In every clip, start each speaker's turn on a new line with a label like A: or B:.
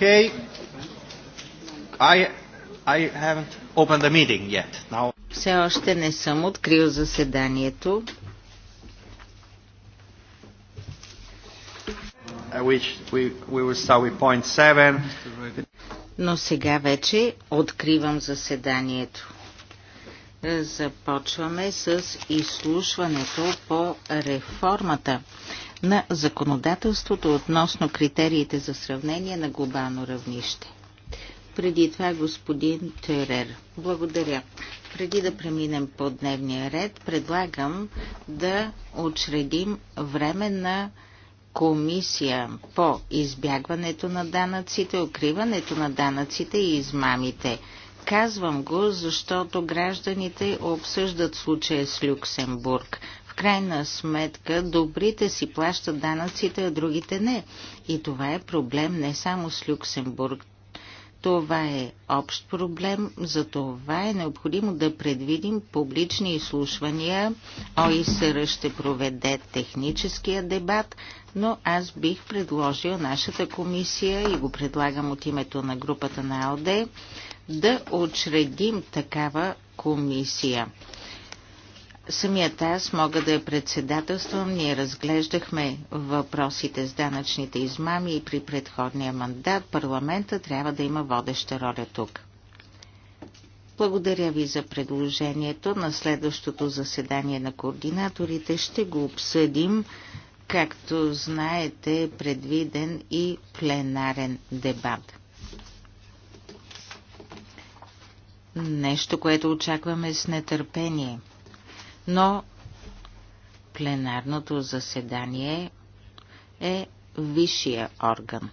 A: Okay. I, I haven't opened the meeting yet. Now...
B: Все още не съм открил заседанието.
A: Which we, we will start with point seven.
B: Но сега вече откривам заседанието. Започваме с изслушването по реформата на законодателството относно критериите за сравнение на глобално равнище. Преди това господин Терер. Благодаря. Преди да преминем по дневния ред, предлагам да учредим време на комисия по избягването на данъците, укриването на данъците и измамите. Казвам го, защото гражданите обсъждат случая с Люксембург крайна сметка добрите си плащат данъците, а другите не. И това е проблем не само с Люксембург. Това е общ проблем, за това е необходимо да предвидим публични изслушвания. ОИСР ще проведе техническия дебат, но аз бих предложил нашата комисия и го предлагам от името на групата на АЛДЕ да учредим такава комисия. Самият аз мога да я председателствам. Ние разглеждахме въпросите с данъчните измами и при предходния мандат парламента трябва да има водеща роля тук. Благодаря ви за предложението. На следващото заседание на координаторите ще го обсъдим. Както знаете, предвиден и пленарен дебат. Нещо, което очакваме с нетърпение – но пленарното заседание е висшия орган.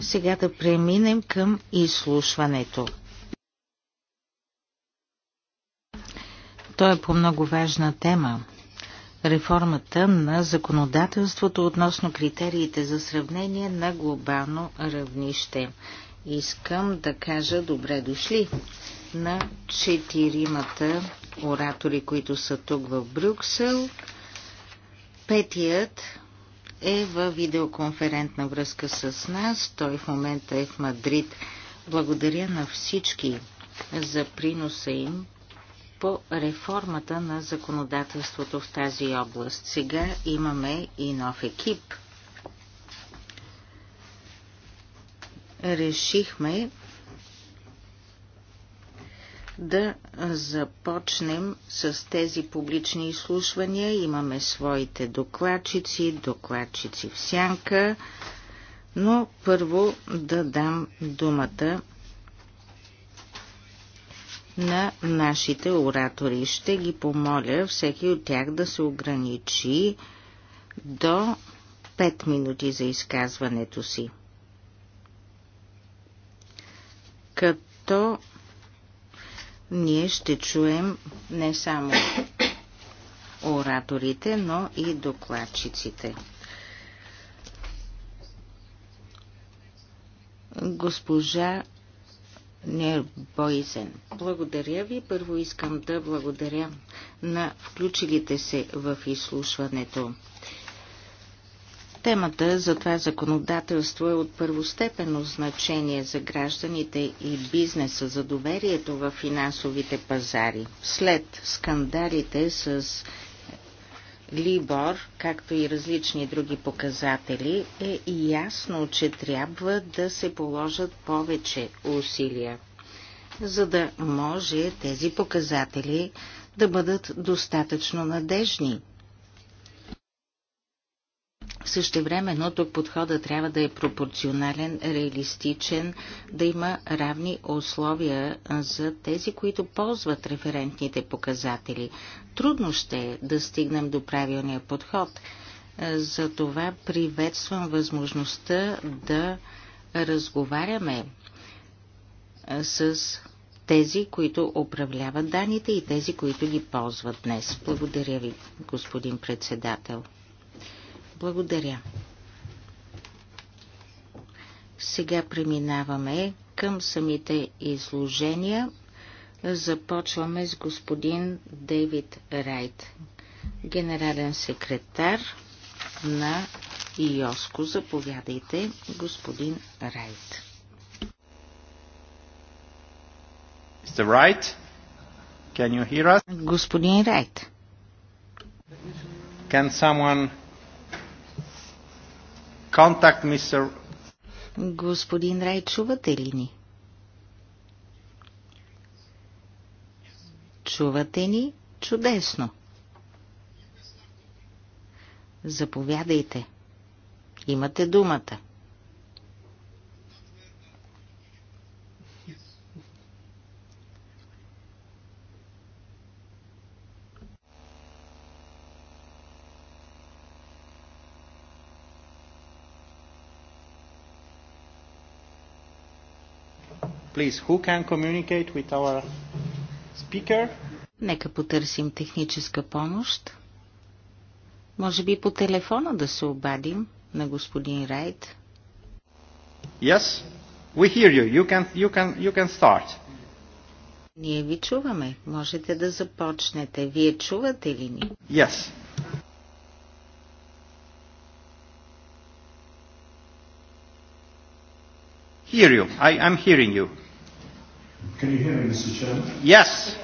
B: Сега да преминем към изслушването. То е по много важна тема. Реформата на законодателството относно критериите за сравнение на глобално равнище. Искам да кажа добре дошли на четиримата оратори, които са тук в Брюксел. Петият е в видеоконферентна връзка с нас. Той в момента е в Мадрид. Благодаря на всички за приноса им по реформата на законодателството в тази област. Сега имаме и нов екип. Решихме да започнем с тези публични изслушвания. Имаме своите докладчици, докладчици в сянка, но първо да дам думата на нашите оратори. Ще ги помоля всеки от тях да се ограничи до 5 минути за изказването си. Като ние ще чуем не само ораторите, но и докладчиците. Госпожа Нербойзен. Благодаря ви. Първо искам да благодаря на включилите се в изслушването. Темата за това законодателство е от първостепенно значение за гражданите и бизнеса за доверието в финансовите пазари. След скандалите с Либор, както и различни други показатели, е ясно, че трябва да се положат повече усилия, за да може тези показатели да бъдат достатъчно надежни Същевременно тук подхода трябва да е пропорционален, реалистичен, да има равни условия за тези, които ползват референтните показатели. Трудно ще е да стигнем до правилния подход. Затова приветствам възможността да разговаряме с тези, които управляват данните и тези, които ги ползват днес. Благодаря ви, господин председател. Благодаря. Сега преминаваме към самите изложения. Започваме с господин Дейвид Райт, генерален секретар на ИОСКО. Заповядайте, господин
A: Райт. Right? Господин Райт. Can someone contact Mr.
B: Господин Рай, чувате ли ни? Чувате ни? Чудесно! Заповядайте. Имате думата.
A: Please, who can communicate with our
B: speaker? Нека потърсим техническа помощ. Може би по телефона да се обадим на господин
A: Райт. Yes, we hear you. You can, you can, you can start.
B: Ние ви чуваме. Можете да започнете. Вие чувате ли ни?
A: Yes. Hear you. I am hearing you. Can you hear me, Mr. Chairman? Yes.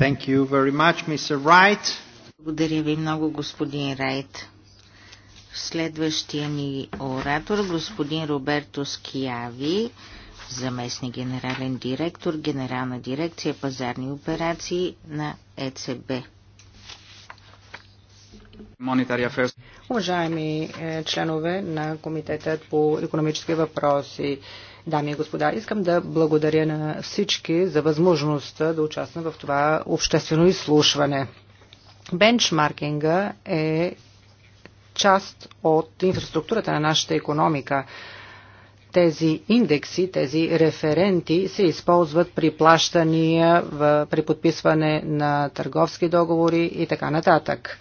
A: Thank you very much, Mr. Wright. Благодаря ви
B: много, господин Райт. Следващия ни оратор, господин Роберто Скияви, заместник генерален директор, генерална дирекция пазарни операции на ЕЦБ. Уважаеми е, членове на Комитета по
C: економически въпроси, дами и господа, искам да благодаря на всички за възможността да участвам в това обществено изслушване. Бенчмаркинга е част от инфраструктурата на нашата економика. Тези индекси, тези референти се използват при плащания, при подписване на търговски договори и така нататък.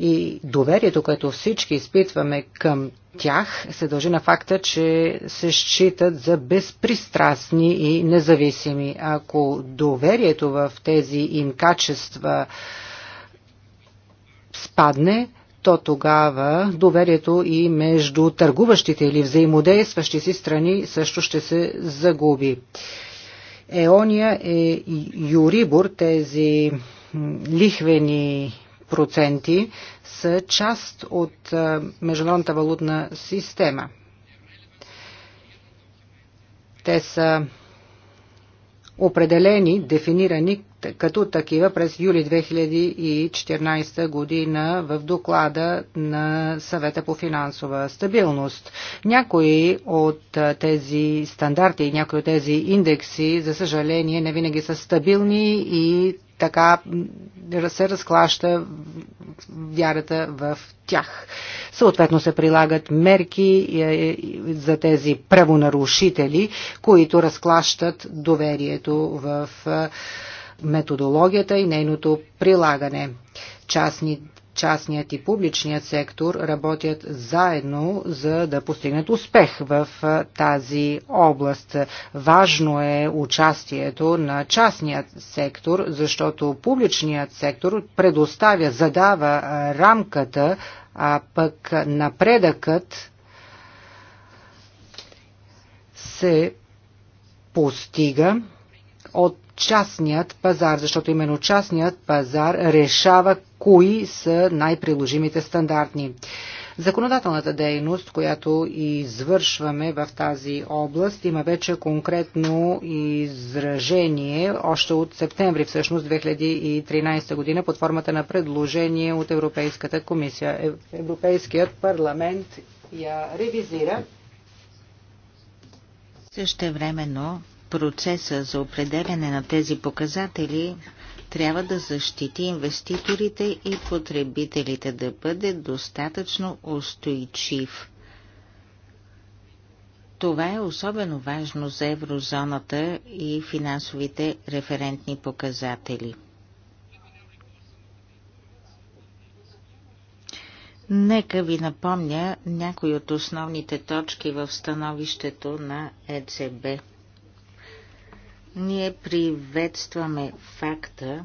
C: И доверието, което всички изпитваме към тях, се дължи на факта, че се считат за безпристрастни и независими. Ако доверието в тези им качества спадне, то тогава доверието и между търгуващите или взаимодействащи си страни също ще се загуби. Еония е Юрибор, тези лихвени 5% са част от Международната валутна система. Те са определени, дефинирани като такива през юли 2014 година в доклада на съвета по финансова стабилност. Някои от тези стандарти и някои от тези индекси, за съжаление, не винаги са стабилни и така се разклаща вярата в тях. Съответно се прилагат мерки е, е, за тези правонарушители, които разклащат доверието в е, методологията и нейното прилагане. частните частният и публичният сектор работят заедно, за да постигнат успех в тази област. Важно е участието на частният сектор, защото публичният сектор предоставя, задава рамката, а пък напредъкът се постига от частният пазар, защото именно частният пазар решава кои са най-приложимите стандартни. Законодателната дейност, която извършваме в тази област, има вече конкретно изражение още от септември всъщност 2013 година под формата на предложение
B: от Европейската комисия. Е,
C: Европейският парламент я ревизира.
B: Също времено Процеса за определене на тези показатели трябва да защити инвеститорите и потребителите, да бъде достатъчно устойчив. Това е особено важно за еврозоната и финансовите референтни показатели. Нека ви напомня някои от основните точки в становището на ЕЦБ. Ние приветстваме факта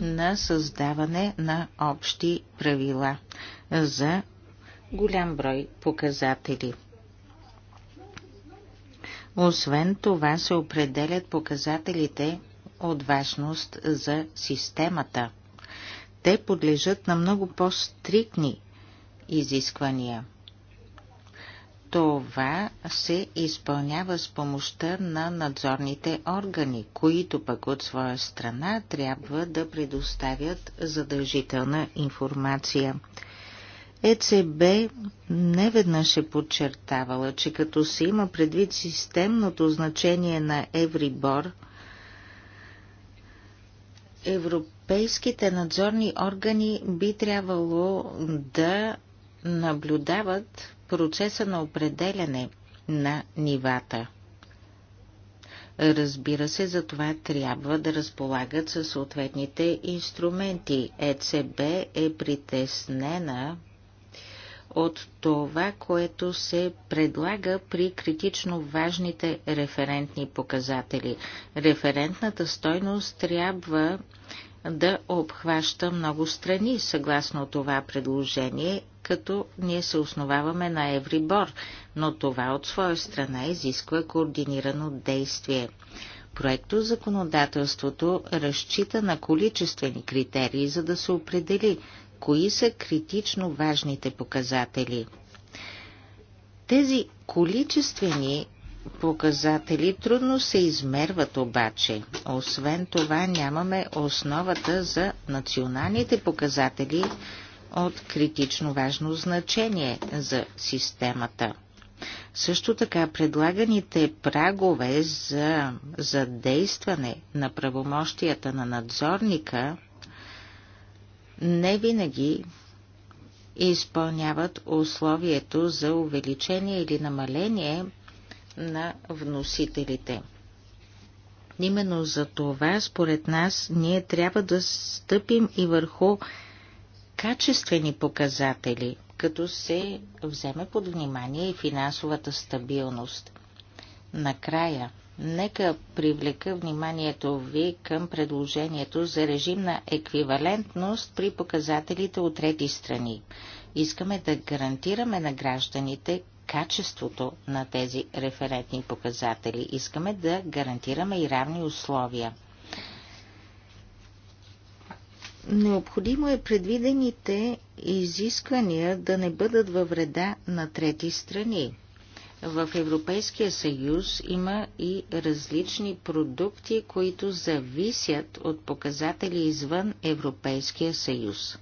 B: на създаване на общи правила за голям брой показатели. Освен това се определят показателите от важност за системата. Те подлежат на много по-стрикни изисквания това се изпълнява с помощта на надзорните органи, които пък от своя страна трябва да предоставят задължителна информация. ЕЦБ неведнъж е подчертавала, че като се има предвид системното значение на Еврибор, европейските надзорни органи би трябвало да наблюдават процеса на определяне на нивата. Разбира се, за това трябва да разполагат със съответните инструменти. ЕЦБ е притеснена от това, което се предлага при критично важните референтни показатели. Референтната стойност трябва да обхваща много страни съгласно това предложение, като ние се основаваме на Еврибор, но това от своя страна изисква координирано действие. Проекто законодателството разчита на количествени критерии, за да се определи кои са критично важните показатели. Тези количествени показатели трудно се измерват обаче. Освен това нямаме основата за националните показатели от критично важно значение за системата. Също така предлаганите прагове за задействане на правомощията на надзорника не винаги изпълняват условието за увеличение или намаление на вносителите. Именно за това, според нас, ние трябва да стъпим и върху качествени показатели, като се вземе под внимание и финансовата стабилност. Накрая, нека привлека вниманието ви към предложението за режим на еквивалентност при показателите от трети страни. Искаме да гарантираме на гражданите качеството на тези референтни показатели. Искаме да гарантираме и равни условия. Необходимо е предвидените изисквания да не бъдат във вреда на трети страни. В Европейския съюз има и различни продукти, които зависят от показатели извън Европейския съюз.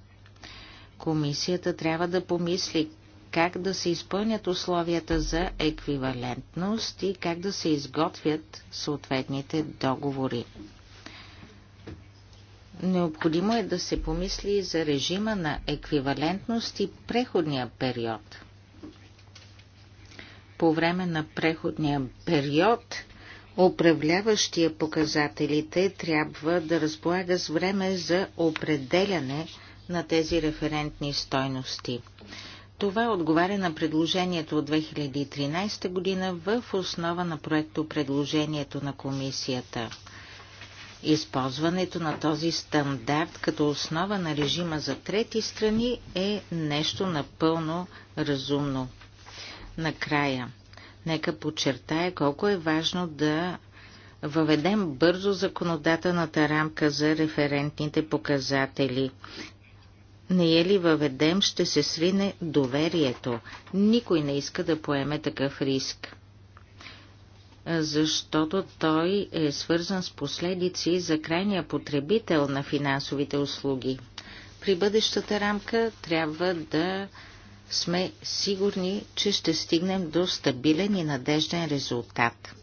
B: Комисията трябва да помисли как да се изпълнят условията за еквивалентност и как да се изготвят съответните договори. Необходимо е да се помисли за режима на еквивалентност и преходния период. По време на преходния период управляващия показателите трябва да разполага с време за определяне на тези референтни стойности. Това отговаря на предложението от 2013 година в основа на проекто предложението на комисията. Използването на този стандарт като основа на режима за трети страни е нещо напълно разумно. Накрая, нека подчертая колко е важно да въведем бързо законодателната рамка за референтните показатели не е ли въведем, ще се свине доверието. Никой не иска да поеме такъв риск, защото той е свързан с последици за крайния потребител на финансовите услуги. При бъдещата рамка трябва да сме сигурни, че ще стигнем до стабилен и надежден резултат.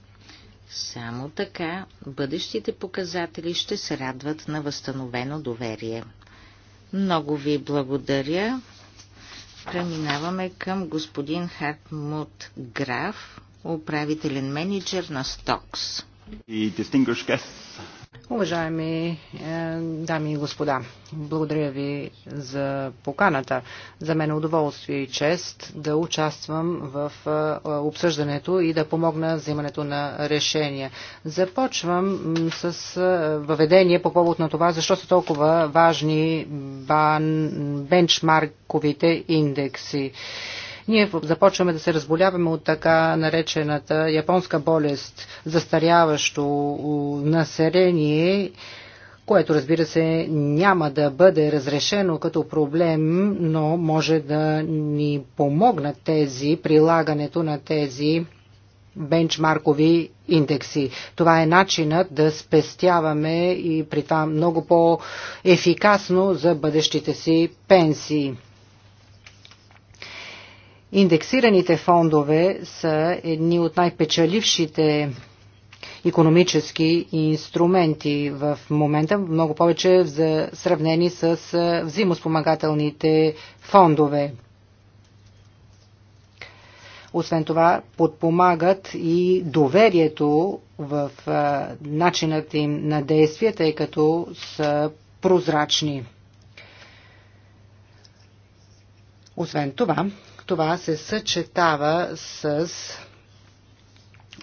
B: Само така бъдещите показатели ще се радват на възстановено доверие. Много ви благодаря. Преминаваме към господин Хартмут Граф, управителен менеджер на Стокс. Уважаеми е, дами и господа, благодаря ви
C: за поканата. За мен е удоволствие и чест да участвам в е, обсъждането и да помогна взимането на решения. Започвам с е, въведение по повод на това, защо са толкова важни бенчмарковите индекси. Ние започваме да се разболяваме от така наречената японска болест, застаряващо население, което разбира се няма да бъде разрешено като проблем, но може да ни помогна тези, прилагането на тези бенчмаркови индекси. Това е начинът да спестяваме и при това много по-ефикасно за бъдещите си пенсии. Индексираните фондове са едни от най-печалившите економически инструменти в момента, много повече за сравнени с взимоспомагателните фондове. Освен това, подпомагат и доверието в начинът им на действие, тъй като са прозрачни. Освен това, това се съчетава с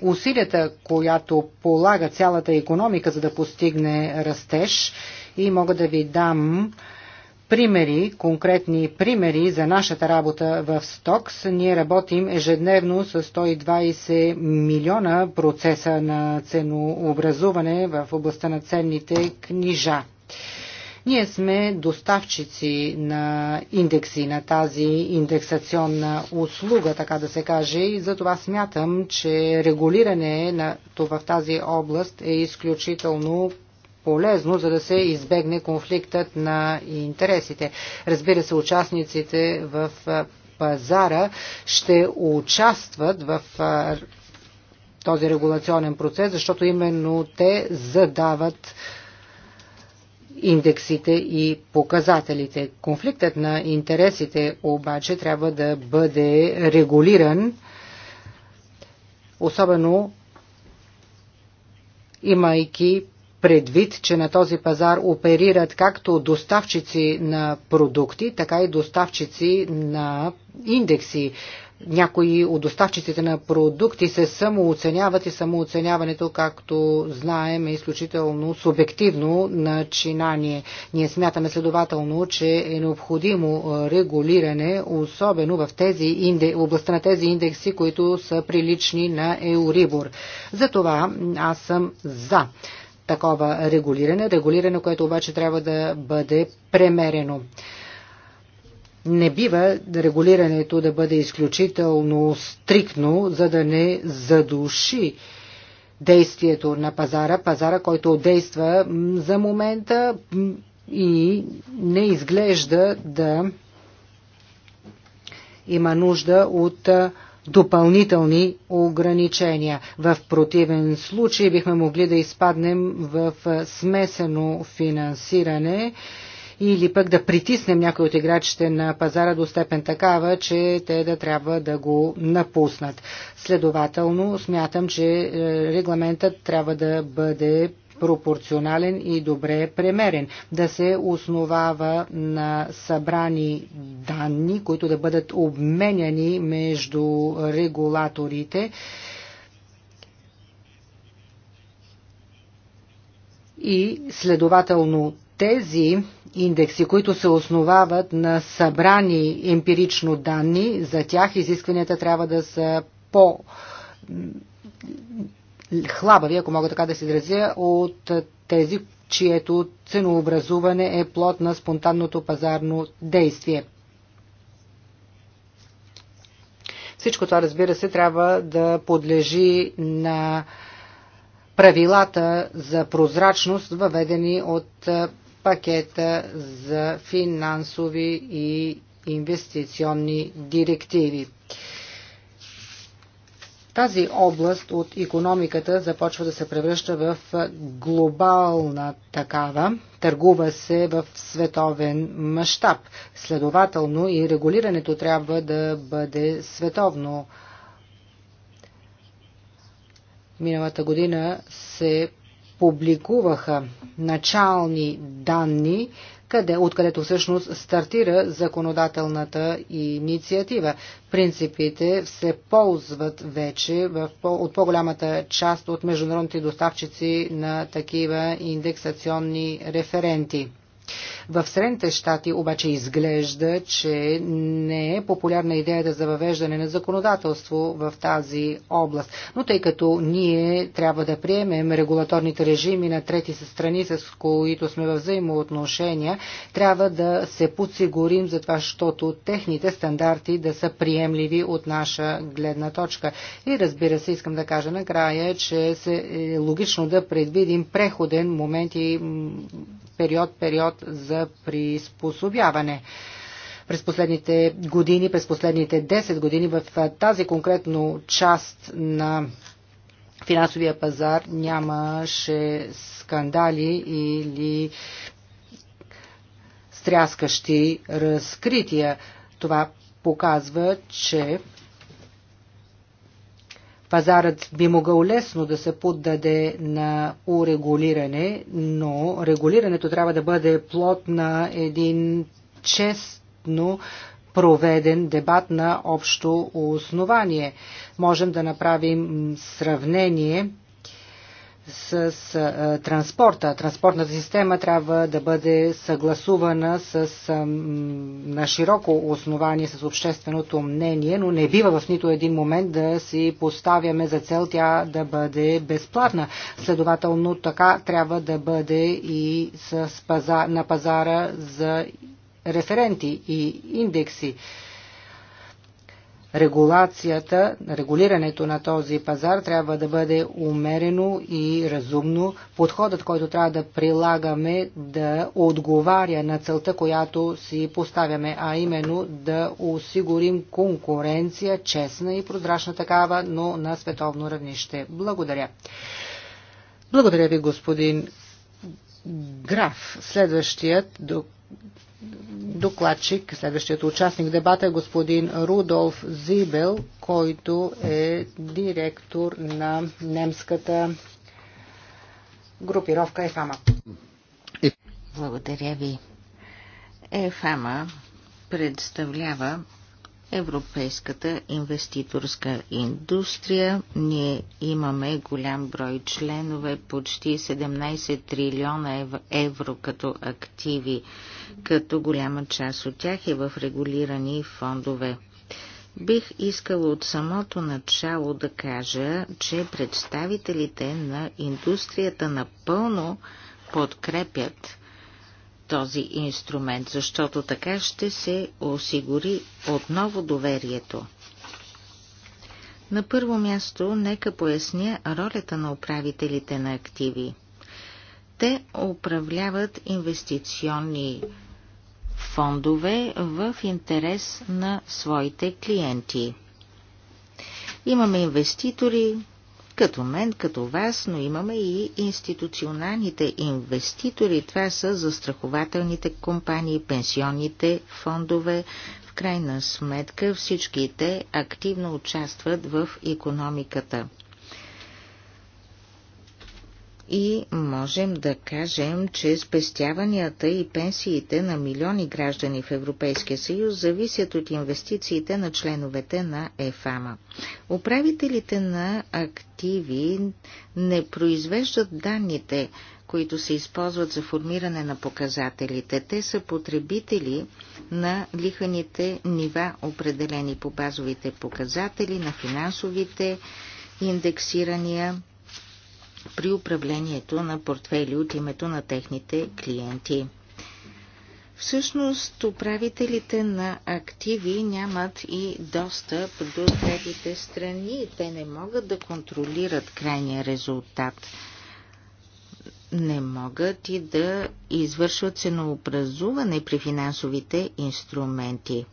C: усилията, която полага цялата економика, за да постигне растеж. И мога да ви дам примери, конкретни примери за нашата работа в Стокс. Ние работим ежедневно с 120 милиона процеса на ценообразуване в областта на ценните книжа. Ние сме доставчици на индекси, на тази индексационна услуга, така да се каже, и затова смятам, че регулиране на, в тази област е изключително полезно, за да се избегне конфликтът на интересите. Разбира се, участниците в пазара ще участват в този регулационен процес, защото именно те задават индексите и показателите. Конфликтът на интересите обаче трябва да бъде регулиран, особено имайки предвид, че на този пазар оперират както доставчици на продукти, така и доставчици на индекси някои от доставчиците на продукти се самооценяват и самооценяването, както знаем, е изключително субективно начинание. Ние смятаме следователно, че е необходимо регулиране, особено в тези инде... областта на тези индекси, които са прилични на Еурибор. Затова аз съм за такова регулиране, регулиране, което обаче трябва да бъде премерено. Не бива регулирането да бъде изключително стрикно, за да не задуши действието на пазара, пазара, който действа за момента и не изглежда да има нужда от допълнителни ограничения. В противен случай бихме могли да изпаднем в смесено финансиране или пък да притиснем някои от играчите на пазара до степен такава, че те да трябва да го напуснат. Следователно, смятам, че е, регламентът трябва да бъде пропорционален и добре премерен, да се основава на събрани данни, които да бъдат обменяни между регулаторите и следователно тези индекси, които се основават на събрани емпирично данни, за тях изискванията трябва да са по хлабави, ако мога така да се изразя, от тези, чието ценообразуване е плод на спонтанното пазарно действие. Всичко това, разбира се, трябва да подлежи на правилата за прозрачност, въведени от пакета за финансови и инвестиционни директиви. Тази област от економиката започва да се превръща в глобална такава. Търгува се в световен мащаб. Следователно и регулирането трябва да бъде световно. Миналата година се публикуваха начални данни, къде, откъдето всъщност стартира законодателната инициатива. Принципите се ползват вече в, от по-голямата част от международните доставчици на такива индексационни референти. В Средните щати обаче изглежда, че не е популярна идеята за въвеждане на законодателство в тази област. Но тъй като ние трябва да приемем регулаторните режими на трети страни, с които сме във взаимоотношения, трябва да се подсигурим за това, защото техните стандарти да са приемливи от наша гледна точка. И разбира се, искам да кажа накрая, че е логично да предвидим преходен момент и период, период период за приспособяване през последните години, през последните 10 години в тази конкретно част на финансовия пазар нямаше скандали или стряскащи разкрития. Това показва, че Пазарът би могъл лесно да се поддаде на урегулиране, но регулирането трябва да бъде плод на един честно проведен дебат на общо основание. Можем да направим сравнение с транспорта. Транспортната система трябва да бъде съгласувана с, на широко основание с общественото мнение, но не бива в нито един момент да си поставяме за цел тя да бъде безплатна. Следователно така трябва да бъде и с паза на пазара за референти и индекси регулацията, регулирането на този пазар трябва да бъде умерено и разумно. Подходът, който трябва да прилагаме, да отговаря на целта, която си поставяме, а именно да осигурим конкуренция, честна и прозрачна такава, но на световно равнище. Благодаря. Благодаря ви, господин Граф. Следващият до докладчик, следващият участник в дебата е господин Рудолф Зибел, който е директор на немската
B: групировка ЕФАМА. Благодаря ви. ЕФАМА представлява Европейската инвеститорска индустрия. Ние имаме голям брой членове, почти 17 трилиона евро като активи като голяма част от тях е в регулирани фондове. Бих искала от самото начало да кажа, че представителите на индустрията напълно подкрепят този инструмент, защото така ще се осигури отново доверието. На първо място, нека поясня ролята на управителите на активи. Те управляват инвестиционни фондове в интерес на своите клиенти. Имаме инвеститори, като мен, като вас, но имаме и институционалните инвеститори. Това са застрахователните компании, пенсионните фондове. В крайна сметка всички те активно участват в економиката и можем да кажем, че спестяванията и пенсиите на милиони граждани в Европейския съюз зависят от инвестициите на членовете на ЕФАМА. Управителите на активи не произвеждат данните, които се използват за формиране на показателите. Те са потребители на лиханите нива, определени по базовите показатели, на финансовите индексирания при управлението на портфели от името на техните клиенти. Всъщност, управителите на активи нямат и достъп до третите страни. Те не могат да контролират крайния резултат. Не могат и да извършват ценообразуване при финансовите инструменти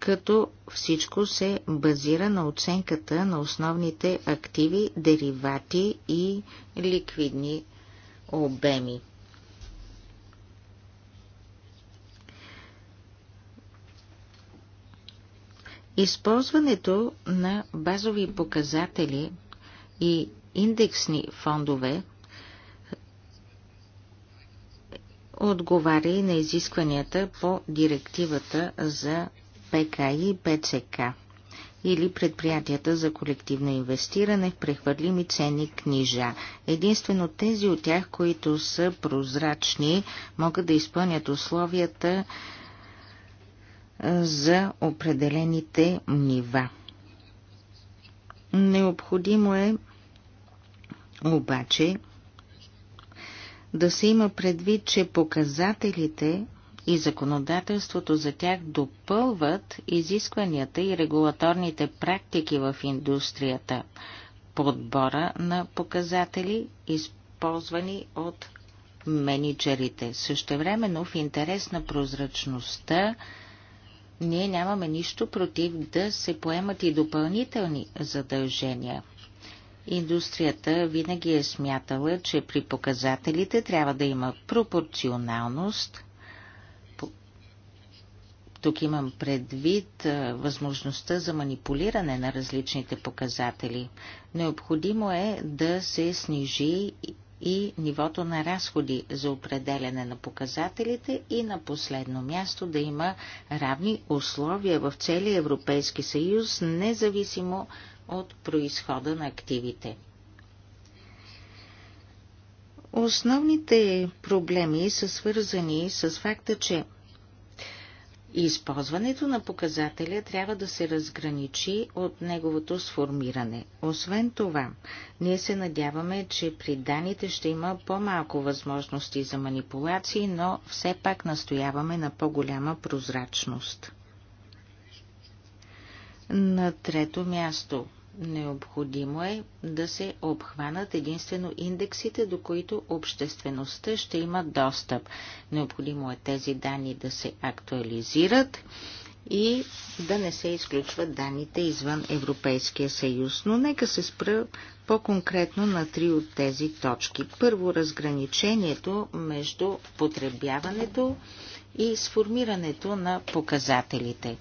B: като всичко се базира на оценката на основните активи, деривати и ликвидни обеми. Използването на базови показатели и индексни фондове отговаря и на изискванията по директивата за ПК и БЦК или предприятията за колективно инвестиране в прехвърлими ценни книжа. Единствено тези от тях, които са прозрачни, могат да изпълнят условията за определените нива. Необходимо е обаче да се има предвид, че показателите и законодателството за тях допълват изискванията и регулаторните практики в индустрията, подбора на показатели, използвани от менеджерите. Същевременно в интерес на прозрачността ние нямаме нищо против да се поемат и допълнителни задължения. Индустрията винаги е смятала, че при показателите трябва да има пропорционалност, тук имам предвид възможността за манипулиране на различните показатели. Необходимо е да се снижи и нивото на разходи за определене на показателите и на последно място да има равни условия в целия Европейски съюз, независимо от происхода на активите. Основните проблеми са свързани с факта, че Използването на показателя трябва да се разграничи от неговото сформиране. Освен това, ние се надяваме, че при данните ще има по-малко възможности за манипулации, но все пак настояваме на по-голяма прозрачност. На трето място Необходимо е да се обхванат единствено индексите, до които обществеността ще има достъп. Необходимо е тези данни да се актуализират и да не се изключват данните извън Европейския съюз. Но нека се спра по-конкретно на три от тези точки. Първо, разграничението между потребяването и сформирането на показателите.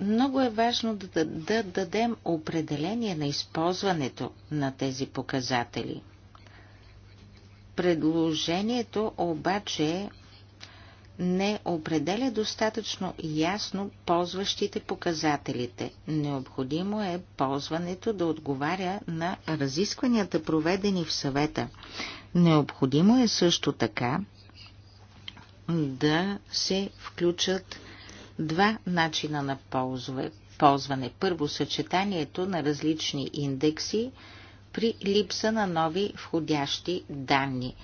B: Много е важно да, да дадем определение на използването на тези показатели. Предложението обаче не определя достатъчно ясно ползващите показателите. Необходимо е ползването да отговаря на разискванията, проведени в съвета. Необходимо е също така да се включат два начина на ползване Първо съчетанието на различни индекси при липса на нови входящи данни.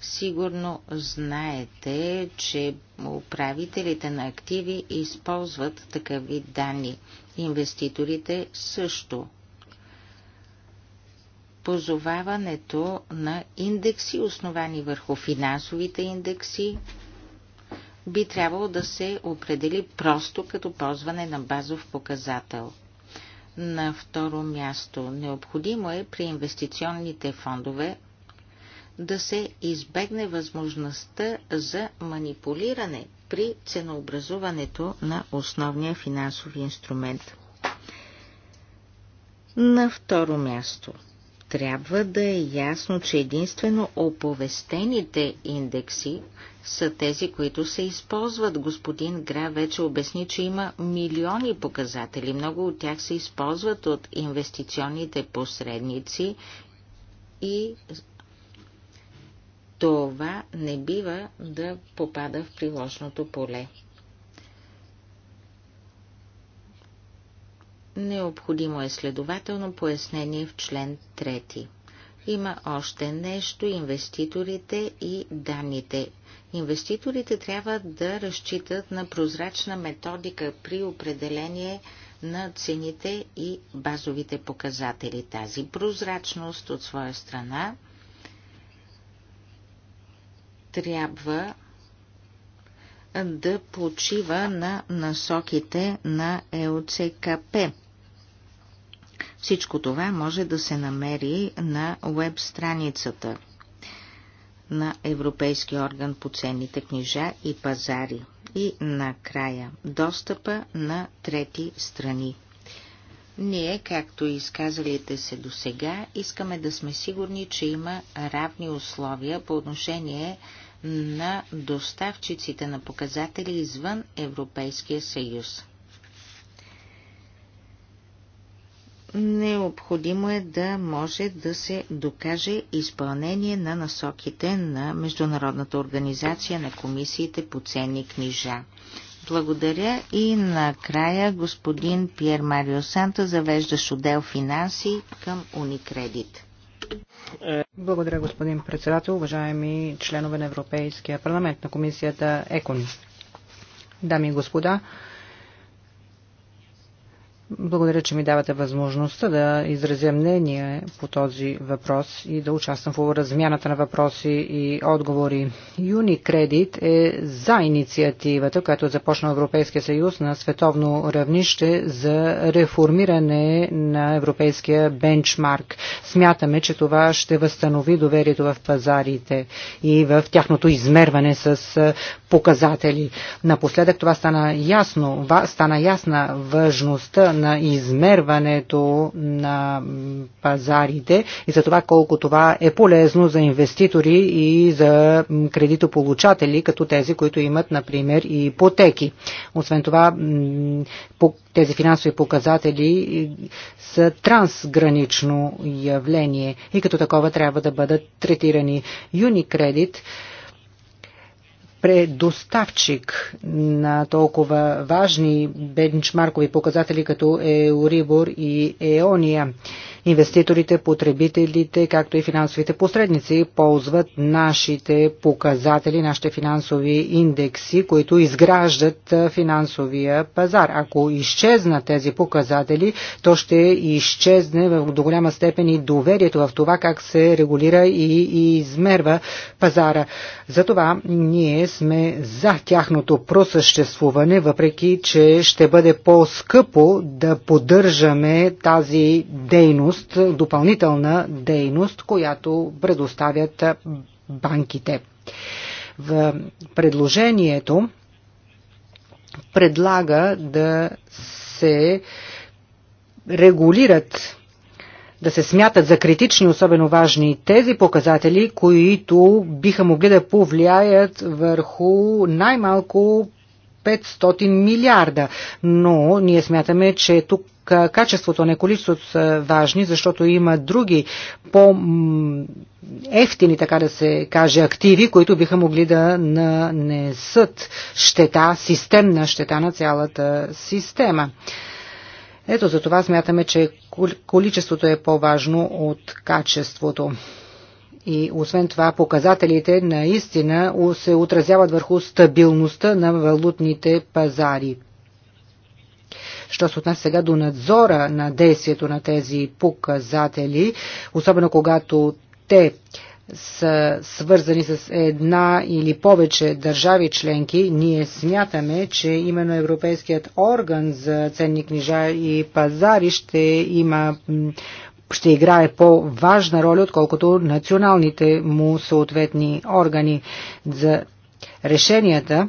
B: Сигурно знаете, че управителите на активи използват такъви данни. Инвеститорите също. Позоваването на индекси, основани върху финансовите индекси, би трябвало да се определи просто като ползване на базов показател. На второ място, необходимо е при инвестиционните фондове да се избегне възможността за манипулиране при ценообразуването на основния финансов инструмент. На второ място – трябва да е ясно, че единствено оповестените индекси са тези, които се използват. Господин Гра вече обясни, че има милиони показатели. Много от тях се използват от инвестиционните посредници и това не бива да попада в приложното поле. Необходимо е следователно пояснение в член 3. Има още нещо инвеститорите и данните. Инвеститорите трябва да разчитат на прозрачна методика при определение на цените и базовите показатели. Тази прозрачност от своя страна трябва да почива на насоките на ЕОЦКП. Всичко това може да се намери на веб страницата на Европейски орган по ценните книжа и пазари и накрая достъпа на трети страни. Ние, както и изказалите се до сега, искаме да сме сигурни, че има равни условия по отношение на доставчиците на показатели извън Европейския съюз. Необходимо е да може да се докаже изпълнение на насоките на Международната организация на комисиите по ценни книжа. Благодаря и накрая господин Пьер Марио Санта, завеждаш отдел финанси към Уникредит. Благодаря, господин председател, уважаеми членове на
C: Европейския парламент на комисията ЕКОН. Дами и господа, благодаря, че ми давате възможността да изразя мнение по този въпрос и да участвам в размяната на въпроси и отговори. Юникредит е за инициативата, която започна Европейския съюз на световно равнище за реформиране на европейския бенчмарк. Смятаме, че това ще възстанови доверието в пазарите и в тяхното измерване с показатели. Напоследък това стана ясно, стана ясна важността на измерването на пазарите и за това колко това е полезно за инвеститори и за кредитополучатели, като тези, които имат, например, и ипотеки. Освен това, тези финансови показатели са трансгранично явление и като такова трябва да бъдат третирани. Юникредит Credit предоставчик на толкова важни бенчмаркови показатели като Еурибор и Еония. Инвеститорите, потребителите, както и финансовите посредници ползват нашите показатели, нашите финансови индекси, които изграждат финансовия пазар. Ако изчезнат тези показатели, то ще изчезне в, до голяма степен и доверието в това как се регулира и, и измерва пазара. Затова ние сме за тяхното просъществуване, въпреки че ще бъде по-скъпо да поддържаме тази дейност, допълнителна дейност, която предоставят банките. В предложението предлага да се регулират да се смятат за критични, особено важни тези показатели, които биха могли да повлияят върху най-малко 500 милиарда. Но ние смятаме, че тук качеството, не количеството са важни, защото има други по ефтини, така да се каже, активи, които биха могли да нанесат щета, системна щета на цялата система. Ето за това смятаме, че количеството е по-важно от качеството. И освен това, показателите наистина се отразяват върху стабилността на валутните пазари. Що се отнася сега до надзора на действието на тези показатели, особено когато те са свързани с една или повече държави членки, ние смятаме, че именно Европейският орган за ценни книжа и пазари ще има ще играе по-важна роля, отколкото националните му съответни органи за решенията.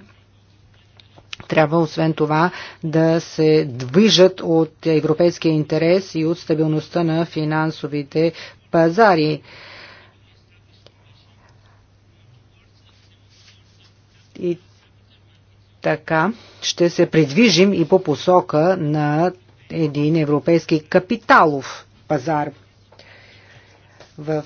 C: Трябва освен това да се движат от европейския интерес и от стабилността на финансовите пазари. И така ще се придвижим и по посока на един европейски капиталов пазар. В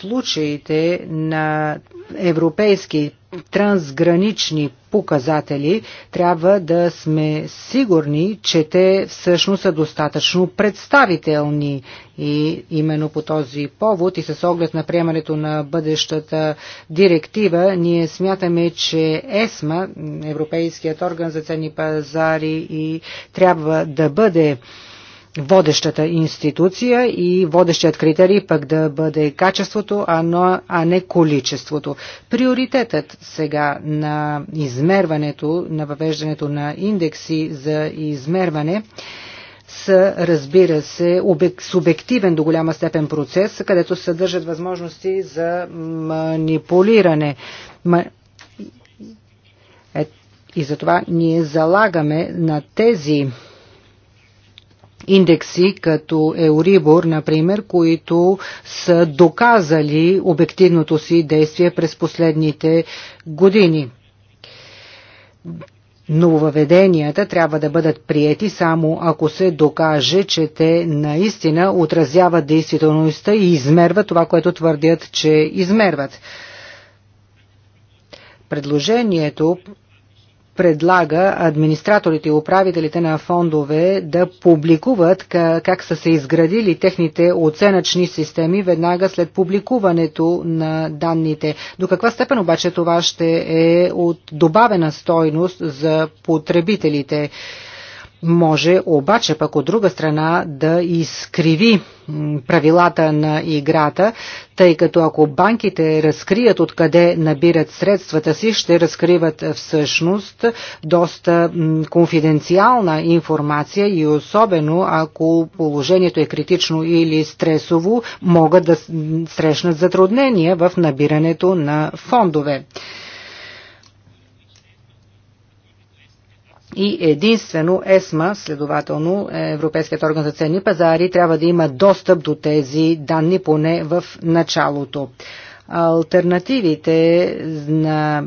C: случаите на европейски трансгранични показатели, трябва да сме сигурни, че те всъщност са достатъчно представителни и именно по този повод и с оглед на приемането на бъдещата директива, ние смятаме, че ЕСМА, Европейският орган за ценни пазари, и трябва да бъде водещата институция и водещият критерий пък да бъде качеството, а, но, а не количеството. Приоритетът сега на измерването, на въвеждането на индекси за измерване са, разбира се, обек, субективен до голяма степен процес, където съдържат възможности за манипулиране. Е, и затова ние залагаме на тези индекси, като Еурибор, например, които са доказали обективното си действие през последните години. Нововведенията трябва да бъдат приети само ако се докаже, че те наистина отразяват действителността и измерват това, което твърдят, че измерват. Предложението предлага администраторите и управителите на фондове да публикуват как са се изградили техните оценъчни системи веднага след публикуването на данните. До каква степен обаче това ще е от добавена стойност за потребителите? може обаче пък от друга страна да изкриви правилата на играта, тъй като ако банките разкрият откъде набират средствата си, ще разкриват всъщност доста конфиденциална информация и особено ако положението е критично или стресово, могат да срещнат затруднения в набирането на фондове. и единствено ЕСМА, следователно е Европейският орган за ценни пазари, трябва да има достъп до тези данни поне в началото. Альтернативите на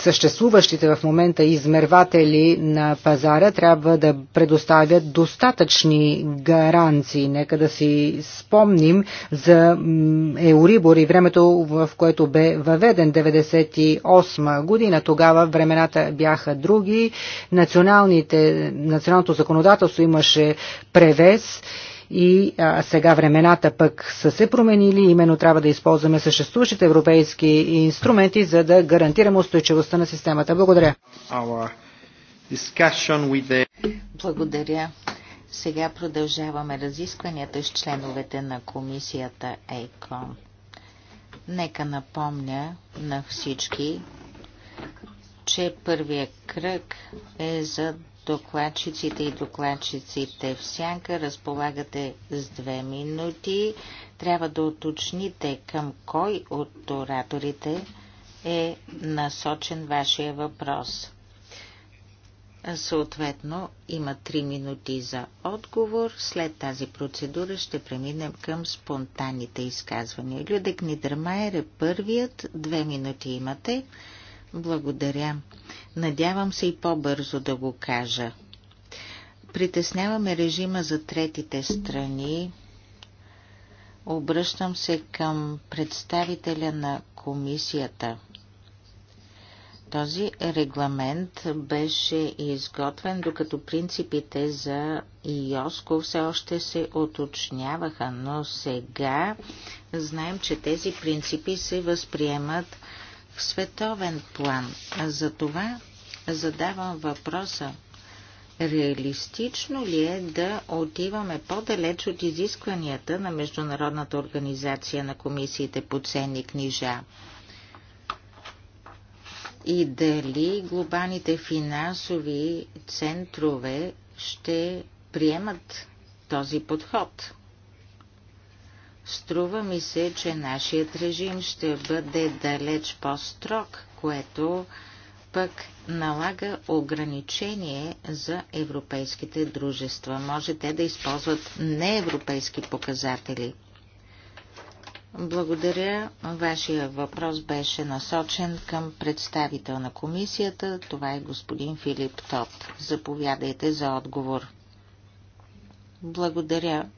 C: съществуващите в момента измерватели на пазара трябва да предоставят достатъчни гаранции. Нека да си спомним за Еурибор и времето, в което бе въведен 98 година. Тогава времената бяха други, националните, националното законодателство имаше превес и а, сега времената пък са се променили, именно трябва да използваме съществуващите европейски инструменти, за да гарантираме устойчивостта на системата. Благодаря.
A: The...
B: Благодаря. Сега продължаваме разискванията с членовете на комисията ЕКОН. Нека напомня на всички, че първия кръг е за докладчиците и докладчиците всяка. Разполагате с две минути. Трябва да уточните към кой от ораторите е насочен вашия въпрос. Съответно, има три минути за отговор. След тази процедура ще преминем към спонтанните изказвания. Людек Нидермайер е първият. Две минути имате. Благодаря. Надявам се и по-бързо да го кажа. Притесняваме режима за третите страни. Обръщам се към представителя на комисията. Този регламент беше изготвен, докато принципите за ИОСКО все още се оточняваха, но сега знаем, че тези принципи се възприемат в световен план. За това задавам въпроса. Реалистично ли е да отиваме по-далеч от изискванията на Международната организация на комисиите по ценни книжа? И дали глобалните финансови центрове ще приемат този подход? Струва ми се, че нашият режим ще бъде далеч по-строг, което пък налага ограничение за европейските дружества. Може те да използват неевропейски показатели. Благодаря. Вашия въпрос беше насочен към представител на комисията. Това е господин Филип Тот. Заповядайте за отговор. Благодаря,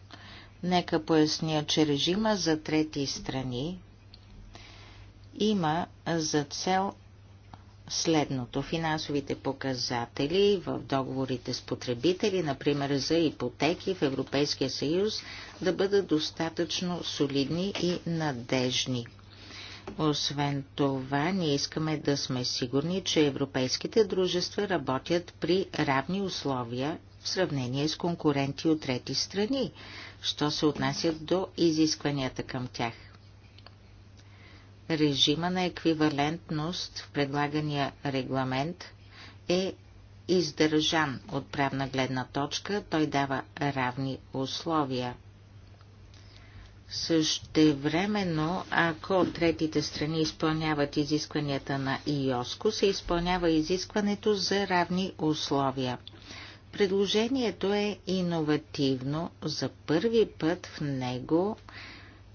B: Нека поясня, че режима за трети страни има за цел следното. Финансовите показатели в договорите с потребители, например за ипотеки в Европейския съюз, да бъдат достатъчно солидни и надежни. Освен това, ние искаме да сме сигурни, че европейските дружества работят при равни условия в сравнение с конкуренти от трети страни, що се отнасят до изискванията към тях. Режима на еквивалентност в предлагания регламент е издържан от правна гледна точка, той дава равни условия. Същевременно, ако третите страни изпълняват изискванията на ИОСКО, се изпълнява изискването за равни условия – Предложението е иновативно. За първи път в него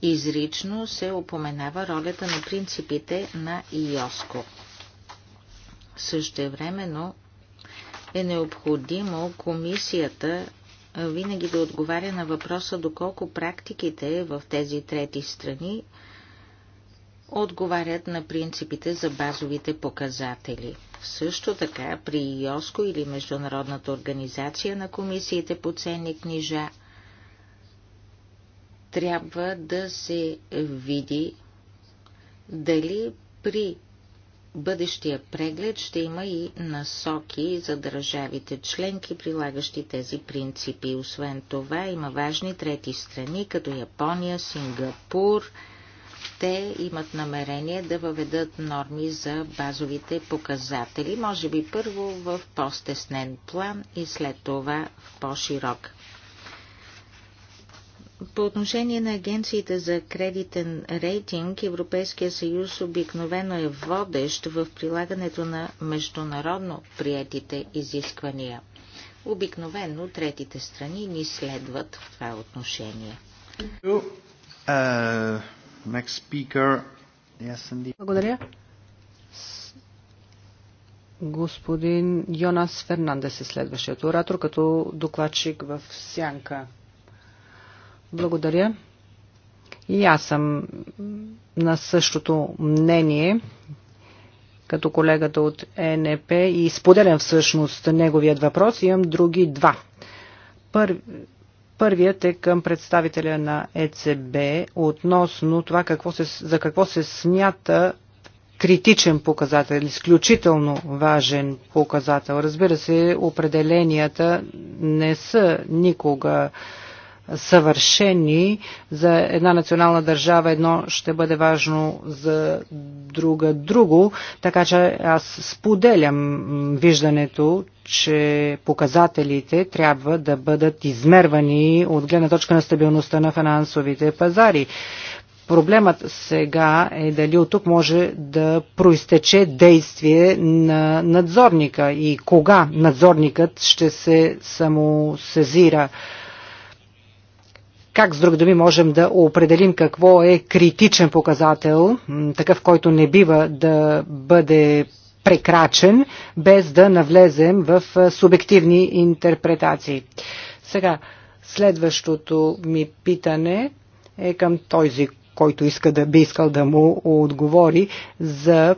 B: изрично се упоменава ролята на принципите на ИОСКО. Същевременно е необходимо комисията винаги да отговаря на въпроса доколко практиките в тези трети страни отговарят на принципите за базовите показатели. Също така при ИОСКО или Международната организация на комисиите по ценни книжа трябва да се види дали при бъдещия преглед ще има и насоки за държавите членки, прилагащи тези принципи. Освен това има важни трети страни, като Япония, Сингапур, те имат намерение да въведат норми за базовите показатели, може би първо в по-стеснен план и след това в по-широк. По отношение на агенциите за кредитен рейтинг, Европейския съюз обикновено е водещ в прилагането на международно приятите изисквания. Обикновено третите страни ни следват в това
A: отношение. Uh... Yes,
C: Благодаря. Господин Йонас Фернандес е следващият оратор като докладчик в Сянка. Благодаря. И аз съм на същото мнение като колегата от ЕНП и споделям всъщност неговият въпрос. Имам други два. Първи, Първият е към представителя на ЕЦБ относно това какво се, за какво се смята критичен показател, изключително важен показател. Разбира се, определенията не са никога съвършени за една национална държава, едно ще бъде важно за друга друго, така че аз споделям виждането, че показателите трябва да бъдат измервани от гледна точка на стабилността на финансовите пазари. Проблемът сега е дали от тук може да проистече действие на надзорника и кога надзорникът ще се самосезира. Как с други думи можем да определим какво е критичен показател, такъв който не бива да бъде прекрачен, без да навлезем в субективни интерпретации. Сега, следващото ми питане е към този, който иска да би искал да му отговори за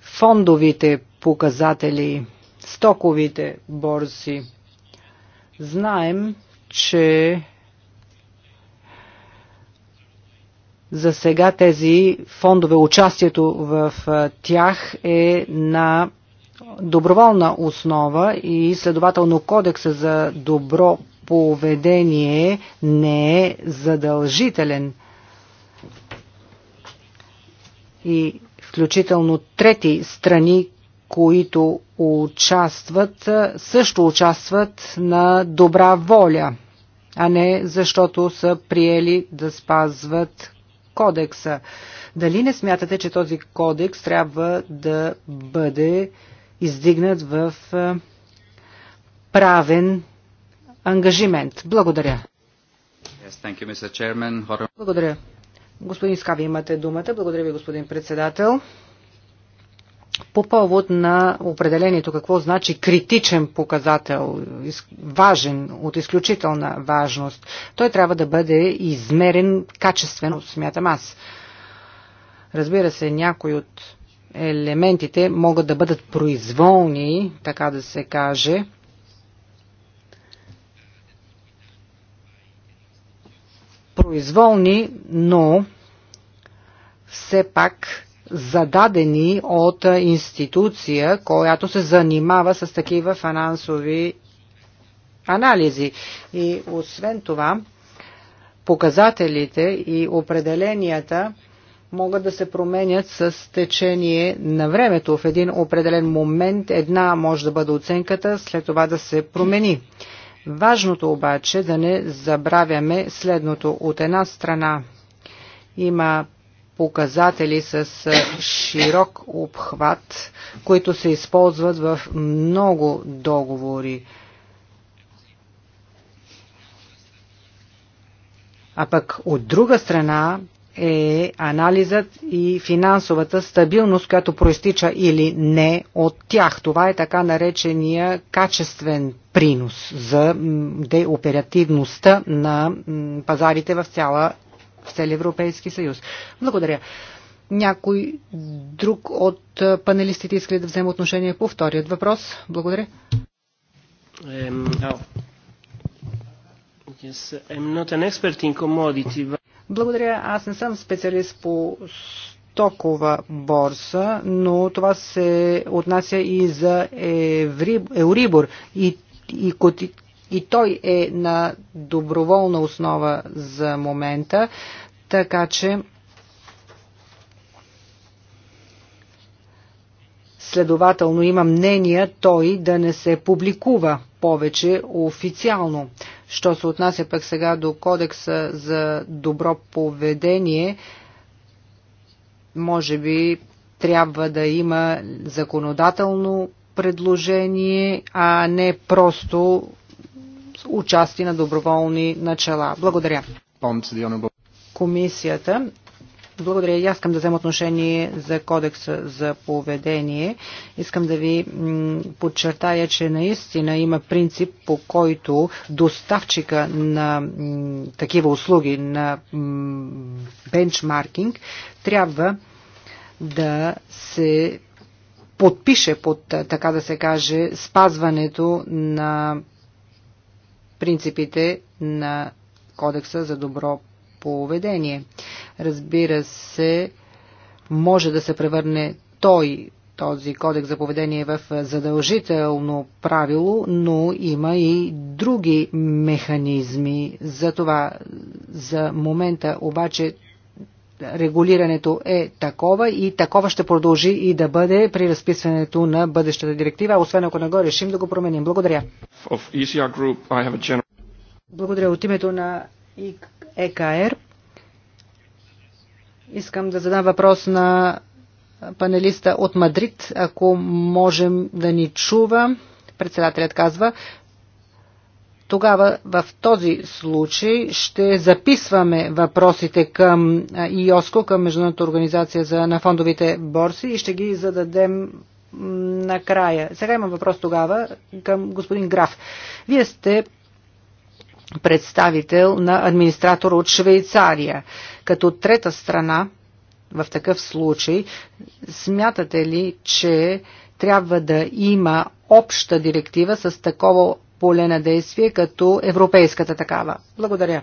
C: фондовите показатели, стоковите борси. Знаем, че За сега тези фондове, участието в тях е на доброволна основа и следователно кодекса за добро поведение не е задължителен. И включително трети страни, които участват, също участват на добра воля, а не защото са приели да спазват кодекса. Дали не смятате, че този кодекс трябва да бъде издигнат в правен ангажимент? Благодаря.
D: Yes, you,
C: Благодаря. Господин Скави, имате думата. Благодаря ви, господин председател по повод на определението какво значи критичен показател, важен, от изключителна важност. Той трябва да бъде измерен качествено, смятам аз. Разбира се, някои от елементите могат да бъдат произволни, така да се каже. Произволни, но все пак зададени от институция, която се занимава с такива финансови анализи. И освен това, показателите и определенията могат да се променят с течение на времето. В един определен момент една може да бъде оценката, след това да се промени. Важното обаче да не забравяме следното. От една страна има показатели с широк обхват, които се използват в много договори. А пък от друга страна е анализът и финансовата стабилност, която проистича или не от тях. Това е така наречения качествен принос за оперативността на пазарите в цяла в целия Европейски съюз. Благодаря. Някой друг от панелистите иска да вземе отношение по вторият въпрос? Благодаря. Благодаря. Аз не съм специалист по стокова борса, но това се отнася и за Еврибор и, и и той е на доброволна основа за момента, така че Следователно има мнение той да не се публикува повече официално. Що се отнася пък сега до кодекса за добро поведение, може би трябва да има законодателно предложение, а не просто участие на доброволни начала. Благодаря. Комисията. Благодаря. И аз искам да взема отношение за кодекса за поведение. Искам да ви подчертая, че наистина има принцип, по който доставчика на такива услуги, на бенчмаркинг, трябва да се подпише под, така да се каже, спазването на принципите на Кодекса за добро поведение. Разбира се, може да се превърне той, този кодекс за поведение в задължително правило, но има и други механизми. За това за момента обаче регулирането е такова и такова ще продължи и да бъде при разписването на бъдещата директива, освен ако не го решим да го променим. Благодаря.
A: E Group, general...
C: Благодаря от името на ЕКР. Искам да задам въпрос на панелиста от Мадрид, ако можем да ни чува. Председателят казва, тогава в този случай ще записваме въпросите към ИОСКО, към Международната организация за, на фондовите борси и ще ги зададем накрая. Сега имам въпрос тогава към господин Граф. Вие сте представител на администратор от Швейцария. Като трета страна, в такъв случай, смятате ли, че трябва да има обща директива с такова поле на действие като европейската такава. Благодаря.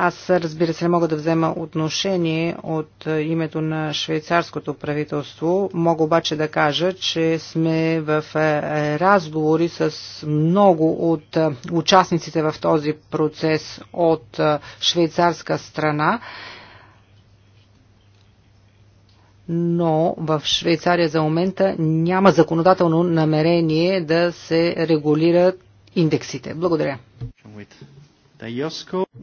C: Аз, разбира се, не мога да взема отношение от името на швейцарското правителство. Мога обаче да кажа, че сме в е, разговори с много от е, участниците в този процес от е, швейцарска страна. Но в Швейцария за момента няма законодателно намерение да се регулират индексите. Благодаря.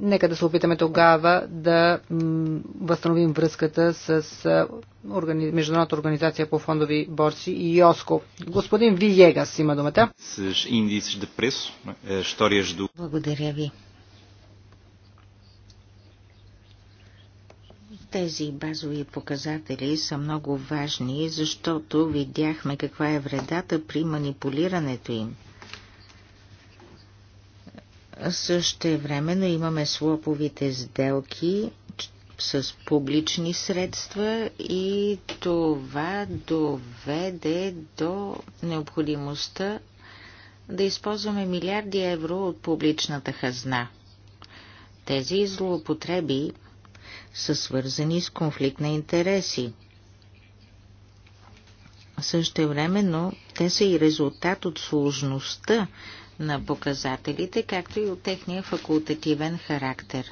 C: Нека да се опитаме тогава да възстановим връзката с Международната организация по фондови борси и ЙОСКО. Господин Виегас има думата.
A: Е,
B: Благодаря ви. Тези базови показатели са много важни, защото видяхме каква е вредата при манипулирането им. Също времено имаме слоповите сделки с публични средства и това доведе до необходимостта да използваме милиарди евро от публичната хазна. Тези злоупотреби са свързани с конфликт на интереси. Същевременно те са и резултат от сложността на показателите, както и от техния факултативен характер.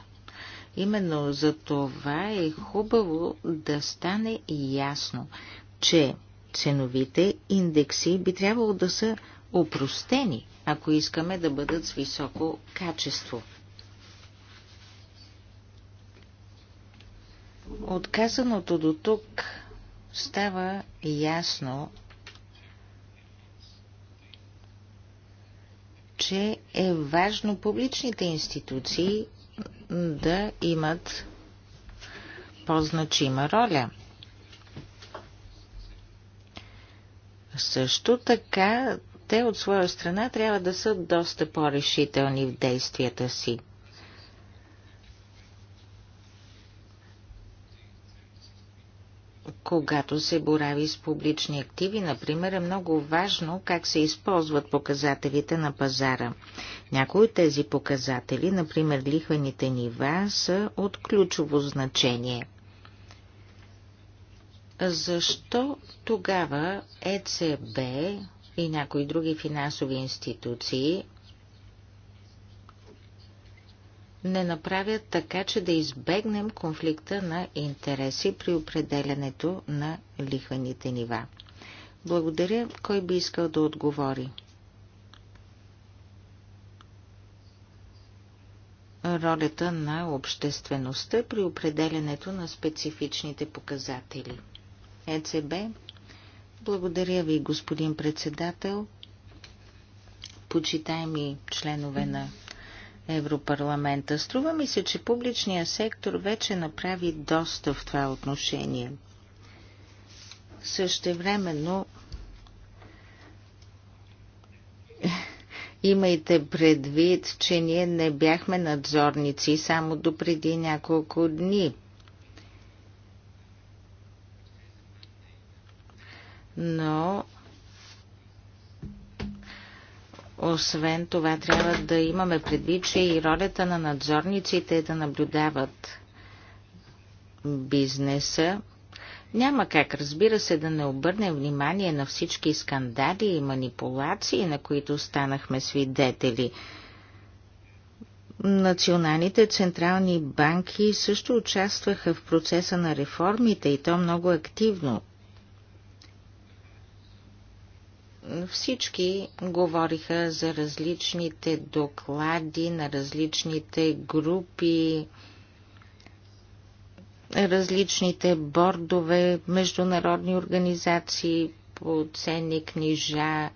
B: Именно за това е хубаво да стане ясно, че ценовите индекси би трябвало да са опростени, ако искаме да бъдат с високо качество. Отказаното до тук става ясно, че е важно публичните институции да имат по-значима роля. Също така, те от своя страна трябва да са доста по-решителни в действията си. когато се борави с публични активи, например, е много важно как се използват показателите на пазара. Някои от тези показатели, например лихвените нива, са от ключово значение. Защо тогава ЕЦБ и някои други финансови институции не направят така, че да избегнем конфликта на интереси при определянето на лихвените нива. Благодаря. Кой би искал да отговори? Ролята на обществеността при определянето на специфичните показатели. ЕЦБ. Благодаря ви, господин председател. Почитаеми членове на Европарламента. Струва ми се, че публичният сектор вече направи доста в това отношение. Същевременно Имайте предвид, че ние не бяхме надзорници само до преди няколко дни. Но освен това, трябва да имаме предвид, че и ролята на надзорниците е да наблюдават бизнеса. Няма как, разбира се, да не обърнем внимание на всички скандали и манипулации, на които станахме свидетели. Националните централни банки също участваха в процеса на реформите и то много активно – Всички говориха за различните доклади на различните групи, различните бордове, международни организации по ценни книжа,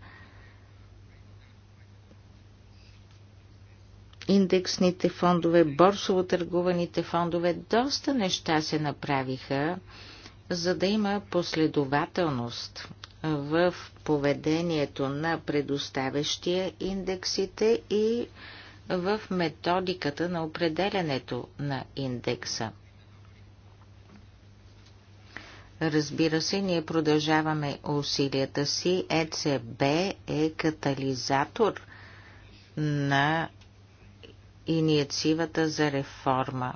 B: индексните фондове, борсово търгуваните фондове, доста неща се направиха, за да има последователност в поведението на предоставящия индексите и в методиката на определенето на индекса. Разбира се, ние продължаваме усилията си. ЕЦБ е катализатор на инициативата за реформа.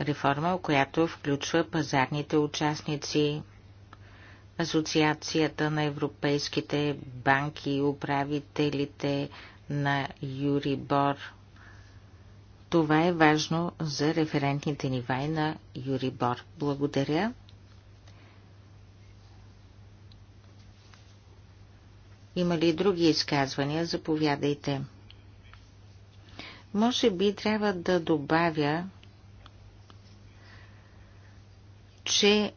B: Реформа, която включва пазарните участници, Асоциацията на европейските банки и управителите на Юрибор. Това е важно за референтните нива и на Юрибор. Благодаря. Има ли други изказвания? Заповядайте. Може би трябва да добавя, че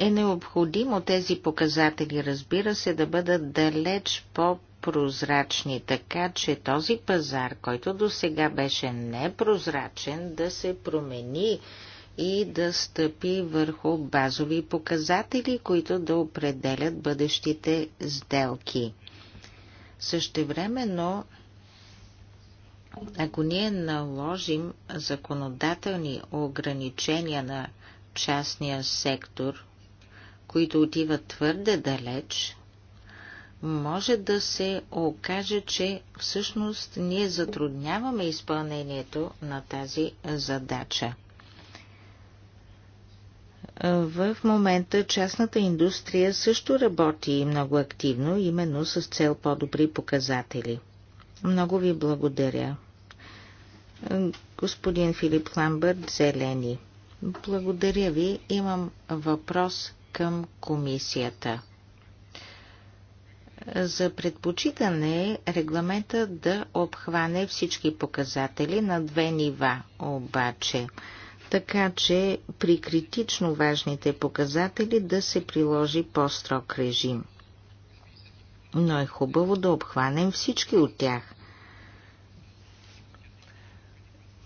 B: е необходимо тези показатели, разбира се, да бъдат далеч по-прозрачни, така че този пазар, който до сега беше непрозрачен, да се промени и да стъпи върху базови показатели, които да определят бъдещите сделки. Същевременно, ако ние наложим законодателни ограничения на частния сектор, които отиват твърде далеч, може да се окаже, че всъщност ние затрудняваме изпълнението на тази задача. В момента частната индустрия също работи много активно, именно с цел по-добри показатели. Много ви благодаря. Господин Филип Ламбърт, Зелени. Благодаря ви. Имам въпрос към комисията. За предпочитане е регламента да обхване всички показатели на две нива обаче, така че при критично важните показатели да се приложи по-строг режим. Но е хубаво да обхванем всички от тях –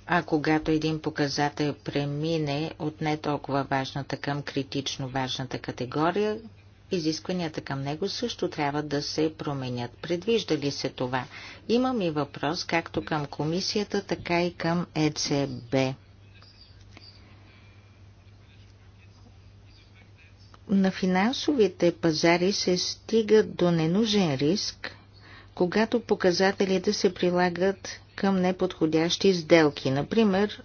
B: А когато един показател премине от не толкова важната към критично важната категория, изискванията към него също трябва да се променят. Предвижда ли се това? Имам и въпрос както към комисията, така и към ЕЦБ. На финансовите пазари се стига до ненужен риск, когато показателите се прилагат към неподходящи сделки. Например,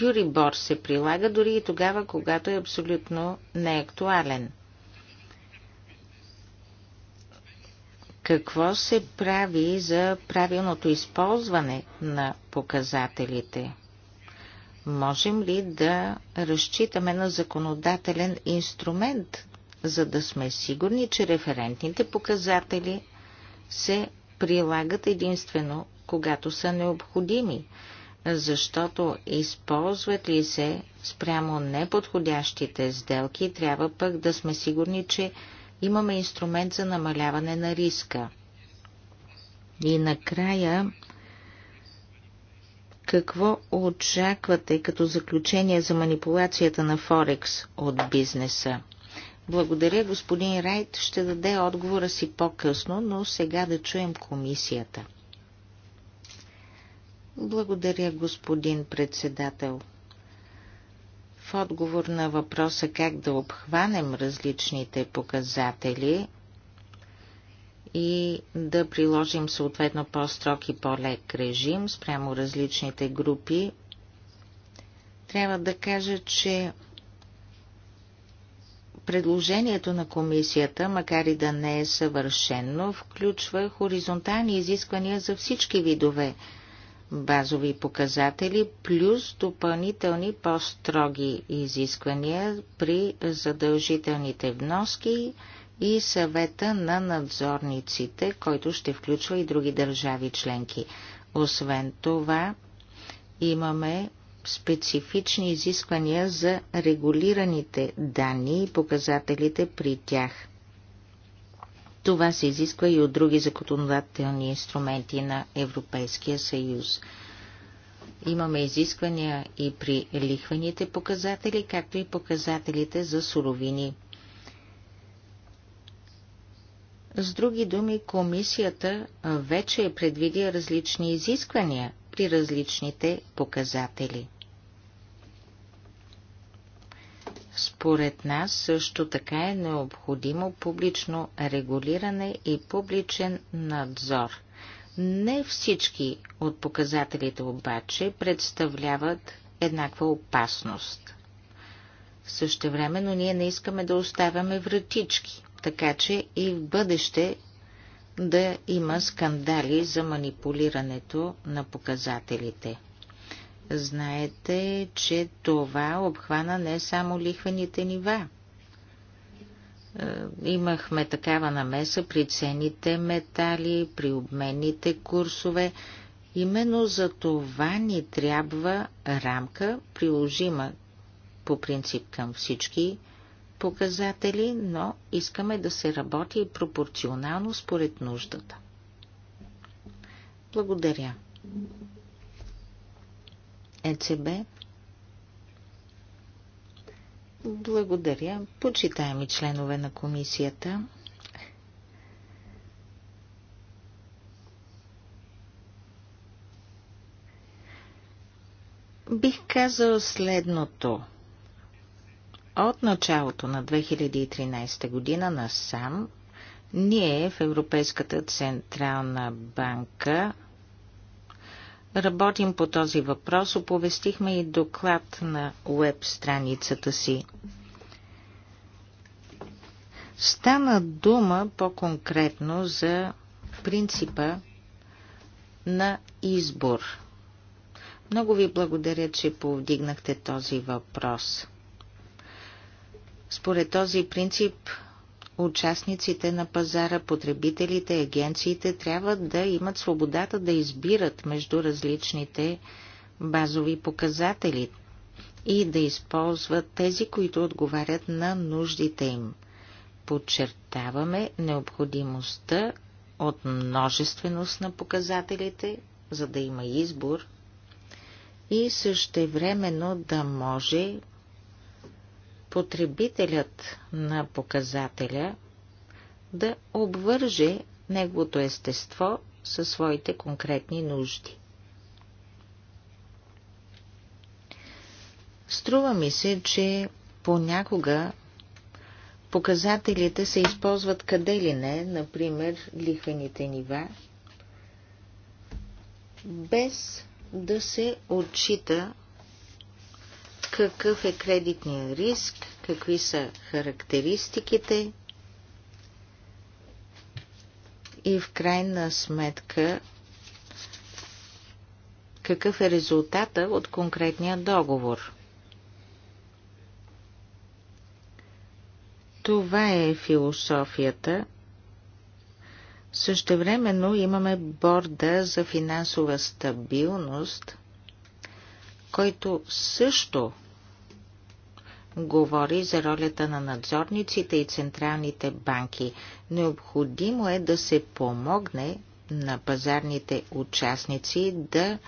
B: Юрибор се прилага дори и тогава, когато е абсолютно неактуален. Какво се прави за правилното използване на показателите? Можем ли да разчитаме на законодателен инструмент, за да сме сигурни, че референтните показатели се прилагат единствено когато са необходими, защото използват ли се спрямо неподходящите сделки, трябва пък да сме сигурни, че имаме инструмент за намаляване на риска. И накрая, какво очаквате като заключение за манипулацията на Форекс от бизнеса? Благодаря, господин Райт. Ще даде отговора си по-късно, но сега да чуем комисията. Благодаря, господин председател. В отговор на въпроса как да обхванем различните показатели и да приложим съответно по-строг и по-лек режим спрямо различните групи, трябва да кажа, че предложението на комисията, макар и да не е съвършено, включва хоризонтални изисквания за всички видове базови показатели, плюс допълнителни по-строги изисквания при задължителните вноски и съвета на надзорниците, който ще включва и други държави членки. Освен това, имаме специфични изисквания за регулираните данни и показателите при тях – това се изисква и от други законодателни инструменти на Европейския съюз. Имаме изисквания и при лихвените показатели, както и показателите за суровини. С други думи, комисията вече е предвидя различни изисквания при различните показатели – Според нас също така е необходимо публично регулиране и публичен надзор. Не всички от показателите обаче представляват еднаква опасност. Същевременно ние не искаме да оставяме вратички, така че и в бъдеще да има скандали за манипулирането на показателите. Знаете, че това обхвана не само лихвените нива. Е, имахме такава намеса при цените метали, при обменните курсове. Именно за това ни трябва рамка, приложима по принцип към всички показатели, но искаме да се работи пропорционално според нуждата. Благодаря. ЕЦБ. Благодаря. Почитаеми членове на комисията. Бих казал следното. От началото на 2013 година насам, ние в Европейската централна банка Работим по този въпрос, оповестихме и доклад на веб страницата си. Стана дума по-конкретно за принципа на избор. Много ви благодаря, че повдигнахте този въпрос. Според този принцип Участниците на пазара, потребителите, агенциите трябва да имат свободата да избират между различните базови показатели и да използват тези, които отговарят на нуждите им. Подчертаваме необходимостта от множественост на показателите, за да има избор и същевременно да може потребителят на показателя да обвърже неговото естество със своите конкретни нужди. Струва ми се, че понякога показателите се използват къде ли не, например лихвените нива, без да се отчита какъв е кредитния риск, какви са характеристиките и в крайна сметка какъв е резултата от конкретния договор. Това е философията. Същевременно имаме борда за финансова стабилност, който също говори за ролята на надзорниците и централните банки. Необходимо е да се помогне на пазарните участници да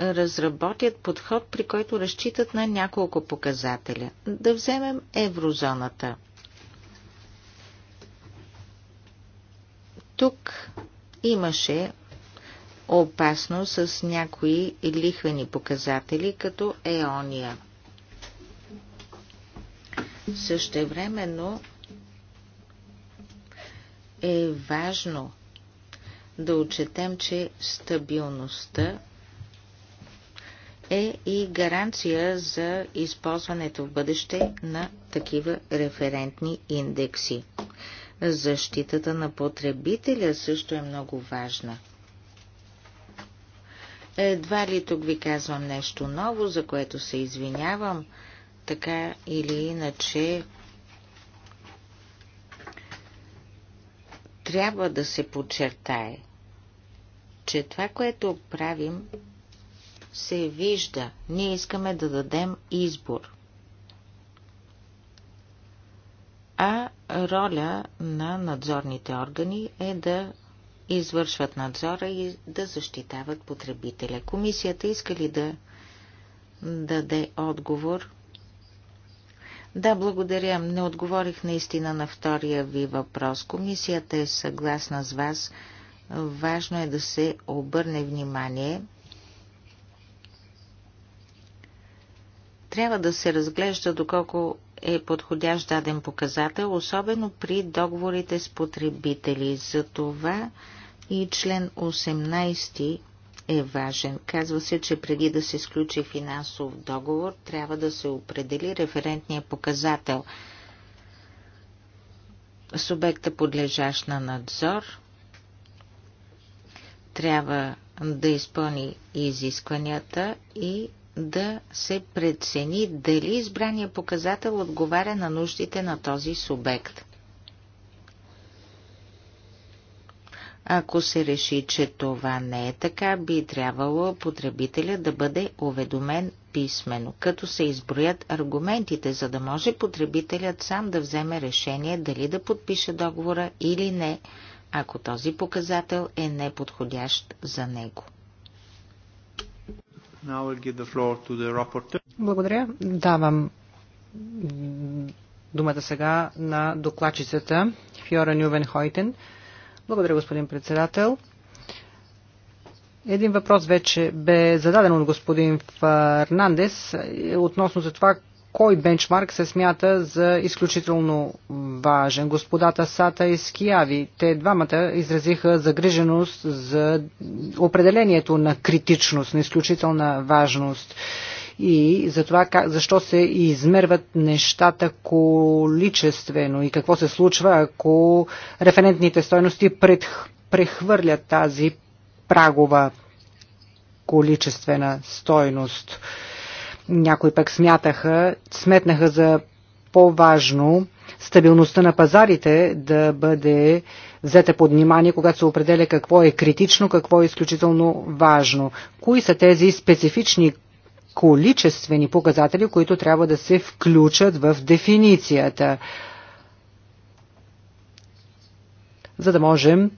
B: разработят подход, при който разчитат на няколко показателя. Да вземем еврозоната. Тук имаше опасно с някои лихвени показатели, като еония – Същевременно е важно да отчетем, че стабилността е и гаранция за използването в бъдеще на такива референтни индекси. Защитата на потребителя също е много важна. Едва ли тук ви казвам нещо ново, за което се извинявам – така или иначе трябва да се подчертае, че това, което правим, се вижда. Ние искаме да дадем избор. А роля на надзорните органи е да извършват надзора и да защитават потребителя. Комисията иска ли да даде отговор? Да, благодаря. Не отговорих наистина на втория ви въпрос. Комисията е съгласна с вас. Важно е да се обърне внимание. Трябва да се разглежда доколко е подходящ даден показател, особено при договорите с потребители. За това и член 18 е важен. Казва се, че преди да се сключи финансов договор, трябва да се определи референтния показател. Субекта подлежащ на надзор трябва да изпълни изискванията и да се прецени дали избрания показател отговаря на нуждите на този субект. Ако се реши, че това не е така, би трябвало потребителя да бъде уведомен писменно, като се изброят аргументите, за да може потребителят сам да вземе решение дали да подпише договора или не, ако този показател е неподходящ за него. Благодаря. Давам
C: думата сега на докладчицата Фьора Нювенхойтен. Хойтен благодаря, господин председател. Един въпрос вече бе зададен от господин Фернандес относно за това кой бенчмарк се смята за изключително важен. Господата Сата и Скияви, те двамата изразиха загриженост за определението на критичност, на изключителна важност и за това как, защо се измерват нещата количествено и какво се случва, ако референтните стойности предх, прехвърлят тази прагова количествена стойност. Някои пък смятаха, сметнаха за по-важно стабилността на пазарите да бъде взета под внимание, когато се определя какво е критично, какво е изключително важно. Кои са тези специфични количествени показатели, които трябва да се включат в дефиницията, за да можем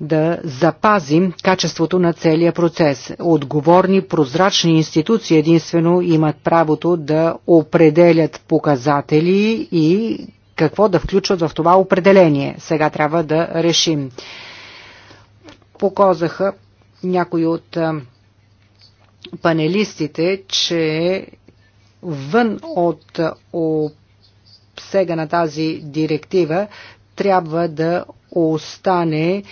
C: да запазим качеството на целия процес. Отговорни, прозрачни институции единствено имат правото да определят показатели и какво да включват в това определение. Сега трябва да решим. Показаха някои от панелистите, че вън от обсега на тази директива трябва да остане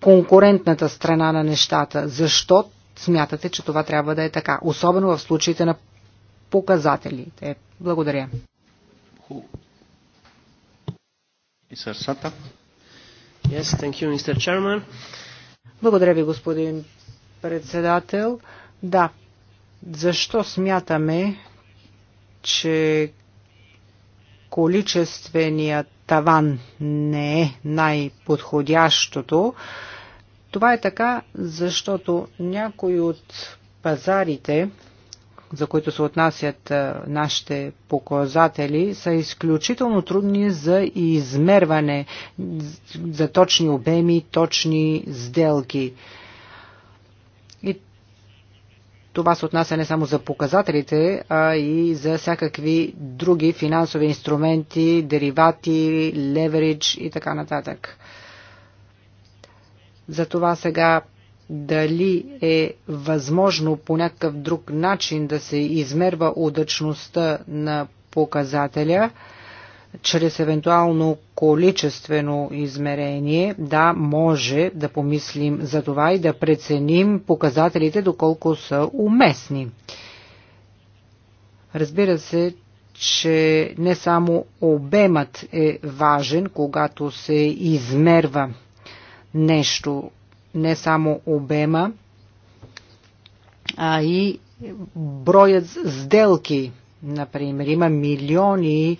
C: конкурентната страна на нещата. Защо смятате, че това трябва да е така? Особено в случаите на показателите. Благодаря. Yes, you, Благодаря ви, господин председател. Да, защо смятаме, че количественият таван не е най-подходящото? Това е така, защото някои от пазарите, за които се отнасят нашите показатели, са изключително трудни за измерване, за точни обеми, точни сделки. Това се отнася не само за показателите, а и за всякакви други финансови инструменти, деривати, леверидж и така нататък. За това сега дали е възможно по някакъв друг начин да се измерва удачността на показателя – чрез евентуално количествено измерение, да, може да помислим за това и да преценим показателите доколко са уместни. Разбира се, че не само обемът е важен, когато се измерва нещо, не само обема, а и броят сделки. Например, има милиони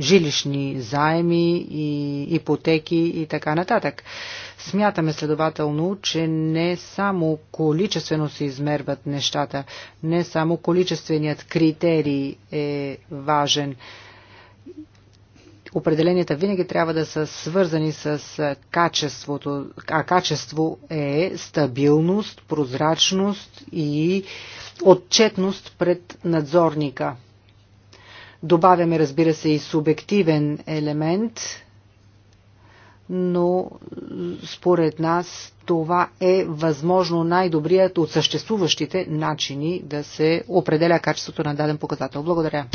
C: жилищни заеми и ипотеки и така нататък. Смятаме следователно, че не само количествено се измерват нещата, не само количественият критерий е важен. Определенията винаги трябва да са свързани с качеството, а качество е стабилност, прозрачност и отчетност пред надзорника. Добавяме, разбира се, и субективен елемент, но според нас това е възможно най-добрият от съществуващите начини да се определя качеството на даден показател. Благодаря.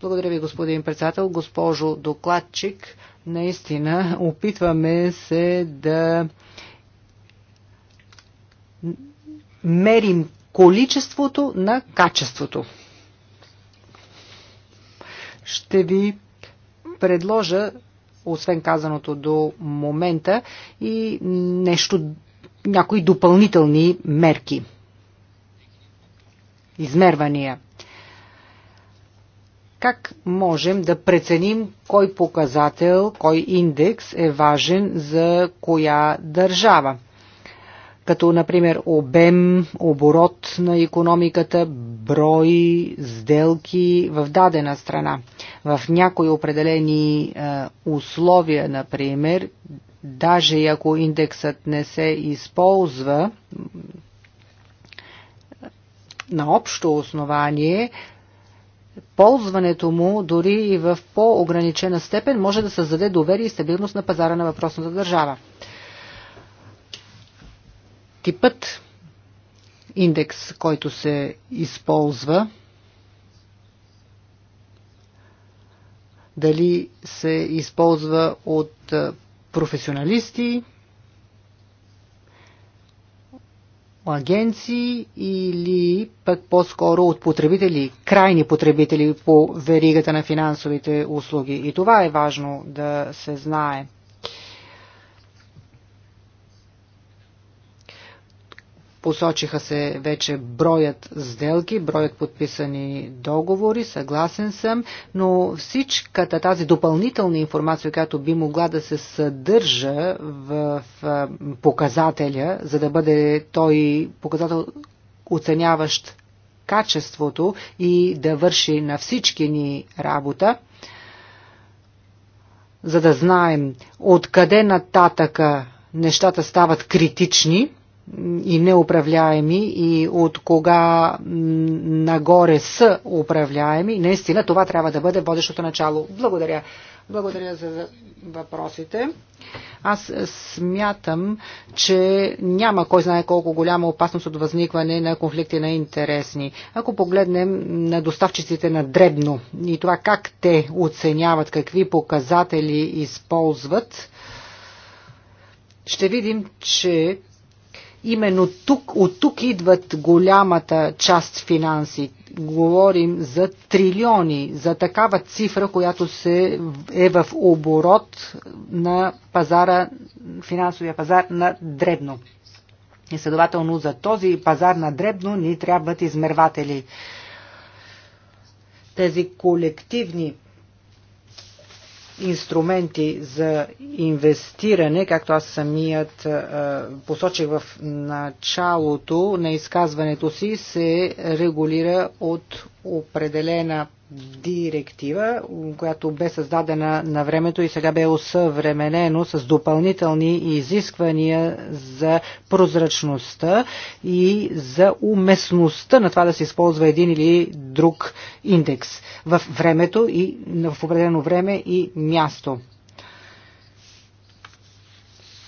C: Благодаря ви, господин председател. Госпожо докладчик, наистина опитваме се да мерим количеството на качеството ще ви предложа, освен казаното до момента, и нещо, някои допълнителни мерки, измервания. Как можем да преценим кой показател, кой индекс е важен за коя държава? като например обем, оборот на економиката, брой, сделки в дадена страна. В някои определени е, условия, например, даже и ако индексът не се използва на общо основание, ползването му дори и в по-ограничена степен може да създаде доверие и стабилност на пазара на въпросната държава типът индекс, който се използва, дали се използва от професионалисти, агенции или пък по-скоро от потребители, крайни потребители по веригата на финансовите услуги. И това е важно да се знае. Посочиха се вече броят сделки, броят подписани договори, съгласен съм, но всичката тази допълнителна информация, която би могла да се съдържа в показателя, за да бъде той показател оценяващ качеството и да върши на всички ни работа, за да знаем откъде нататъка нещата стават критични и неуправляеми и от кога нагоре са управляеми, наистина това трябва да бъде водещото начало. Благодаря. Благодаря за въпросите. Аз смятам, че няма кой знае колко голяма опасност от възникване на конфликти на интересни. Ако погледнем на доставчиците на дребно и това как те оценяват, какви показатели използват, ще видим, че Именно тук, от тук идват голямата част финанси. Говорим за трилиони, за такава цифра, която се е в оборот на пазара, финансовия пазар на дребно. И следователно за този пазар на дребно ни трябват измерватели. Тези колективни инструменти за инвестиране, както аз самият посочих в началото на изказването си, се регулира от определена директива, която бе създадена на времето и сега бе усъвременено с допълнителни изисквания за прозрачността и за уместността на това да се използва един или друг индекс в времето и в определено време и място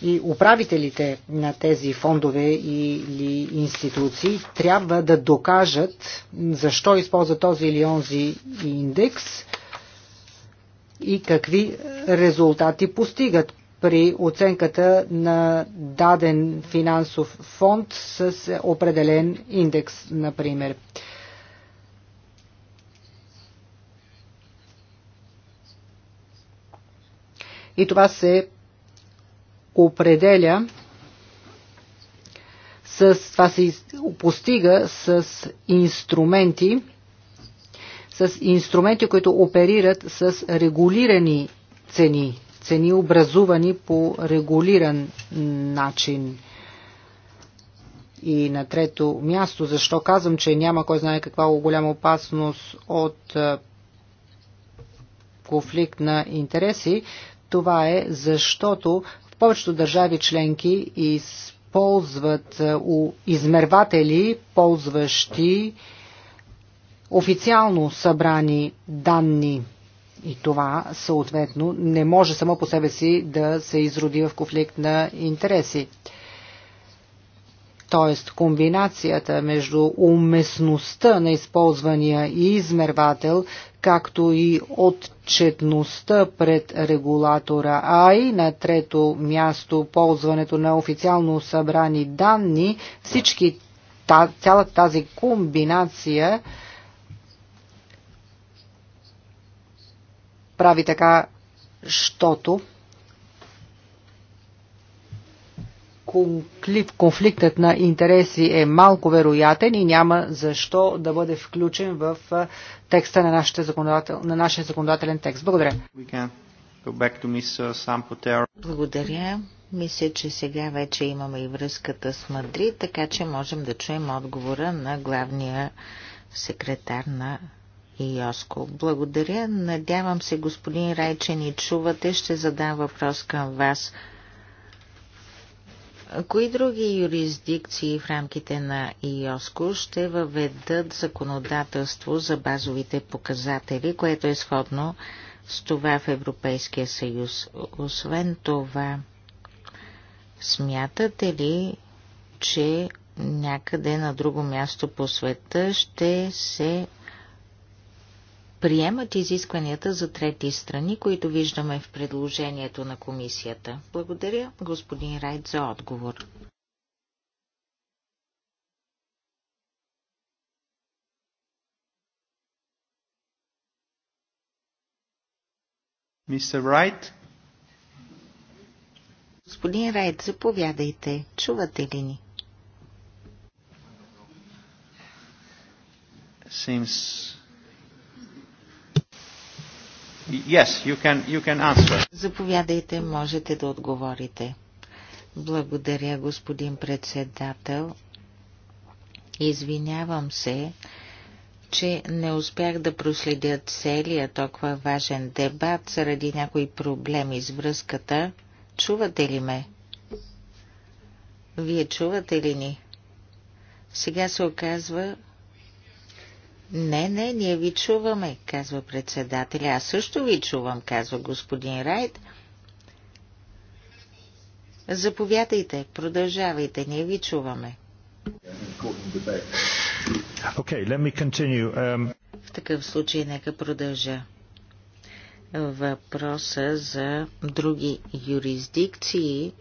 C: и управителите на тези фондове или институции трябва да докажат защо използват този или онзи индекс и какви резултати постигат при оценката на даден финансов фонд с определен индекс, например. И това се определя с, това се постига с инструменти, с инструменти, които оперират с регулирани цени, цени образувани по регулиран начин. И на трето място, защо казвам, че няма кой знае каква голяма опасност от конфликт на интереси, това е защото повечето държави членки използват е, измерватели, ползващи официално събрани данни. И това съответно не може само по себе си да се изроди в конфликт на интереси т.е. комбинацията между уместността на използвания и измервател, както и отчетността пред регулатора, а и на трето място ползването на официално събрани данни, всички цялата тази комбинация прави така, щото конфликт, конфликтът на интереси е малко вероятен и няма защо да бъде включен в текста на, законодател, на нашия законодателен текст. Благодаря.
A: Uh, Благодаря.
B: Мисля, че сега вече имаме и връзката с Мадрид, така че можем да чуем отговора на главния секретар на Йоско. Благодаря. Надявам се, господин Райче, ни чувате. Ще задам въпрос към вас. Кои други юрисдикции в рамките на ИОСКО ще въведат законодателство за базовите показатели, което е сходно с това в Европейския съюз? Освен това, смятате ли, че някъде на друго място по света ще се приемат изискванията за трети страни, които виждаме в предложението на комисията? Благодаря, господин Райт, за отговор. Мистер Райт? Господин Райт, заповядайте. Чувате ли ни?
A: Seems Yes, you can, you can answer.
B: Заповядайте, можете да отговорите. Благодаря, господин председател. Извинявам се, че не успях да проследя целия толкова важен дебат заради някои проблеми с връзката. Чувате ли ме? Вие чувате ли ни? Сега се оказва, не, не, ние ви чуваме, казва председателя. Аз също ви чувам, казва господин Райт. Заповядайте, продължавайте, ние ви
A: чуваме. Okay, let me continue. Um... В
B: такъв случай нека продължа. Въпроса за други юрисдикции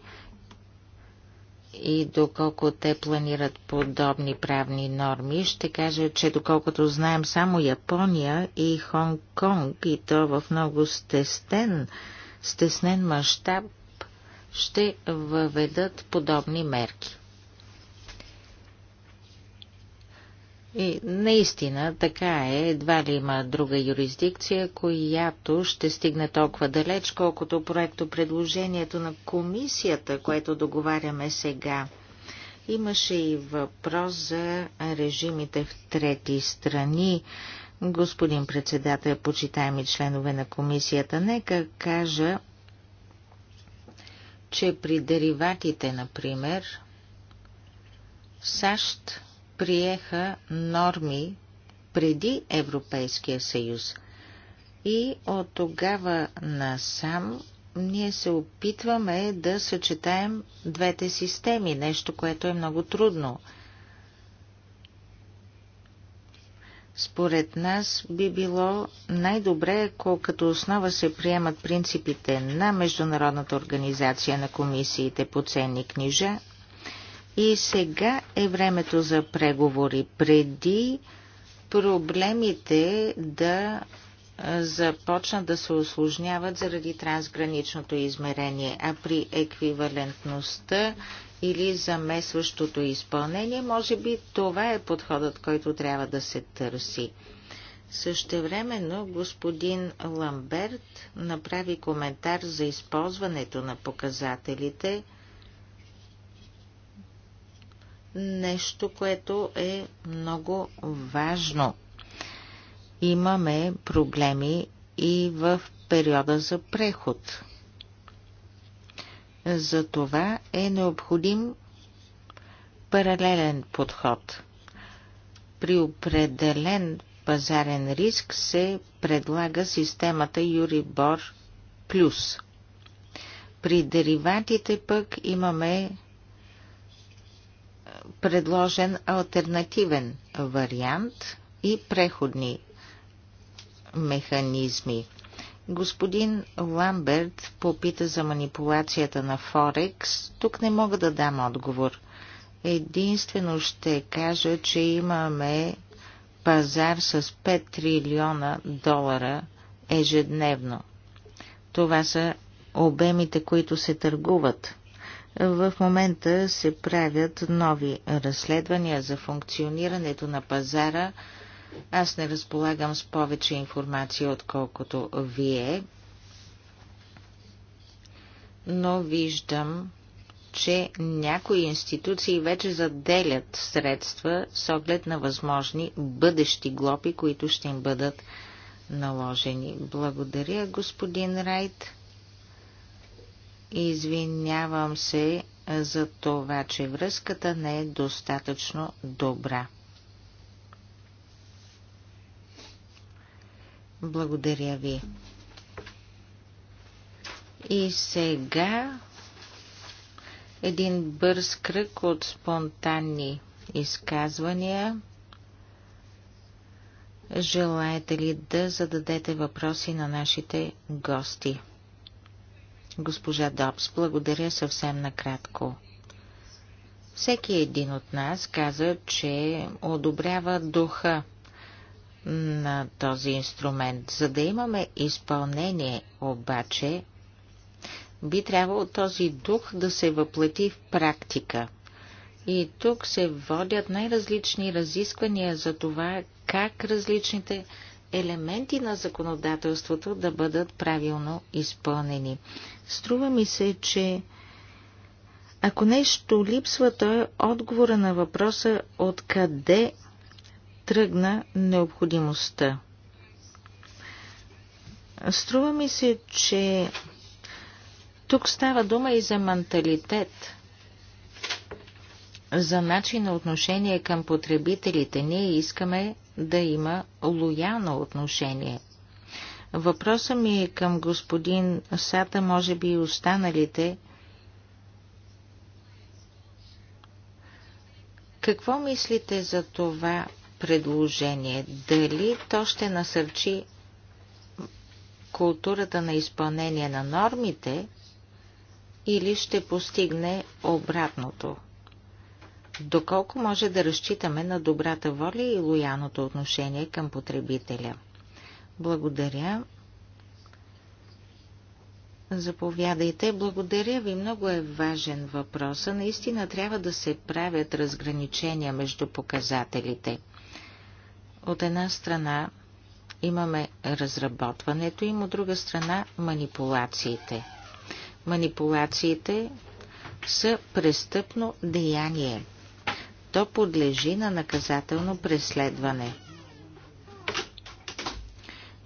B: и доколко те планират подобни правни норми, ще кажа, че доколкото знаем само Япония и Хонг-Конг, и то в много стеснен, стеснен мащаб, ще въведат подобни мерки. И наистина така е, едва ли има друга юрисдикция, която ще стигне толкова далеч, колкото проекто предложението на комисията, което договаряме сега. Имаше и въпрос за режимите в трети страни. Господин председател, почитаеми членове на комисията, нека кажа, че при дериватите, например, САЩ приеха норми преди Европейския съюз. И от тогава насам ние се опитваме да съчетаем двете системи, нещо, което е много трудно. Според нас би било най-добре, ако като основа се приемат принципите на Международната организация на комисиите по ценни книжа, и сега е времето за преговори. Преди проблемите да започнат да се осложняват заради трансграничното измерение, а при еквивалентността или замесващото изпълнение, може би това е подходът, който трябва да се търси. Същевременно господин Ламберт направи коментар за използването на показателите – нещо, което е много важно. Имаме проблеми и в периода за преход. За това е необходим паралелен подход. При определен пазарен риск се предлага системата Юрибор Плюс. При дериватите пък имаме предложен альтернативен вариант и преходни механизми. Господин Ламберт попита за манипулацията на Форекс. Тук не мога да дам отговор. Единствено ще кажа, че имаме пазар с 5 трилиона долара ежедневно. Това са обемите, които се търгуват. В момента се правят нови разследвания за функционирането на пазара. Аз не разполагам с повече информация, отколкото вие, но виждам, че някои институции вече заделят средства с оглед на възможни бъдещи глоби, които ще им бъдат наложени. Благодаря, господин Райт. Извинявам се за това, че връзката не е достатъчно добра. Благодаря ви. И сега един бърз кръг от спонтанни изказвания. Желаете ли да зададете въпроси на нашите гости? Госпожа Добс, благодаря съвсем накратко. Всеки един от нас каза, че одобрява духа на този инструмент. За да имаме изпълнение обаче, би трябвало този дух да се въплати в практика. И тук се водят най-различни разисквания за това, как различните елементи на законодателството да бъдат правилно изпълнени. Струва ми се, че ако нещо липсва, то е отговора на въпроса откъде тръгна необходимостта. Струва ми се, че тук става дума и за менталитет – за начин на отношение към потребителите. Ние искаме да има лоялно отношение. Въпросът ми е към господин Сата, може би и останалите. Какво мислите за това предложение? Дали то ще насърчи културата на изпълнение на нормите или ще постигне обратното? доколко може да разчитаме на добрата воля и лоялното отношение към потребителя. Благодаря. Заповядайте. Благодаря ви. Много е важен въпрос. Наистина трябва да се правят разграничения между показателите. От една страна имаме разработването им, от друга страна манипулациите. Манипулациите са престъпно деяние то подлежи на наказателно преследване.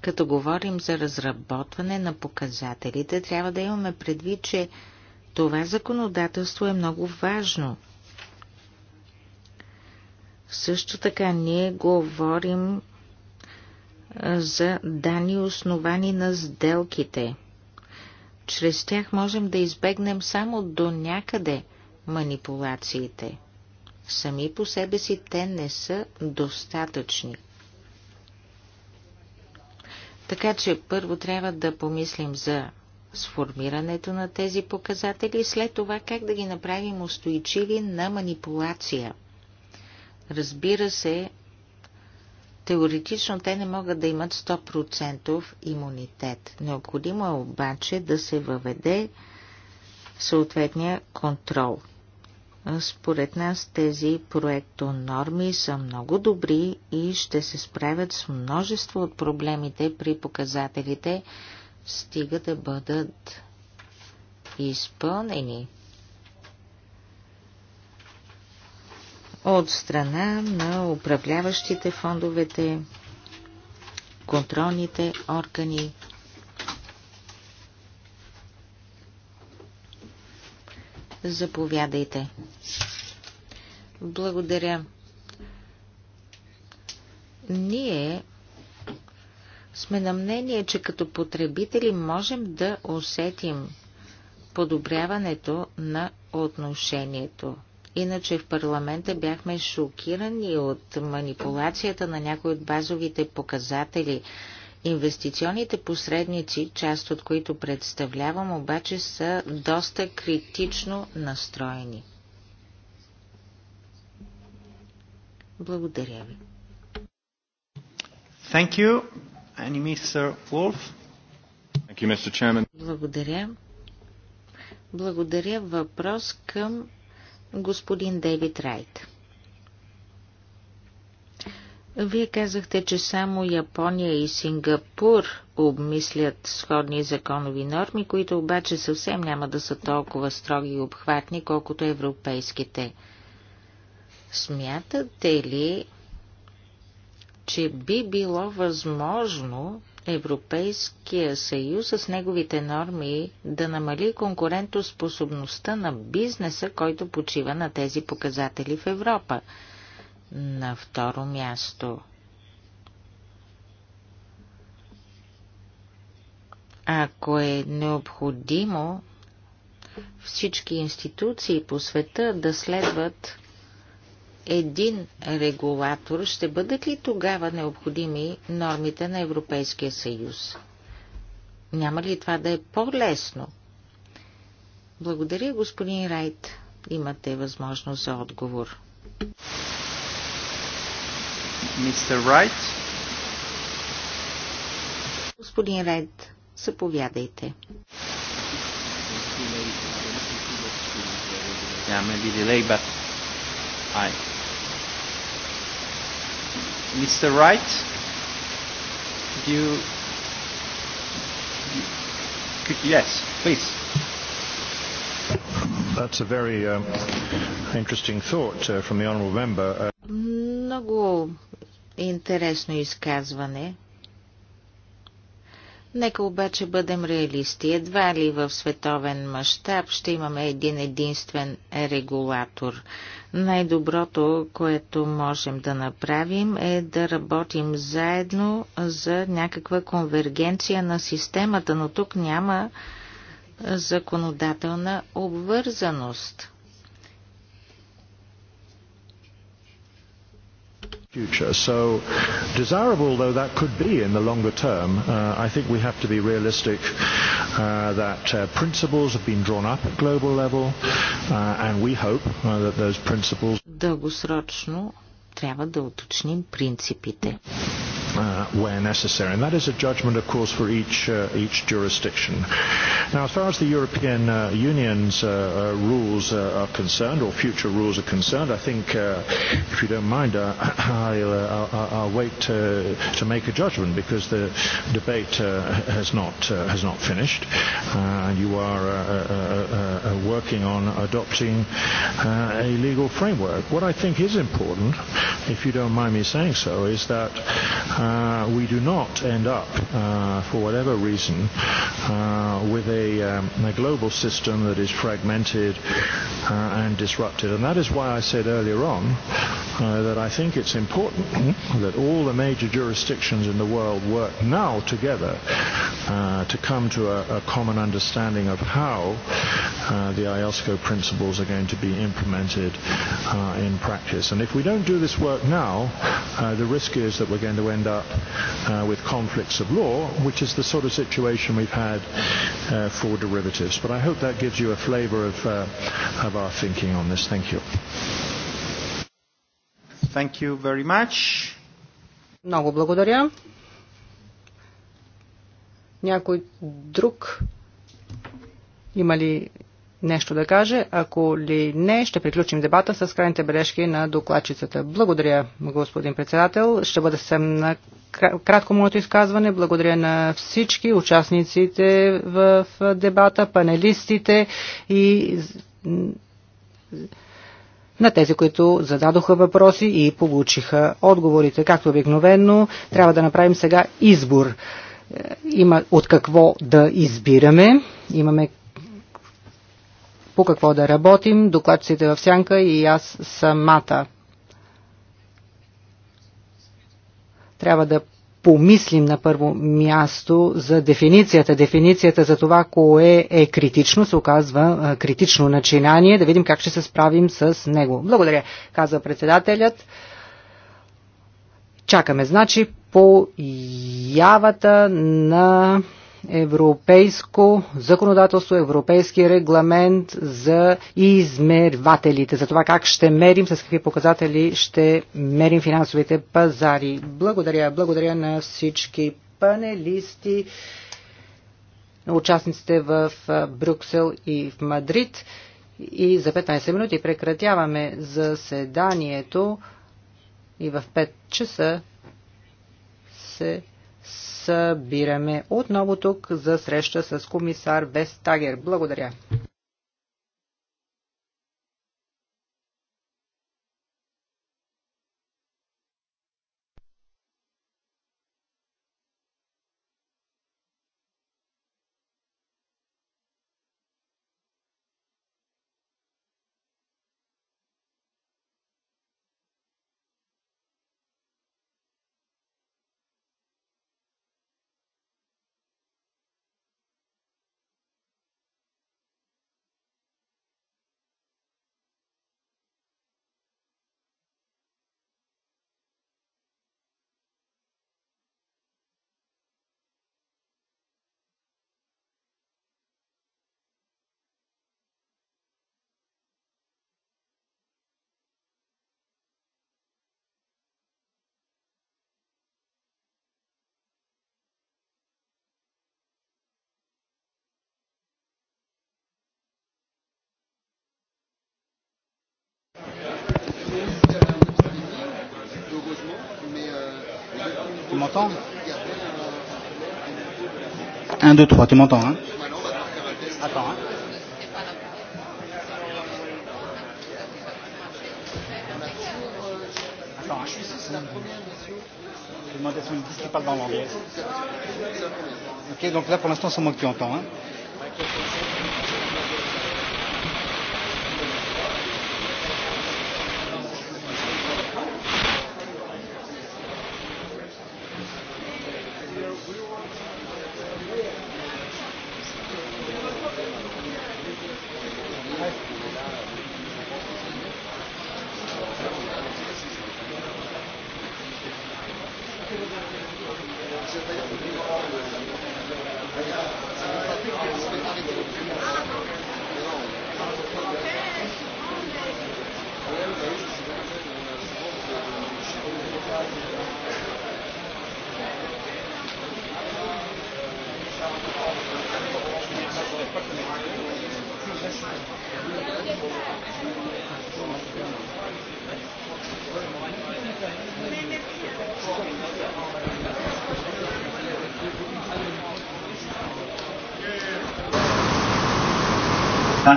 B: Като говорим за разработване на показателите, трябва да имаме предвид, че това законодателство е много важно. Също така ние говорим за данни основани на сделките. Чрез тях можем да избегнем само до някъде манипулациите. Сами по себе си те не са достатъчни. Така че първо трябва да помислим за сформирането на тези показатели и след това как да ги направим устойчиви на манипулация. Разбира се, теоретично те не могат да имат 100% имунитет. Необходимо е обаче да се въведе съответния контрол – според нас тези проектонорми са много добри и ще се справят с множество от проблемите при показателите, стига да бъдат изпълнени. От страна на управляващите фондовете, контролните органи, Заповядайте. Благодаря. Ние сме на мнение, че като потребители можем да усетим подобряването на отношението. Иначе в парламента бяхме шокирани от манипулацията на някои от базовите показатели – Инвестиционните посредници, част от които представлявам, обаче са доста критично настроени. Благодаря ви.
A: Thank you. And Mr. Wolf. Thank you, Mr. Chairman.
B: Благодаря. Благодаря. Въпрос към господин Дейвид Райт. Вие казахте, че само Япония и Сингапур обмислят сходни законови норми, които обаче съвсем няма да са толкова строги и обхватни, колкото европейските. Смятате ли, че би било възможно Европейския съюз с неговите норми да намали конкурентоспособността на бизнеса, който почива на тези показатели в Европа? На второ място Ако е необходимо, всички институции по света да следват един регулатор, ще бъдат ли тогава необходими нормите на Европейския съюз? Няма ли това да е по-лесно? Благодаря, господин Райт. Имате възможност за отговор.
A: Mr. Wright.
B: Господин Райт, заповядайте.
A: Yeah, maybe delay, but I... Mr. Wright, do you... Could, yes, please. That's a very um, interesting thought uh, from the honourable member. Uh...
B: Много Интересно изказване. Нека обаче бъдем реалисти. Едва ли в световен мащаб ще имаме един единствен регулатор. Най-доброто, което можем да направим е да работим заедно за някаква конвергенция на системата, но тук няма законодателна обвързаност.
A: future. So desirable though that could be in the longer term, uh, I think we have to be realistic uh, that uh, principles have been drawn up at global level uh, and we hope uh, that those principles трябва да уточним принципите. Uh, where necessary. And that is a judgment, of course, for each, uh, each jurisdiction. Now, as far as the European uh, Union's uh, uh, rules uh, are concerned, or future rules are concerned, I think, uh, if you don't mind, uh, I'll, uh, I'll wait to, to make a judgment because the debate uh, has, not, uh, has not finished. Uh, you are uh, uh, uh, working on adopting uh, a legal framework. What I think is important if you don't mind me saying so, is that uh, we do not end up, uh, for whatever reason, uh, with a, um, a global system that is fragmented uh, and disrupted. And that is why I said earlier on uh, that I think it's important that all the major jurisdictions in the world work now together uh, to come to a, a common understanding of how uh, the IOSCO principles are going to be implemented uh, in practice. And if we don't do this work now, uh, the risk is that we're going to end up uh, with conflicts of law, which is the sort of situation we've had uh, for derivatives. But I hope that gives you a flavor of our thinking on this. Thank you. Thank you very much. Много благодаря.
C: Някой друг има ли нещо да каже? Ако ли не, ще приключим дебата с крайните бележки на докладчицата. Благодаря, господин председател. Ще бъде съм на кратко моето изказване. Благодаря на всички участниците в дебата, панелистите и на тези, които зададоха въпроси и получиха отговорите. Както обикновено, трябва да направим сега избор. Е, има от какво да избираме. Имаме по какво да работим, докладчиците в сянка и аз самата. Трябва да помислим на първо място за дефиницията. Дефиницията за това, кое е критично, се оказва критично начинание. Да видим как ще се справим с него. Благодаря, казва председателят. Чакаме, значи, появата на европейско законодателство, европейски регламент за измервателите, за това как ще мерим, с какви показатели ще мерим финансовите пазари. Благодаря, благодаря на всички панелисти, участниците в Брюксел и в Мадрид. И за 15 минути прекратяваме заседанието и в 5 часа се събираме отново тук за среща с комисар Вестагер. Благодаря.
D: Tu m'entends Un, deux, trois, tu m'entends, hein Attends, hein Je vais à son qui parle dans l'anglais. Ok, donc là pour l'instant c'est moi qui entends. Hein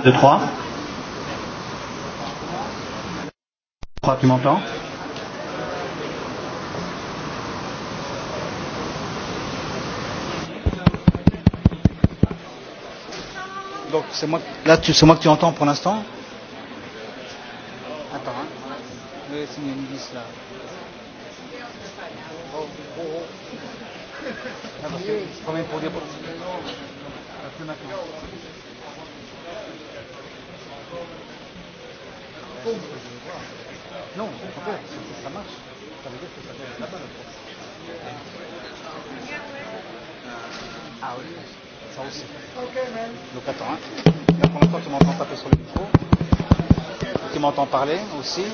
D: 1, 2, 3. 3, tu m'entends Donc c'est moi, là tu, c'est moi que tu entends pour l'instant Attends, hein. Oui, c'est une 10 là. Oh, oh, oh.
E: Ah, parce que je promets pour dire pour... Parce maintenant. je voir. Non, si ça marche, ça veut dire que ça là-bas le Ah oui, ça aussi. Donc attends, hein. la tu m'entends taper sur le micro.
D: Tu m'entends parler aussi.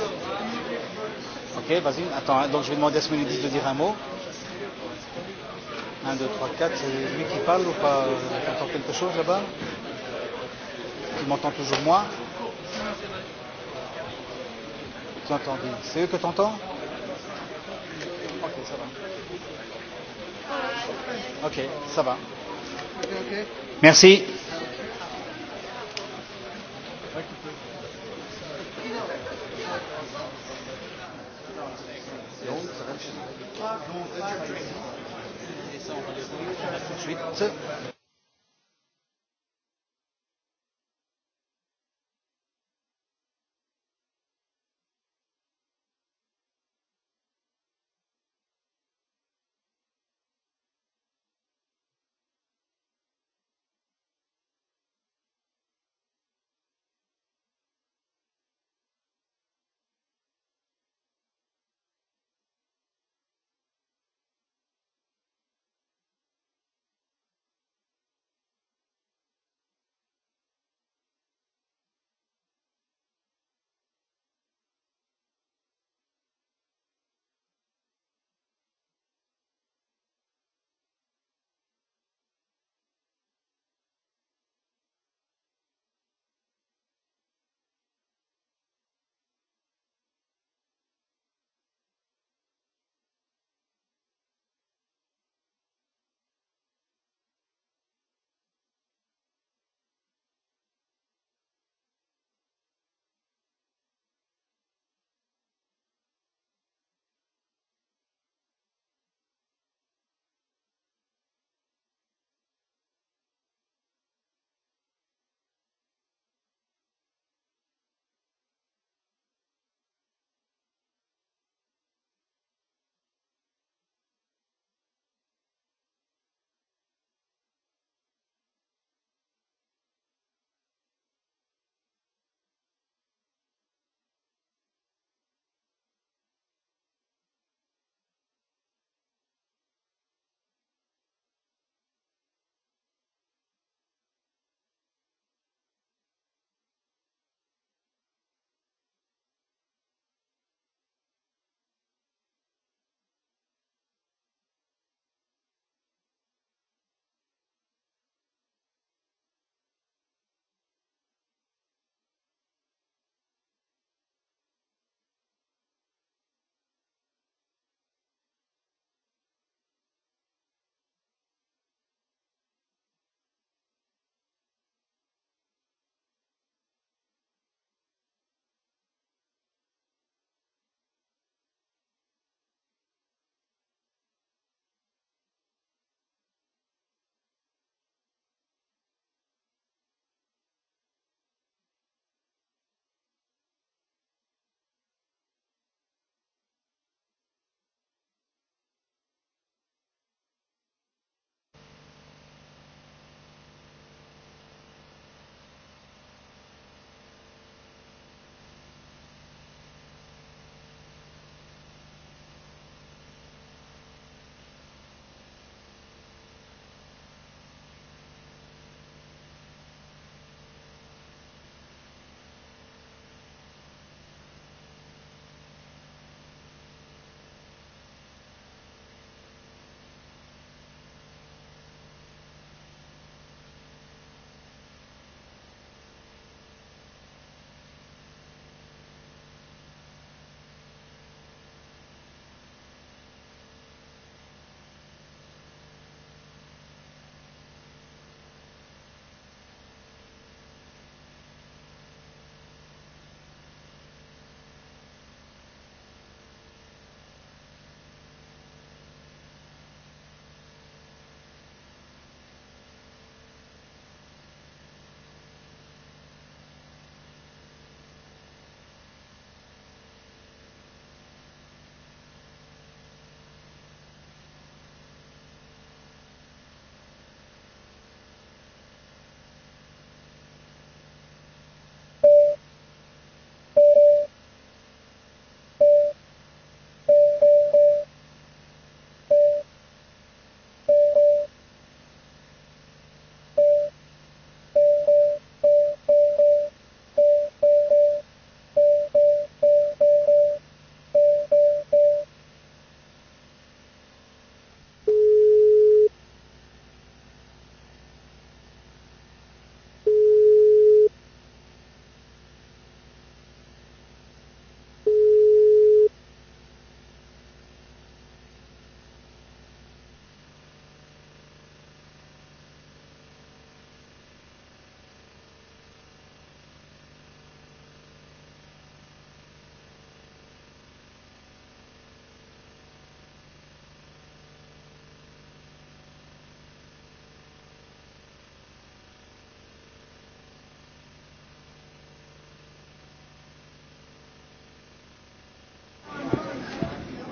D: Ok, vas-y, attends, hein. donc je vais demander à ce menu de dire un mot. 1, 2, 3, 4, c'est lui qui parle ou pas Tu entends quelque chose là-bas Tu m'entends toujours moi vous entendez. C'est eux que tu entends Ok, ça va. Ok, ça va. Merci.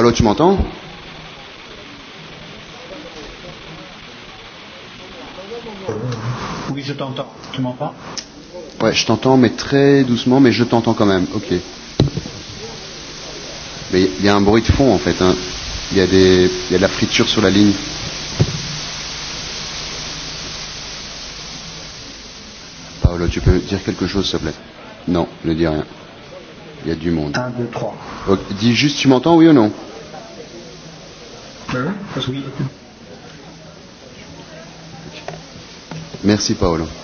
F: Allô, tu m'entends
D: Oui, je t'entends. Tu m'entends
F: Ouais, je t'entends, mais très doucement, mais je t'entends quand même. Ok. Mais il y a un bruit de fond en fait. Hein. Il y, a des, il y a de la friture sur la ligne. Paolo, tu peux dire quelque chose, s'il te plaît Non, ne dis rien. Il y a du monde. deux, trois. Okay. Dis juste, tu m'entends, oui ou non
A: her because we.
F: Merci Paolo.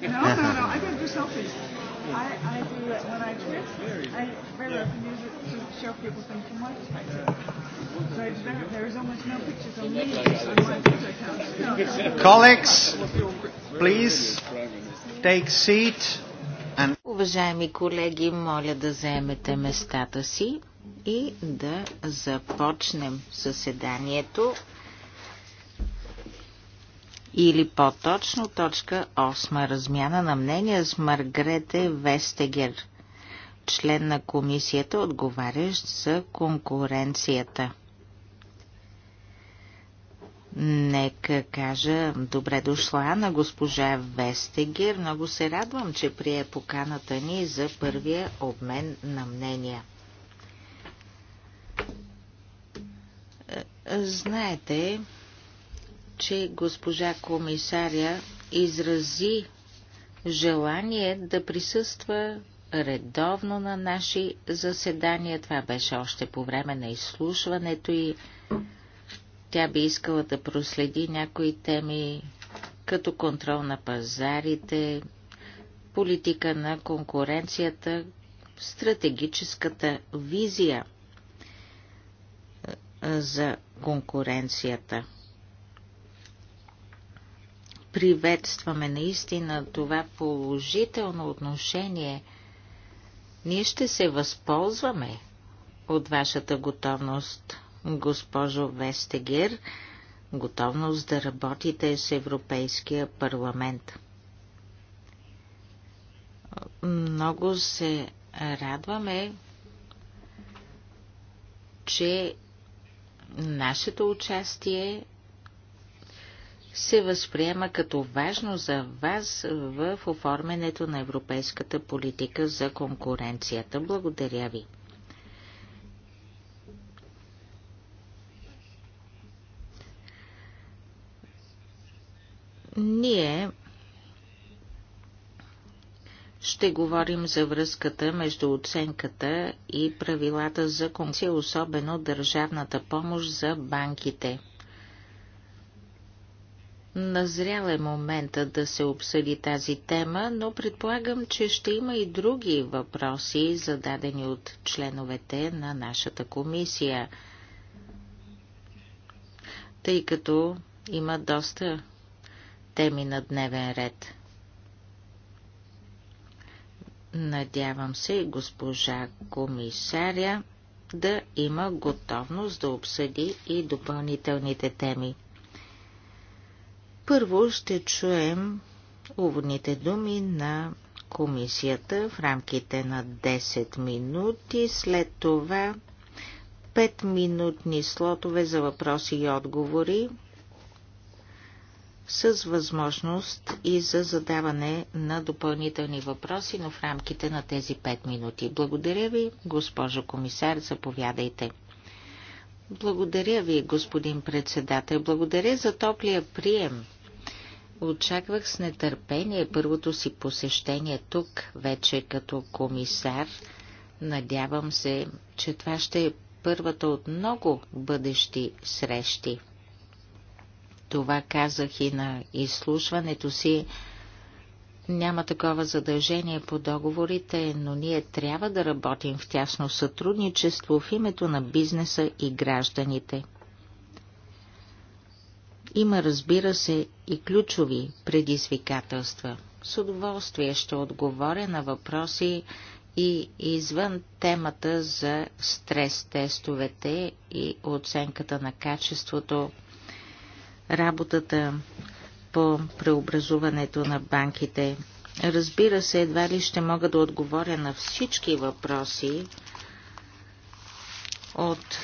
E: No, no, no. I don't do selfies. I, I do it when I trip. I very often use
D: it to show people things from my perspective. So it's very, there is almost no pictures on me on my Twitter account. Colleagues, please
B: take seat. And... Уважаеми колеги, моля да заемете местата си и да започнем съседанието или по-точно точка 8. Размяна на мнения с Маргрете Вестегер, член на комисията, отговарящ за конкуренцията. Нека кажа добре дошла на госпожа Вестегер. Много се радвам, че прие поканата ни за първия обмен на мнения. Е, знаете, че госпожа комисаря изрази желание да присъства редовно на наши заседания. Това беше още по време на изслушването и тя би искала да проследи някои теми, като контрол на пазарите, политика на конкуренцията, стратегическата визия за конкуренцията приветстваме наистина това положително отношение. Ние ще се възползваме от вашата готовност, госпожо Вестегер, готовност да работите с Европейския парламент. Много се радваме, че нашето участие се възприема като важно за вас в оформянето на европейската политика за конкуренцията. Благодаря ви. Ние ще говорим за връзката между оценката и правилата за конкуренция, особено държавната помощ за банките – Назрял е момента да се обсъди тази тема, но предполагам, че ще има и други въпроси, зададени от членовете на нашата комисия, тъй като има доста теми на дневен ред. Надявам се госпожа комисаря да има готовност да обсъди и допълнителните теми. Първо ще чуем уводните думи на комисията в рамките на 10 минути. След това 5-минутни слотове за въпроси и отговори с възможност и за задаване на допълнителни въпроси, но в рамките на тези 5 минути. Благодаря ви, госпожо комисар, заповядайте. Благодаря ви, господин председател. Благодаря за топлия прием. Очаквах с нетърпение първото си посещение тук, вече като комисар. Надявам се, че това ще е първата от много бъдещи срещи. Това казах и на изслушването си. Няма такова задължение по договорите, но ние трябва да работим в тясно сътрудничество в името на бизнеса и гражданите. Има, разбира се, и ключови предизвикателства. С удоволствие ще отговоря на въпроси и извън темата за стрес-тестовете и оценката на качеството, работата по преобразуването на банките. Разбира се, едва ли ще мога да отговоря на всички въпроси от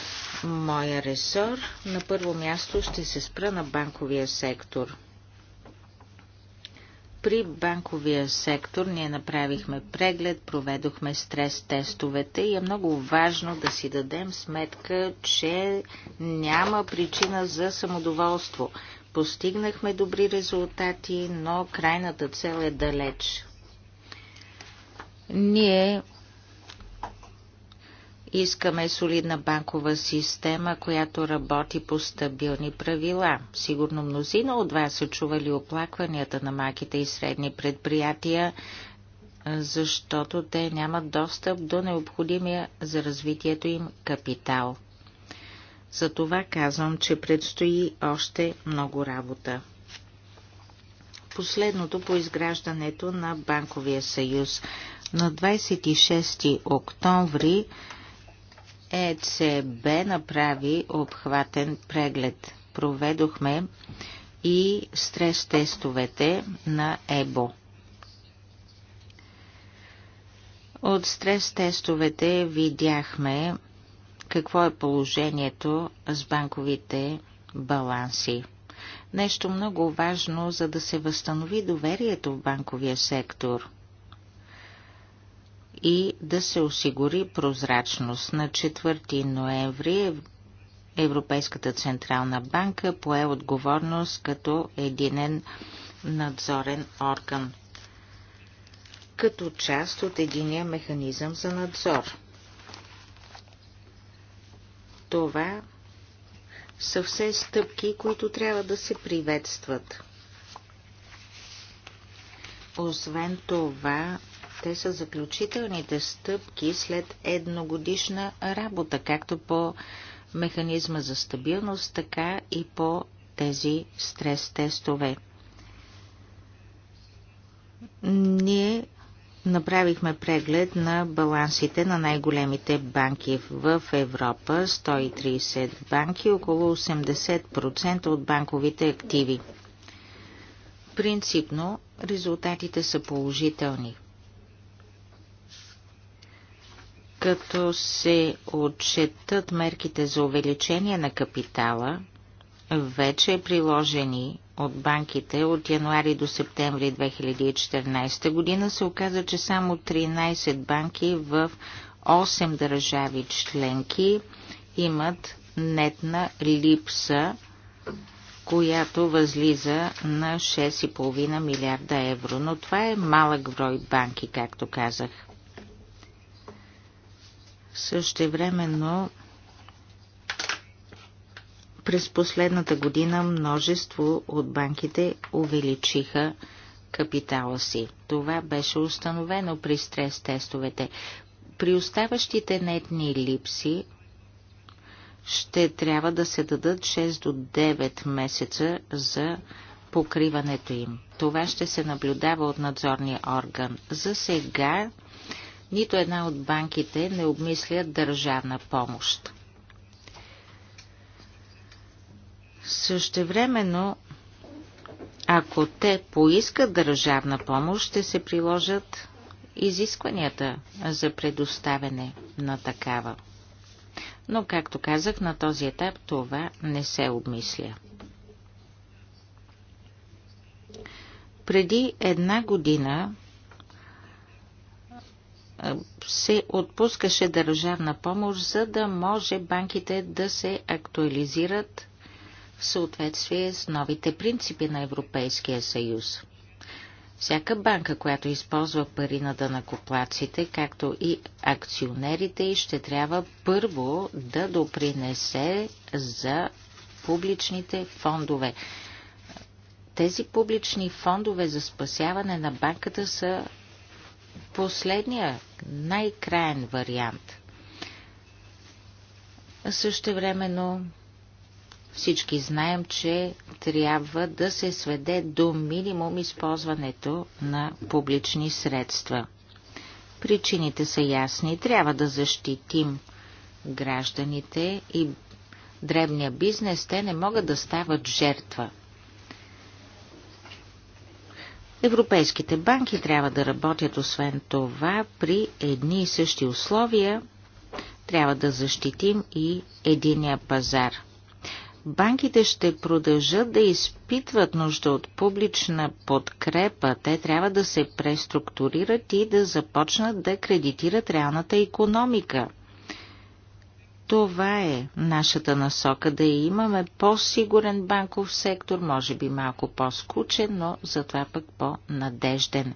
B: моя ресор. На първо място ще се спра на банковия сектор. При банковия сектор ние направихме преглед, проведохме стрес тестовете и е много важно да си дадем сметка, че няма причина за самодоволство. Постигнахме добри резултати, но крайната цел е далеч. Ние Искаме солидна банкова система, която работи по стабилни правила. Сигурно мнозина от вас са чували оплакванията на маките и средни предприятия, защото те нямат достъп до необходимия за развитието им капитал. Затова казвам, че предстои още много работа. Последното по изграждането на Банковия съюз. На 26 октомври ЕЦБ направи обхватен преглед. Проведохме и стрес тестовете на ЕБО. От стрес тестовете видяхме какво е положението с банковите баланси. Нещо много важно, за да се възстанови доверието в банковия сектор и да се осигури прозрачност. На 4 ноември Европейската централна банка пое отговорност като единен надзорен орган, като част от единия механизъм за надзор. Това са все стъпки, които трябва да се приветстват. Освен това, те са заключителните стъпки след едногодишна работа, както по механизма за стабилност, така и по тези стрес-тестове. Ние направихме преглед на балансите на най-големите банки в Европа, 130 банки, около 80% от банковите активи. Принципно резултатите са положителни. като се отчетат мерките за увеличение на капитала, вече приложени от банките от януари до септември 2014 година, се оказа, че само 13 банки в 8 държави членки имат нетна липса, която възлиза на 6,5 милиарда евро. Но това е малък брой банки, както казах. Също времено, през последната година множество от банките увеличиха капитала си. Това беше установено при стрес тестовете. При оставащите нетни липси ще трябва да се дадат 6 до 9 месеца за покриването им. Това ще се наблюдава от надзорния орган. За сега нито една от банките не обмислят държавна помощ. Същевременно, ако те поискат държавна помощ, ще се приложат изискванията за предоставяне на такава. Но, както казах, на този етап това не се обмисля. Преди една година се отпускаше държавна помощ, за да може банките да се актуализират в съответствие с новите принципи на Европейския съюз. Всяка банка, която използва пари на дънакоплаците, както и акционерите, ще трябва първо да допринесе за публичните фондове. Тези публични фондове за спасяване на банката са последния, най-краен вариант. Също времено всички знаем, че трябва да се сведе до минимум използването на публични средства. Причините са ясни. Трябва да защитим гражданите и дребния бизнес. Те не могат да стават жертва Европейските банки трябва да работят освен това при едни и същи условия. Трябва да защитим и единия пазар. Банките ще продължат да изпитват нужда от публична подкрепа. Те трябва да се преструктурират и да започнат да кредитират реалната економика. Това е нашата насока да имаме по-сигурен банков сектор, може би малко по-скучен, но затова пък по-надежден.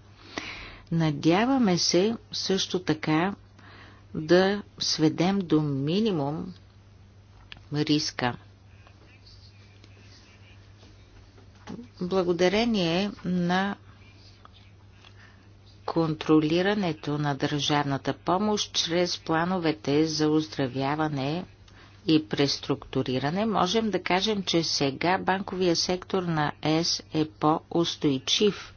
B: Надяваме се също така да сведем до минимум риска. Благодарение на контролирането на държавната помощ чрез плановете за оздравяване и преструктуриране, можем да кажем, че сега банковия сектор на ЕС е по-устойчив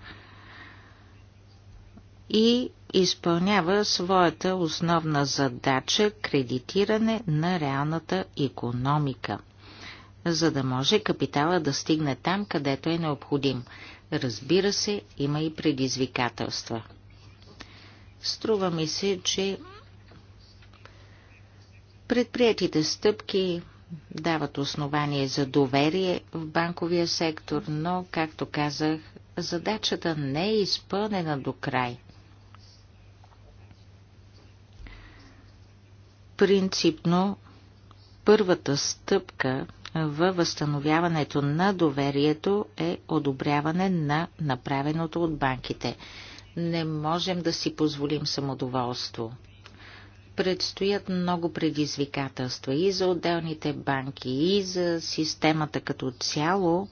B: и изпълнява своята основна задача – кредитиране на реалната економика, за да може капитала да стигне там, където е необходим. Разбира се, има и предизвикателства. Струва ми се, че предприятите стъпки дават основание за доверие в банковия сектор, но, както казах, задачата не е изпълнена до край. Принципно, първата стъпка във възстановяването на доверието е одобряване на направеното от банките – не можем да си позволим самодоволство. Предстоят много предизвикателства и за отделните банки, и за системата като цяло,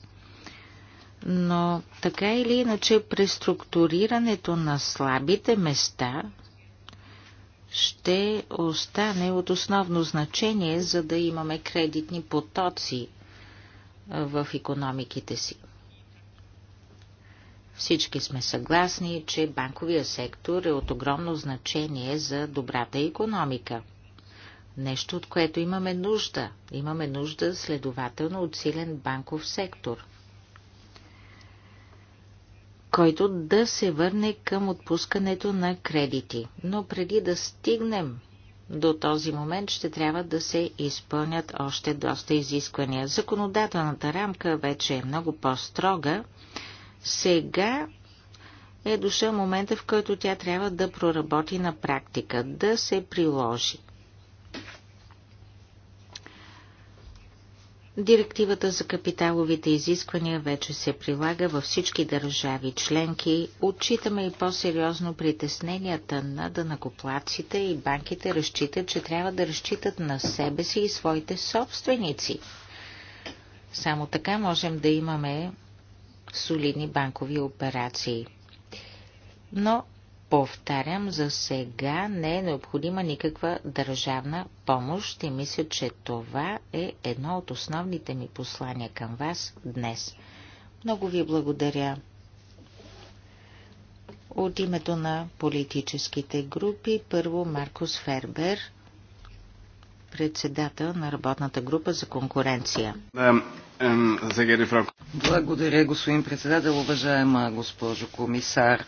B: но така или иначе преструктурирането на слабите места ще остане от основно значение, за да имаме кредитни потоци в економиките си. Всички сме съгласни, че банковия сектор е от огромно значение за добрата економика. Нещо, от което имаме нужда. Имаме нужда, следователно, от силен банков сектор, който да се върне към отпускането на кредити. Но преди да стигнем до този момент ще трябва да се изпълнят още доста изисквания. Законодателната рамка вече е много по-строга, сега е дошъл момента, в който тя трябва да проработи на практика, да се приложи. Директивата за капиталовите изисквания вече се прилага във всички държави членки. Отчитаме и по-сериозно притесненията на данакоплаците и банките разчитат, че трябва да разчитат на себе си и своите собственици. Само така можем да имаме солидни банкови операции. Но, повтарям, за сега не е необходима никаква държавна помощ и мисля, че това е едно от основните ми послания към вас днес. Много ви благодаря. От името на политическите групи, първо Маркус Фербер, председател на работната група за конкуренция.
G: Благодаря, господин председател. Уважаема госпожо комисар,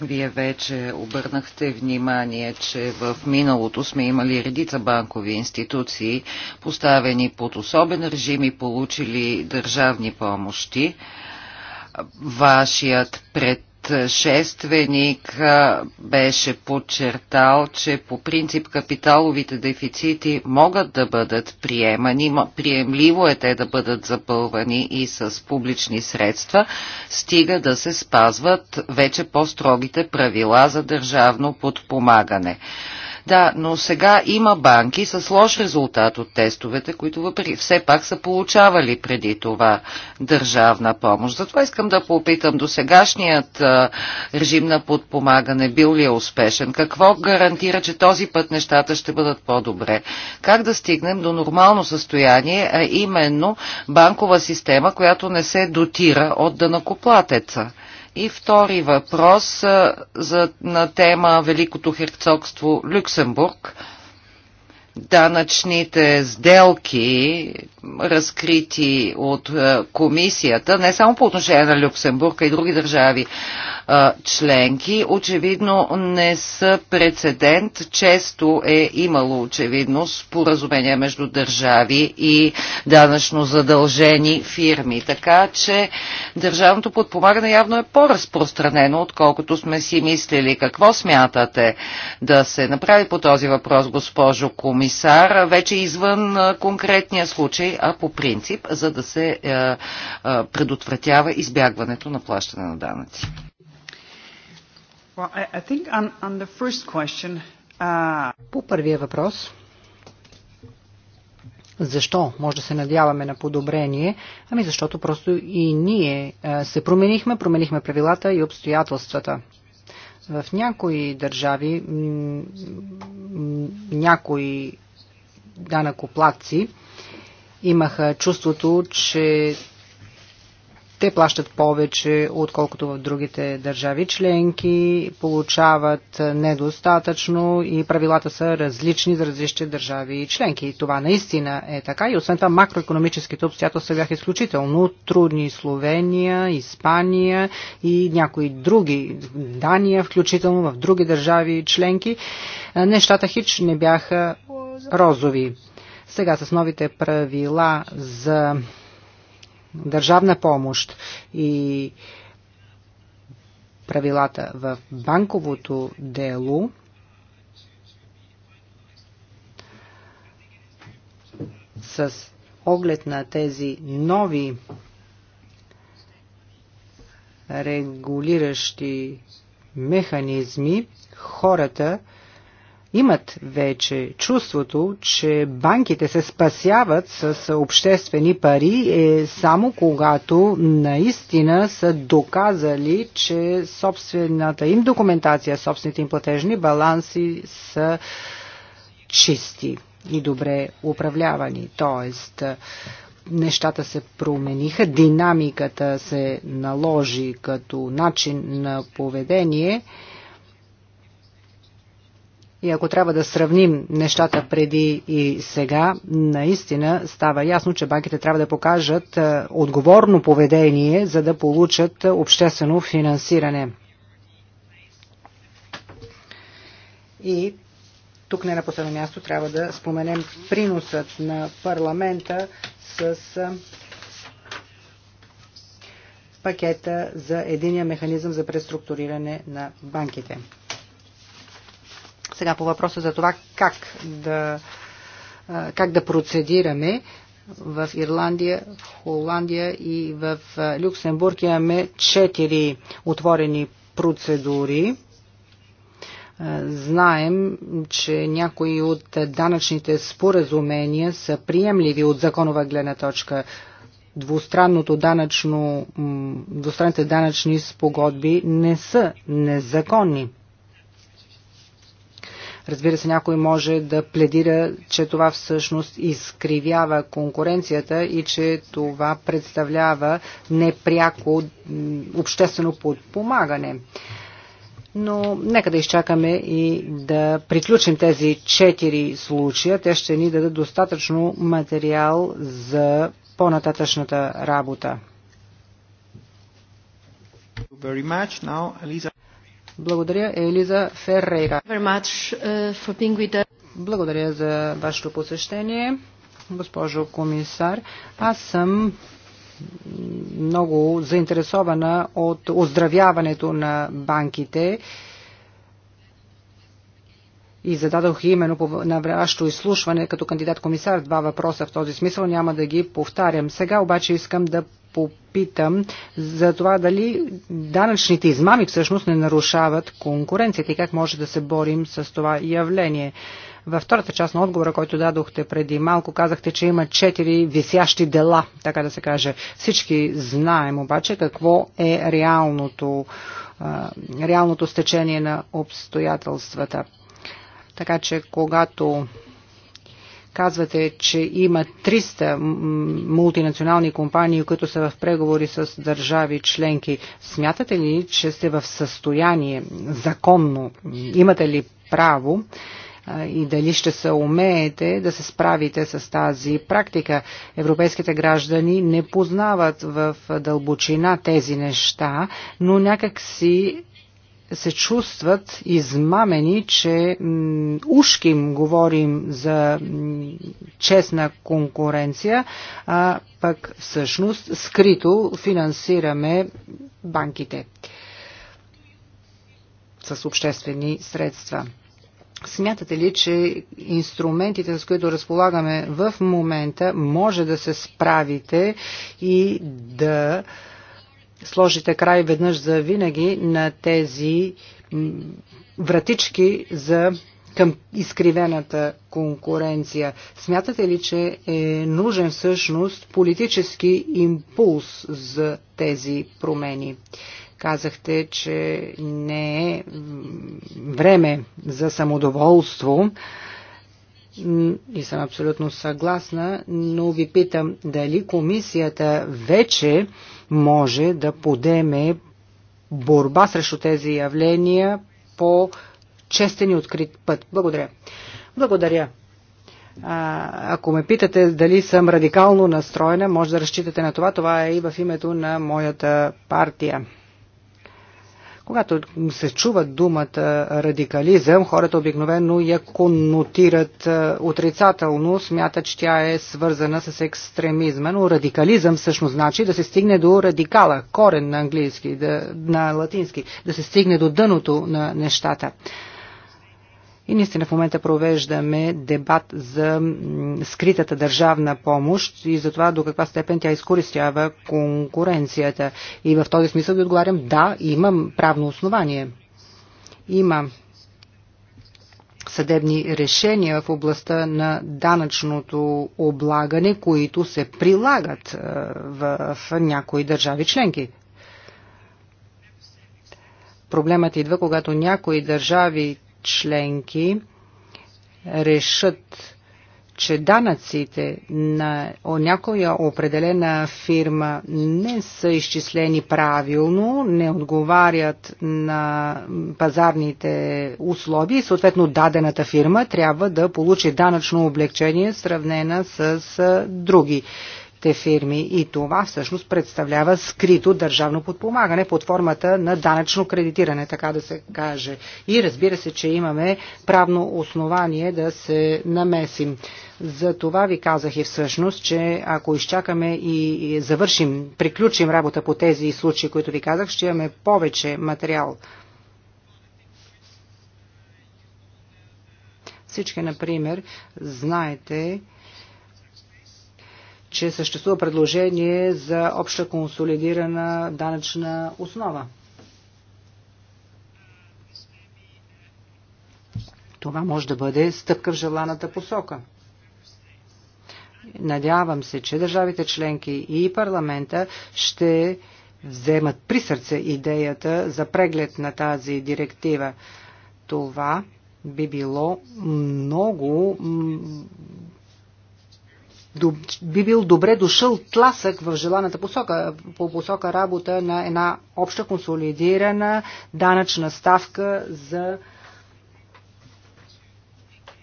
G: вие вече обърнахте внимание, че в миналото сме имали редица банкови институции, поставени под особен режим и получили държавни помощи. Вашият пред предшественик беше подчертал, че по принцип капиталовите дефицити могат да бъдат приемани, приемливо е те да бъдат запълвани и с публични средства, стига да се спазват вече по-строгите правила за държавно подпомагане. Да, но сега има банки с лош резултат от тестовете, които въпреки все пак са получавали преди това държавна помощ. Затова искам да попитам до сегашният режим на подпомагане бил ли е успешен? Какво гарантира, че този път нещата ще бъдат по-добре? Как да стигнем до нормално състояние, а именно банкова система, която не се дотира от дънакоплатеца? И втори въпрос за, на тема Великото херцогство Люксембург данъчните сделки, разкрити от е, комисията, не само по отношение на Люксембург, а и други държави е, членки, очевидно не са прецедент. Често е имало очевидно споразумения между държави и данъчно задължени фирми. Така че държавното подпомагане явно е по-разпространено, отколкото сме си мислили. Какво смятате да се направи по този въпрос, госпожо комисия? комисар, вече извън конкретния случай, а по принцип, за да се е, е, предотвратява избягването на плащане на данъци.
D: По първия въпрос,
C: защо може да се надяваме на подобрение? Ами защото просто и ние е, се променихме, променихме правилата и обстоятелствата. В някои държави някои данакоплатци имаха чувството, че те плащат повече, отколкото в другите държави членки, получават недостатъчно и правилата са различни за различни държави и членки. И това наистина е така. И освен това, макроекономическите обстоятелства бяха изключително трудни. Словения, Испания и някои други, Дания, включително в други държави и членки, нещата хич не бяха розови. Сега с новите правила за държавна помощ и правилата в банковото дело, с оглед на тези нови регулиращи механизми, хората имат вече чувството, че банките се спасяват с обществени пари е само когато наистина са доказали, че собствената им документация, собствените им платежни баланси са чисти и добре управлявани. Тоест, нещата се промениха, динамиката се наложи като начин на поведение – и ако трябва да сравним нещата преди и сега, наистина става ясно, че банките трябва да покажат е, отговорно поведение, за да получат обществено финансиране. И тук не на последно място трябва да споменем приносът на парламента с е, пакета за единия механизъм за преструктуриране на банките. Сега по въпроса за това как да, как да процедираме в Ирландия, в Холандия и в Люксембург имаме четири отворени процедури. Знаем, че някои от данъчните споразумения са приемливи от законова гледна точка. Двустранното данъчно, двустранните данъчни спогодби не са незаконни. Разбира се, някой може да пледира, че това всъщност изкривява конкуренцията и че това представлява непряко обществено подпомагане но нека да изчакаме и да приключим тези четири случая. Те ще ни дадат достатъчно материал за по-нататъчната работа. Благодаря, Елиза Феррейра. Uh, Благодаря за вашето посещение, госпожо комисар. Аз съм много заинтересована от оздравяването на банките и зададох именно на вашето изслушване като кандидат-комисар два въпроса в този смисъл, няма да ги повтарям. Сега обаче искам да попитам за това дали данъчните измами всъщност не нарушават конкуренцията и как може да се борим с това явление. Във втората част на отговора, който дадохте преди малко, казахте, че има четири висящи дела, така да се каже. Всички знаем обаче какво е реалното, реалното стечение на обстоятелствата. Така че, когато Казвате, че има 300 мултинационални компании, които са в преговори с държави членки. Смятате ли, че сте в състояние законно? Имате ли право? и дали ще се умеете да се справите с тази практика. Европейските граждани не познават в дълбочина тези неща, но някак си се чувстват измамени, че ушким говорим за честна конкуренция, а пък всъщност скрито финансираме банките с обществени средства. Смятате ли, че инструментите, с които разполагаме в момента, може да се справите и да сложите край веднъж за винаги на тези вратички за към изкривената конкуренция. Смятате ли, че е нужен всъщност политически импулс за тези промени? Казахте, че не е време за самодоволство и съм абсолютно съгласна, но ви питам дали комисията вече може да подеме борба срещу тези явления по честен и открит път. Благодаря. Благодаря. А, ако ме питате дали съм радикално настроена, може да разчитате на това. Това е и в името на моята партия. Когато се чува думата радикализъм, хората обикновено я конотират е, отрицателно, смятат, че тя е свързана с екстремизма, но радикализъм всъщност значи да се стигне до радикала, корен на английски, да, на латински, да се стигне до дъното на нещата. И наистина в момента провеждаме дебат за скритата държавна помощ и за това до каква степен тя изкористява конкуренцията. И в този смисъл ви отговарям, да, имам правно основание. Има съдебни решения в областта на данъчното облагане, които се прилагат в някои държави членки. Проблемът идва, когато някои държави членки решат, че данъците на някоя определена фирма не са изчислени правилно, не отговарят на пазарните условия и съответно дадената фирма трябва да получи данъчно облегчение сравнена с други малките фирми и това всъщност представлява скрито държавно подпомагане под формата на данъчно кредитиране, така да се каже. И разбира се, че имаме правно основание да се намесим. За това ви казах и всъщност, че ако изчакаме и завършим, приключим работа по тези случаи, които ви казах, ще имаме повече материал. Всички, например, знаете, че съществува предложение за обща консолидирана данъчна основа. Това може да бъде стъпка в желаната посока. Надявам се, че държавите членки и парламента ще вземат при сърце идеята за преглед на тази директива. Това би било много би бил добре дошъл тласък в желаната посока, по посока работа на една обща консолидирана данъчна ставка за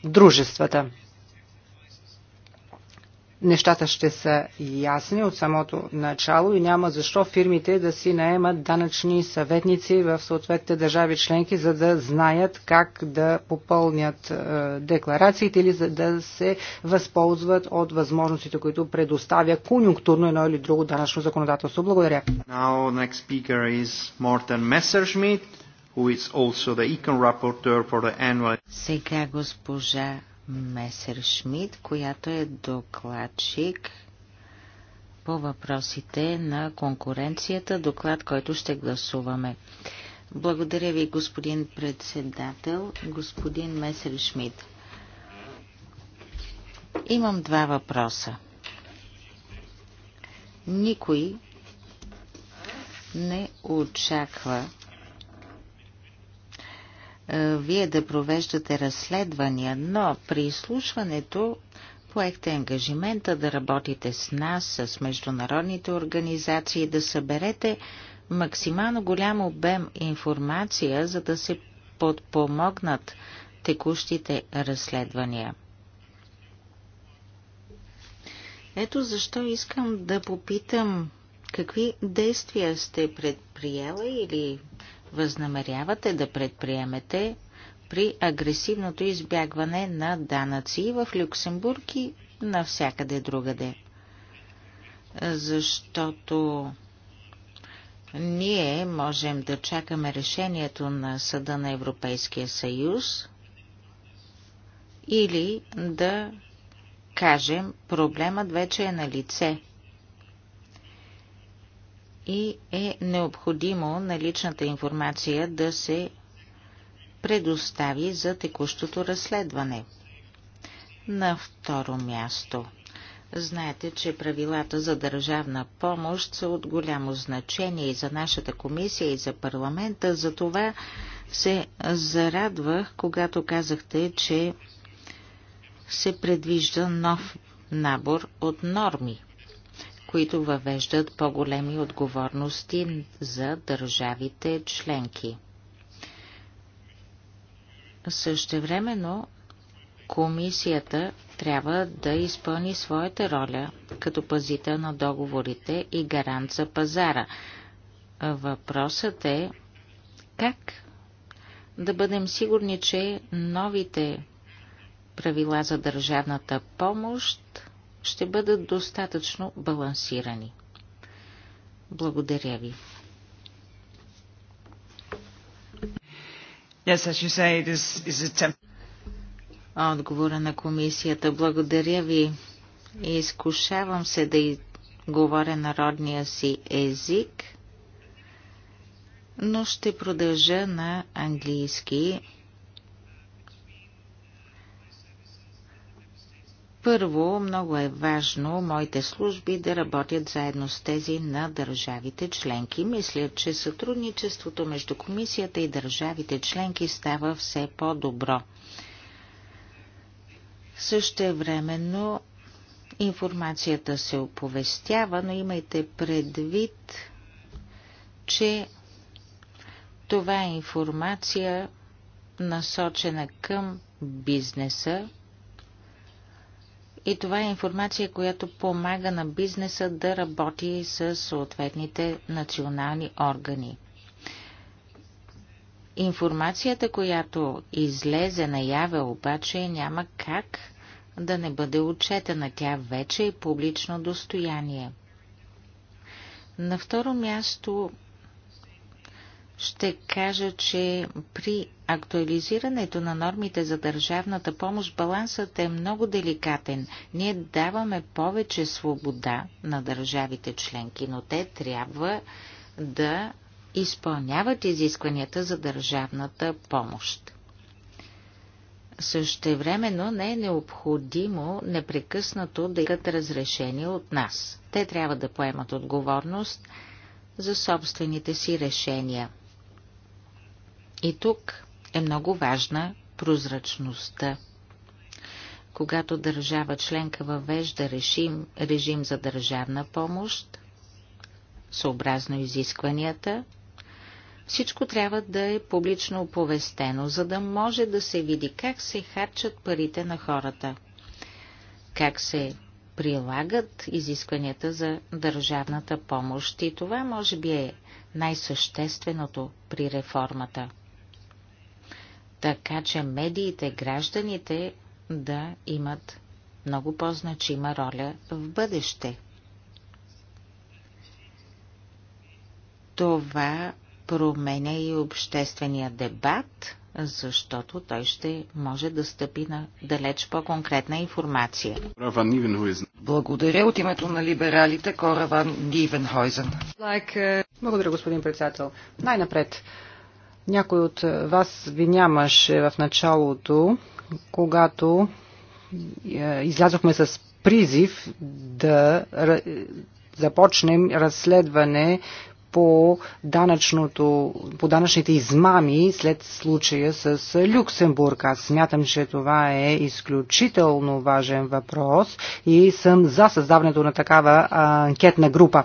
C: дружествата нещата ще са ясни от самото начало и няма защо фирмите да си наемат данъчни съветници в съответните държави членки, за да знаят как да попълнят е, декларациите или за да се възползват от възможностите, които предоставя конюнктурно едно или друго данъчно законодателство. Благодаря.
A: Now, next speaker is Morten Messerschmidt, who is also the for the annual...
B: Сега госпожа Месер Шмидт, която е докладчик по въпросите на конкуренцията, доклад, който ще гласуваме. Благодаря ви, господин председател, господин Месер Шмидт. Имам два въпроса. Никой не очаква е, вие да провеждате разследвания, но при изслушването поехте ангажимента да работите с нас, с международните организации, да съберете максимално голям обем информация, за да се подпомогнат текущите разследвания. Ето защо искам да попитам какви действия сте предприела или възнамерявате да предприемете при агресивното избягване на данъци в Люксембург и навсякъде другаде. Защото ние можем да чакаме решението на Съда на Европейския съюз или да кажем проблемът вече е на лице и е необходимо наличната информация да се предостави за текущото разследване. На второ място. Знаете, че правилата за държавна помощ са от голямо значение и за нашата комисия, и за парламента. Затова се зарадвах, когато казахте, че се предвижда нов набор от норми които въвеждат по-големи отговорности за държавите членки. Същевременно комисията трябва да изпълни своята роля като пазител на договорите и гарант за пазара. Въпросът е как да бъдем сигурни, че новите правила за държавната помощ ще бъдат достатъчно балансирани. Благодаря ви. Yes, as you say, it is, is a Отговора на комисията. Благодаря ви. Изкушавам се да говоря народния си език, но ще продължа на английски Първо, много е важно моите служби да работят заедно с тези на държавите членки. Мисля, че сътрудничеството между комисията и държавите членки става все по-добро. Същевременно информацията се оповестява, но имайте предвид, че това е информация насочена към бизнеса, и това е информация, която помага на бизнеса да работи с съответните национални органи. Информацията, която излезе наяве обаче, няма как да не бъде отчетена. Тя вече е публично достояние. На второ място ще кажа, че при актуализирането на нормите за държавната помощ балансът е много деликатен. Ние даваме повече свобода на държавите членки, но те трябва да изпълняват изискванията за държавната помощ. Същевременно не е необходимо непрекъснато да имат разрешение от нас. Те трябва да поемат отговорност за собствените си решения – и тук е много важна прозрачността. Когато държава членка въвежда режим, режим за държавна помощ, съобразно изискванията, всичко трябва да е публично оповестено, за да може да се види как се харчат парите на хората, как се прилагат изискванията за държавната помощ и това може би е най-същественото при реформата така че медиите, гражданите да имат много по-значима роля в бъдеще. Това променя и обществения дебат, защото той ще може да стъпи на далеч по-конкретна информация. Благодаря от името на либералите Кора Ван Нивенхойзен.
D: Uh,
C: Благодаря, господин председател. Най-напред. Някой от вас ви нямаше в началото, когато е, излязохме с призив да започнем разследване по, данъчното, по данъчните измами след случая с Люксембург. Аз смятам, че това е изключително важен въпрос и съм за създаването на такава анкетна група,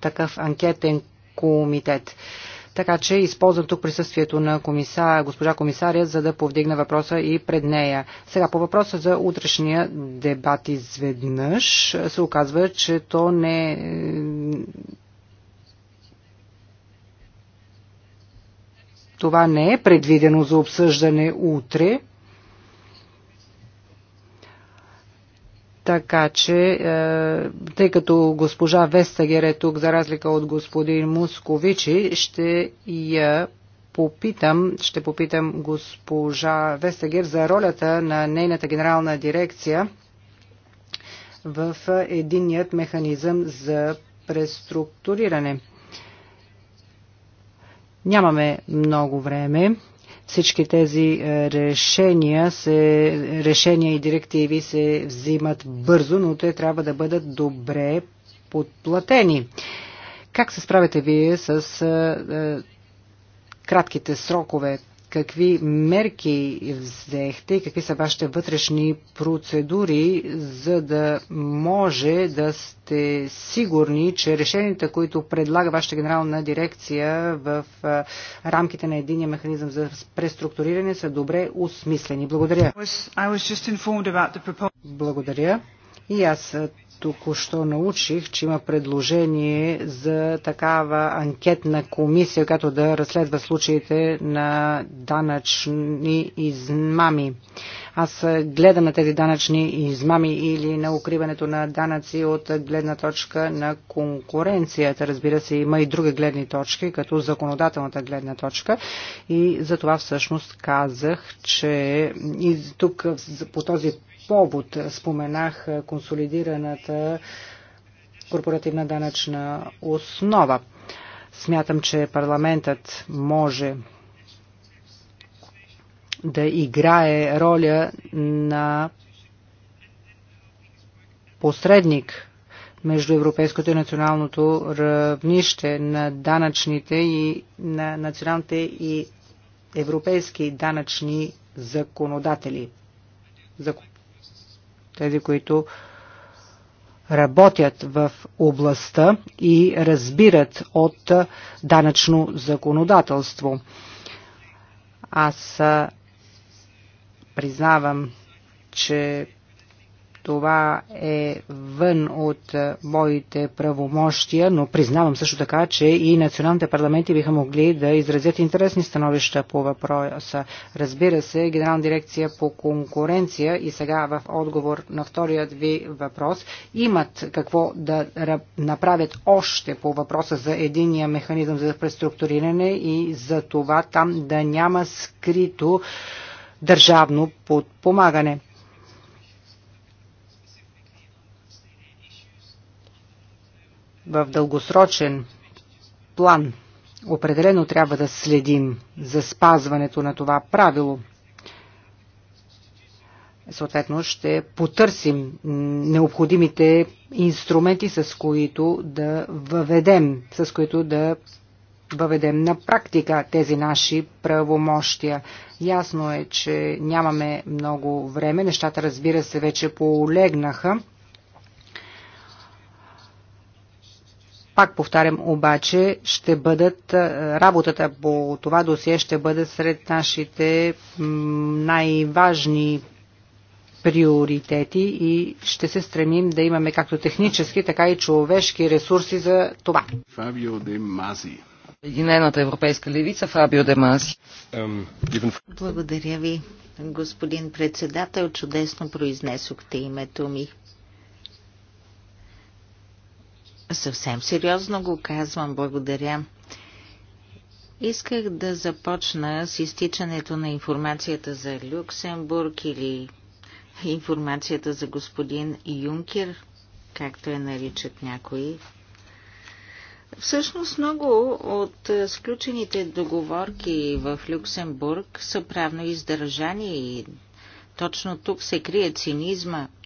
C: такъв анкетен комитет. Така че използвам тук присъствието на комисар, госпожа комисаря, за да повдигна въпроса и пред нея. Сега по въпроса за утрешния дебат изведнъж се оказва, че то не това не е предвидено за обсъждане утре, Така че, е, тъй като госпожа Вестагер е тук, за разлика от господин Мусковичи, ще я попитам, ще попитам госпожа Вестагер за ролята на нейната генерална дирекция в единният механизъм за преструктуриране. Нямаме много време. Всички тези е, решения, се, решения и директиви се взимат бързо, но те трябва да бъдат добре подплатени. Как се справите вие с е, е, кратките срокове, какви мерки взехте и какви са вашите вътрешни процедури, за да може да сте сигурни, че решенията, които предлага вашата генерална дирекция в рамките на единия механизъм за преструктуриране са добре осмислени. Благодаря. Благодаря. И аз току-що научих, че има предложение за такава анкетна комисия, която да разследва случаите на данъчни измами. Аз гледам на тези данъчни измами или на укриването на данъци от гледна точка на конкуренцията. Разбира се, има и други гледни точки, като законодателната гледна точка. И за това всъщност казах, че и тук по този повод. Споменах консолидираната корпоративна данъчна основа. Смятам, че парламентът може да играе роля на посредник между европейското и националното равнище на данъчните и на националните и европейски данъчни законодатели. Закон тези, които работят в областта и разбират от данъчно законодателство. Аз признавам, че това е вън от е, моите правомощия, но признавам също така, че и националните парламенти биха могли да изразят интересни становища по въпроса. Разбира се, Генерална дирекция по конкуренция и сега в отговор на вторият ви въпрос имат какво да направят още по въпроса за единия механизъм за преструктуриране и за това там да няма скрито държавно подпомагане. в дългосрочен план определено трябва да следим за спазването на това правило. Съответно ще потърсим необходимите инструменти, с които да въведем, с които да въведем на практика тези наши правомощия. Ясно е, че нямаме много време. Нещата, разбира се, вече полегнаха. Пак повтарям, обаче ще бъдат, работата по това досие ще бъде сред нашите най-важни приоритети и ще се стремим да имаме както технически, така и човешки ресурси за това.
F: Фабио де
G: Мази. Единената европейска левица Фабио де Мази.
B: Благодаря ви, господин председател. Чудесно произнесохте името ми. Съвсем сериозно го казвам, благодаря. Исках да започна с изтичането на информацията за Люксембург или информацията за господин Юнкер, както я наричат някои. Всъщност много от сключените договорки в Люксембург са правно издържани и точно тук се крие цинизма –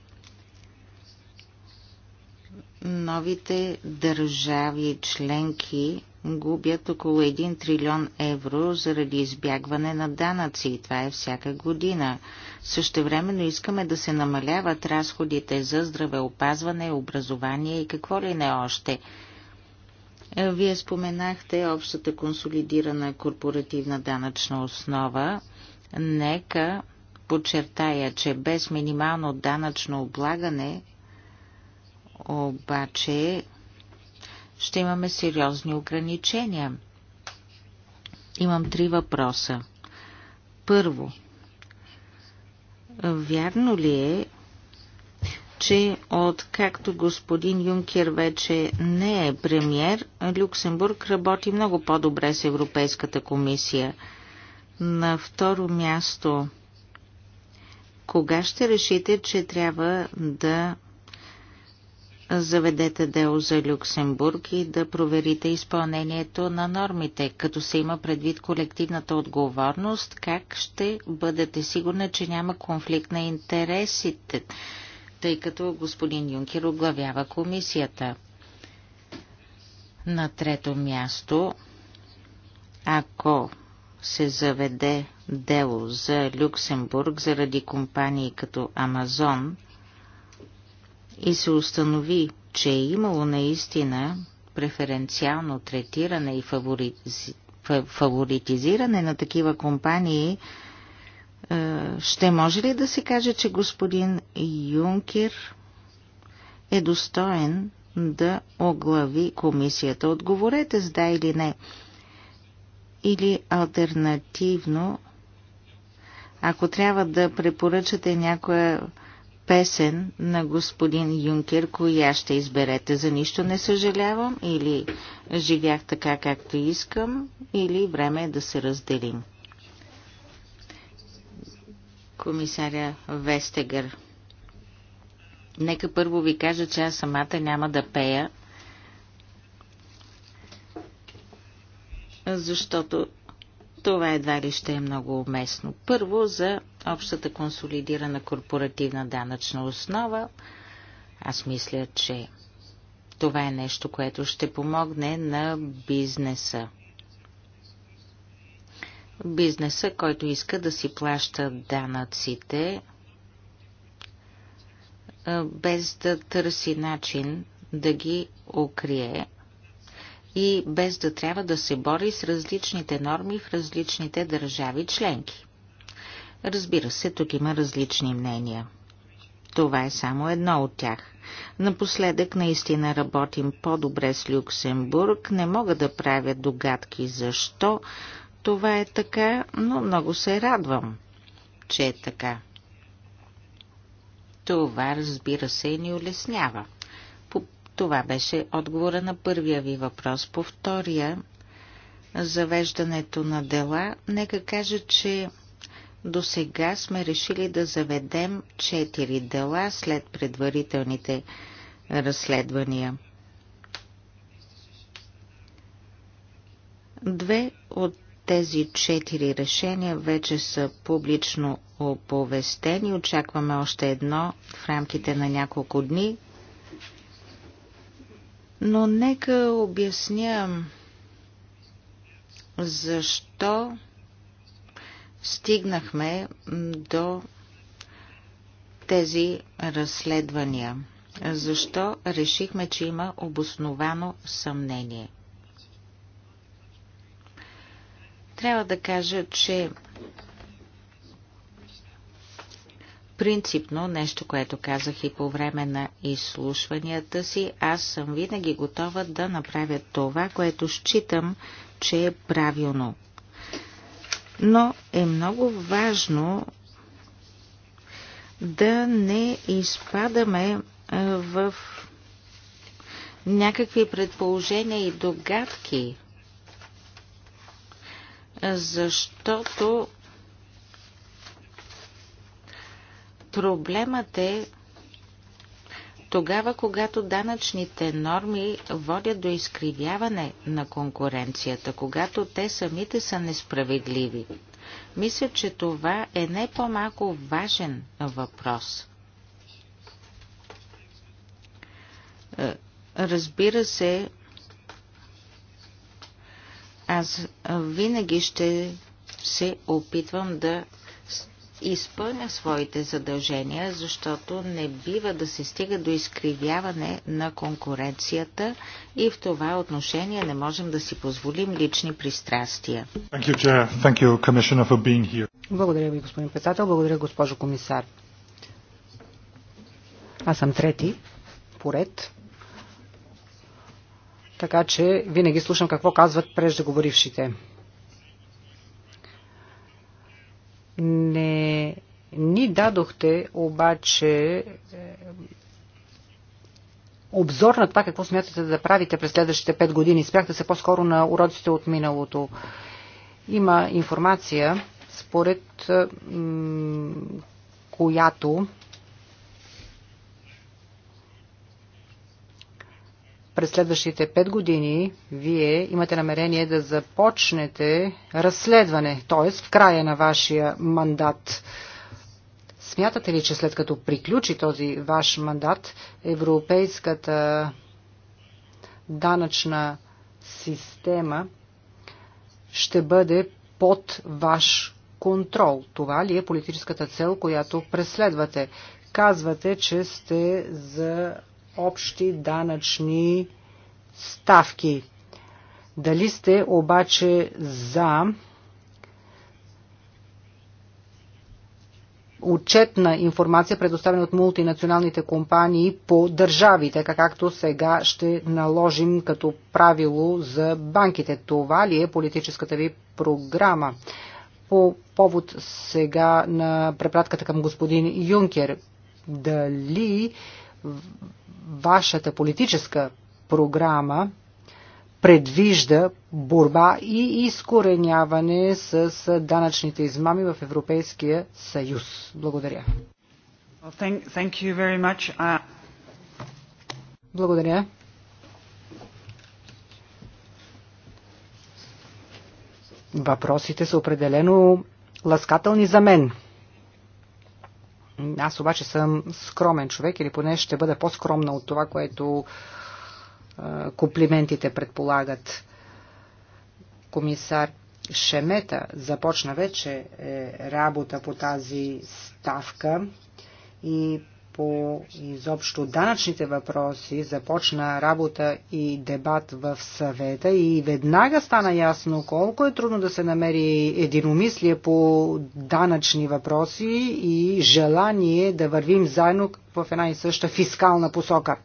B: новите държави членки губят около 1 трилион евро заради избягване на данъци и това е всяка година. времено искаме да се намаляват разходите за здравеопазване, образование и какво ли не още. Вие споменахте общата консолидирана корпоративна данъчна основа. Нека подчертая, че без минимално данъчно облагане обаче ще имаме сериозни ограничения. Имам три въпроса. Първо, вярно ли е, че откакто господин Юнкер вече не е премьер, Люксембург работи много по-добре с Европейската комисия? На второ място, кога ще решите, че трябва да заведете дело за Люксембург и да проверите изпълнението на нормите, като се има предвид колективната отговорност, как ще бъдете сигурни, че няма конфликт на интересите, тъй като господин Юнкер оглавява комисията. На трето място, ако се заведе дело за Люксембург заради компании като Амазон – и се установи, че е имало наистина преференциално третиране и фаворити... фаворитизиране на такива компании, е, ще може ли да се каже, че господин Юнкер е достоен да оглави комисията? Отговорете с да или не. Или альтернативно, ако трябва да препоръчате някоя песен на господин Юнкер, коя ще изберете. За нищо не съжалявам или живях така както искам или време е да се разделим. Комисаря Вестегър. Нека първо ви кажа, че аз самата няма да пея, защото това едва ли ще е много уместно. Първо за общата консолидирана корпоративна данъчна основа. Аз мисля, че това е нещо, което ще помогне на бизнеса. Бизнеса, който иска да си плаща данъците, без да търси начин да ги укрие и без да трябва да се бори с различните норми в различните държави членки. Разбира се, тук има различни мнения. Това е само едно от тях. Напоследък наистина работим по-добре с Люксембург. Не мога да правя догадки защо това е така, но много се радвам, че е така. Това, разбира се, ни улеснява. Това беше отговора на първия ви въпрос. По втория, завеждането на дела, нека кажа, че до сега сме решили да заведем четири дела след предварителните разследвания. Две от тези четири решения вече са публично оповестени. Очакваме още едно в рамките на няколко дни. Но нека обясня защо стигнахме до тези разследвания? Защо решихме, че има обосновано съмнение? Трябва да кажа, че принципно нещо, което казах и по време на изслушванията си, аз съм винаги готова да направя това, което считам, че е правилно но е много важно да не изпадаме е, в някакви предположения и догадки, защото проблемът е, тогава когато данъчните норми водят до изкривяване на конкуренцията, когато те самите са несправедливи. Мисля, че това е не по-малко важен въпрос. Е, разбира се, аз винаги ще се опитвам да изпълня своите задължения, защото не бива да се стига до изкривяване на конкуренцията и в това отношение не можем да си позволим лични пристрастия. Благодаря ви, господин председател. Благодаря, госпожо комисар.
C: Аз съм трети поред. Така че винаги слушам какво казват преждеговорившите. Не ни дадохте обаче е, обзор на това какво смятате да правите през следващите 5 години. Спряхте се по-скоро на уродците от миналото. Има информация, според е, която през следващите 5 години вие имате намерение да започнете разследване, т.е. в края на вашия мандат. Смятате ли, че след като приключи този ваш мандат, европейската данъчна система ще бъде под ваш контрол? Това ли е политическата цел, която преследвате? Казвате, че сте за общи данъчни ставки. Дали сте обаче за отчетна информация, предоставена от мултинационалните компании по държави, така както сега ще наложим като правило за банките. Това ли е политическата ви програма? По повод сега на препратката към господин Юнкер, дали вашата политическа програма предвижда борба и изкореняване с данъчните измами в Европейския
D: съюз. Благодаря. Uh, Благодаря.
C: Въпросите са определено ласкателни за мен. Аз обаче съм скромен човек или поне ще бъда по-скромна от това, което комплиментите предполагат. Комисар Шемета започна вече е, работа по тази ставка и по изобщо данъчните въпроси започна работа и дебат в съвета и веднага стана ясно колко е трудно да се намери единомислие по данъчни въпроси и желание да вървим заедно в една и съща фискална посока.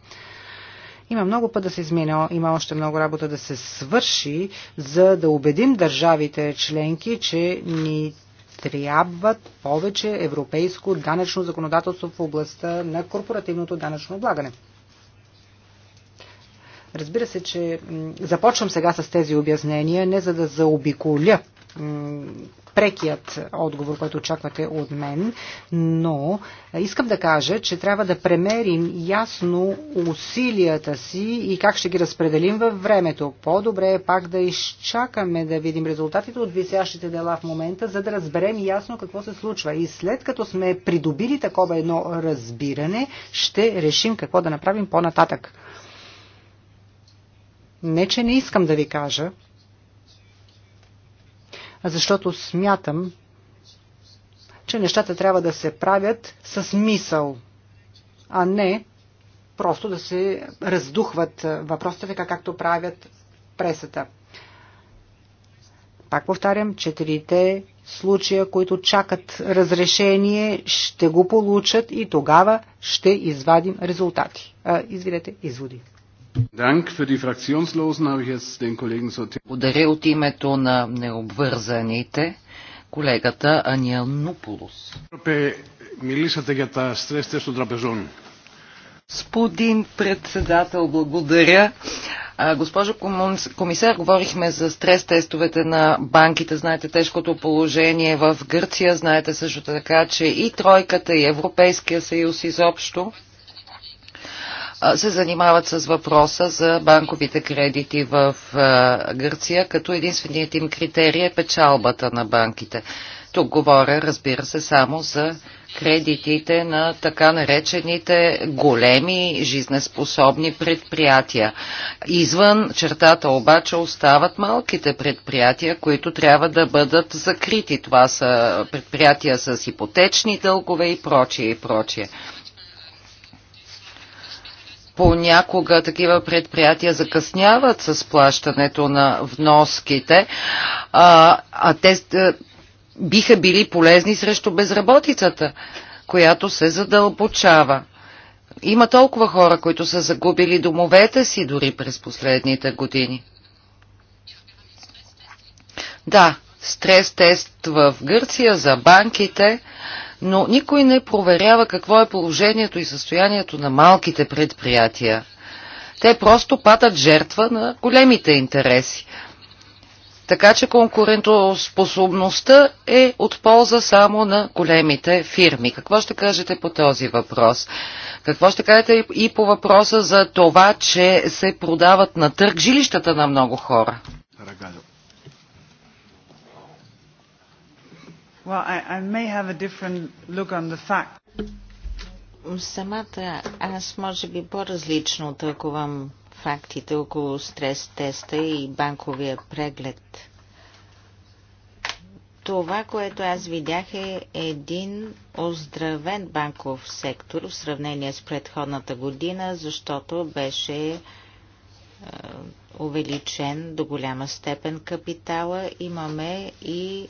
C: Има много път да се измине, има още много работа да се свърши, за да убедим държавите членки, че ни трябват повече европейско данъчно законодателство в областта на корпоративното данъчно облагане. Разбира се, че започвам сега с тези обяснения, не за да заобиколя прекият отговор, който очаквате от мен, но искам да кажа, че трябва да премерим ясно усилията си и как ще ги разпределим във времето. По-добре е пак да изчакаме да видим резултатите от висящите дела в момента, за да разберем ясно какво се случва. И след като сме придобили такова едно разбиране, ще решим какво да направим по-нататък. Не, че не искам да ви кажа, защото смятам, че нещата трябва да се правят с мисъл, а не просто да се раздухват въпросите, така както правят пресата. Пак повтарям, четирите случая, които чакат разрешение, ще го получат и тогава ще извадим резултати. А, изводи.
E: Благодаря от
G: името на необвързаните колегата Аниел
E: Нупулос.
G: Господин председател, благодаря. Госпожо комисар, говорихме за стрес тестовете на банките. Знаете тежкото положение в Гърция. Знаете също така, че и Тройката, и Европейския съюз изобщо се занимават с въпроса за банковите кредити в Гърция, като единственият им критерий е печалбата на банките. Тук говоря, разбира се, само за кредитите на така наречените големи жизнеспособни предприятия. Извън чертата обаче остават малките предприятия, които трябва да бъдат закрити. Това са предприятия с ипотечни дългове и прочие и прочие понякога такива предприятия закъсняват с плащането на вноските, а, а те а, биха били полезни срещу безработицата, която се задълбочава. Има толкова хора, които са загубили домовете си дори през последните години. Да, стрес-тест в Гърция за банките но никой не проверява какво е положението и състоянието на малките предприятия. Те просто падат жертва на големите интереси. Така че конкурентоспособността е от полза само на големите фирми. Какво ще кажете по този въпрос? Какво ще кажете и по въпроса за това, че се продават на търг жилищата на много хора?
D: Well, I, I may have a different look on the fact.
B: Самата аз може би по-различно тълкувам фактите около стрес-теста и банковия преглед. Това, което аз видях е един оздравен банков сектор в сравнение с предходната година, защото беше е, увеличен до голяма степен капитала. Имаме и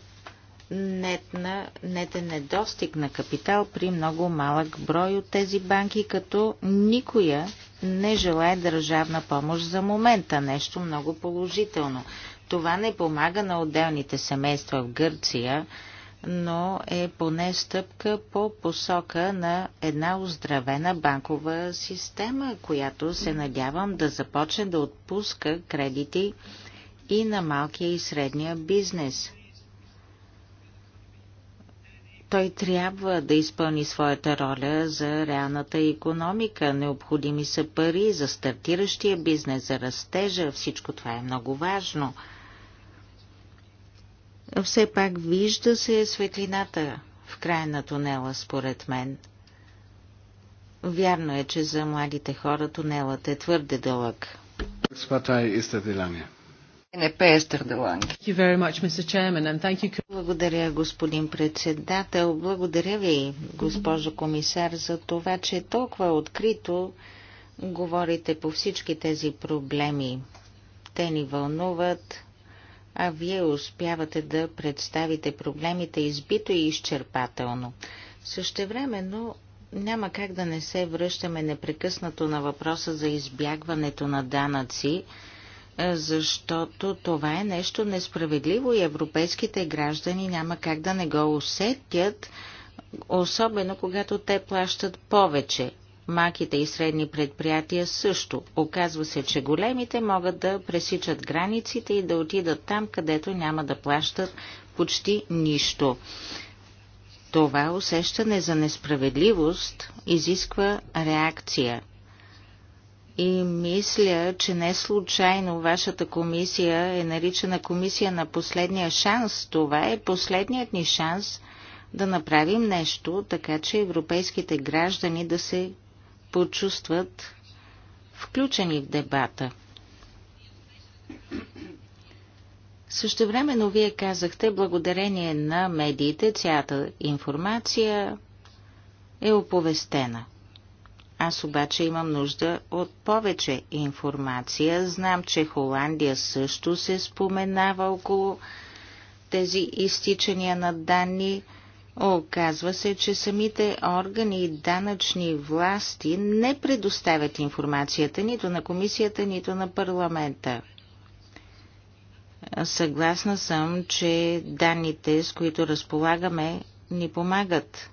B: нетна, нетен недостиг на капитал при много малък брой от тези банки, като никоя не желая държавна помощ за момента. Нещо много положително. Това не помага на отделните семейства в Гърция, но е поне стъпка по посока на една оздравена банкова система, която се надявам да започне да отпуска кредити и на малкия и средния бизнес – той трябва да изпълни своята роля за реалната економика. Необходими са пари за стартиращия бизнес, за растежа. Всичко това е много важно. Все пак вижда се светлината в края на тунела, според мен. Вярно е, че за младите хора тунелът е твърде дълъг. Спатай и Естер Деланге. Благодаря, господин председател. Благодаря ви, госпожо комисар, за това, че толкова открито говорите по всички тези проблеми. Те ни вълнуват, а вие успявате да представите проблемите избито и изчерпателно. Същевременно няма как да не се връщаме непрекъснато на въпроса за избягването на данъци, защото това е нещо несправедливо и европейските граждани няма как да не го усетят, особено когато те плащат повече. Маките и средни предприятия също. Оказва се, че големите могат да пресичат границите и да отидат там, където няма да плащат почти нищо. Това усещане за несправедливост изисква реакция. И мисля, че не случайно вашата комисия е наричана комисия на последния шанс. Това е последният ни шанс да направим нещо, така че европейските граждани да се почувстват включени в дебата. Също Същевременно вие казахте, благодарение на медиите, цялата информация е оповестена. Аз обаче имам нужда от повече информация. Знам, че Холандия също се споменава около тези изтичания на данни. Оказва се, че самите органи и данъчни власти не предоставят информацията нито на комисията, нито на парламента. Съгласна съм, че данните, с които разполагаме, ни помагат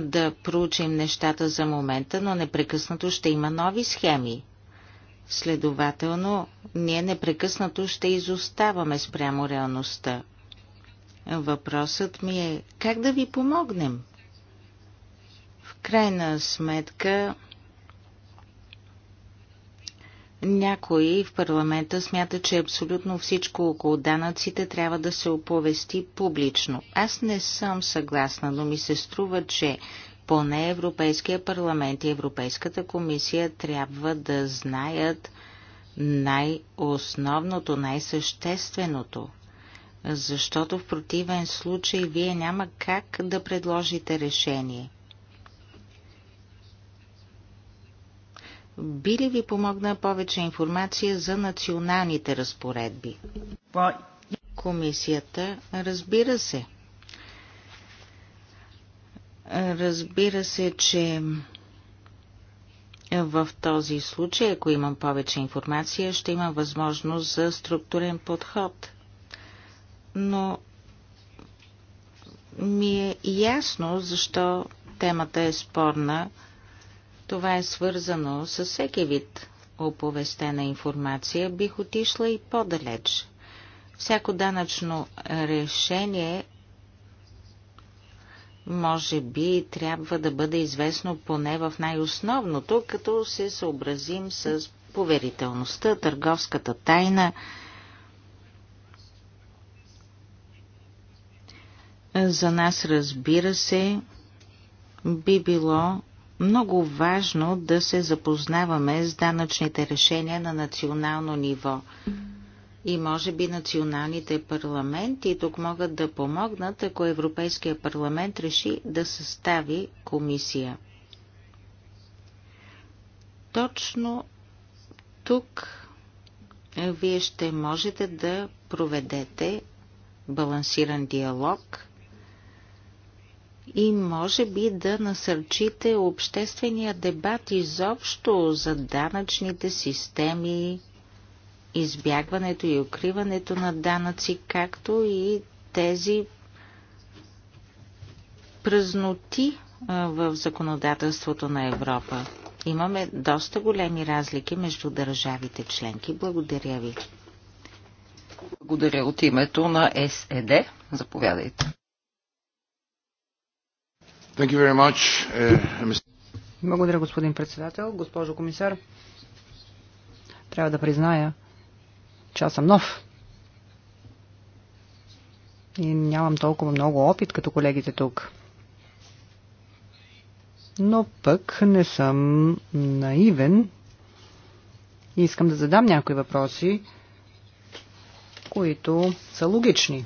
B: да проучим нещата за момента, но непрекъснато ще има нови схеми. Следователно, ние непрекъснато ще изоставаме спрямо реалността. Въпросът ми е как да ви помогнем? В крайна сметка, някои в парламента смятат, че абсолютно всичко около данъците трябва да се оповести публично. Аз не съм съгласна, но ми се струва, че поне Европейския парламент и Европейската комисия трябва да знаят най-основното, най-същественото. Защото в противен случай вие няма как да предложите решение. би ли ви помогна повече информация за националните разпоредби? Комисията, разбира се. Разбира се, че в този случай, ако имам повече информация, ще имам възможност за структурен подход. Но ми е ясно защо темата е спорна това е свързано с всеки вид оповестена информация. Бих отишла и по-далеч. Всяко данъчно решение може би трябва да бъде известно поне в най-основното, като се съобразим с поверителността, търговската тайна. За нас, разбира се, би било много важно да се запознаваме с данъчните решения на национално ниво. И може би националните парламенти тук могат да помогнат, ако Европейския парламент реши да състави комисия. Точно тук вие ще можете да проведете балансиран диалог – и може би да насърчите обществения дебат изобщо за данъчните системи, избягването и укриването на данъци, както и тези празноти в законодателството на Европа. Имаме доста големи разлики между държавите членки. Благодаря ви. Благодаря от името на СЕД. Заповядайте.
A: Uh,
C: Благодаря, господин председател. Госпожо комисар, трябва да призная, че аз съм нов. И нямам толкова много опит като колегите тук. Но пък не съм наивен и искам да задам някои въпроси, които са логични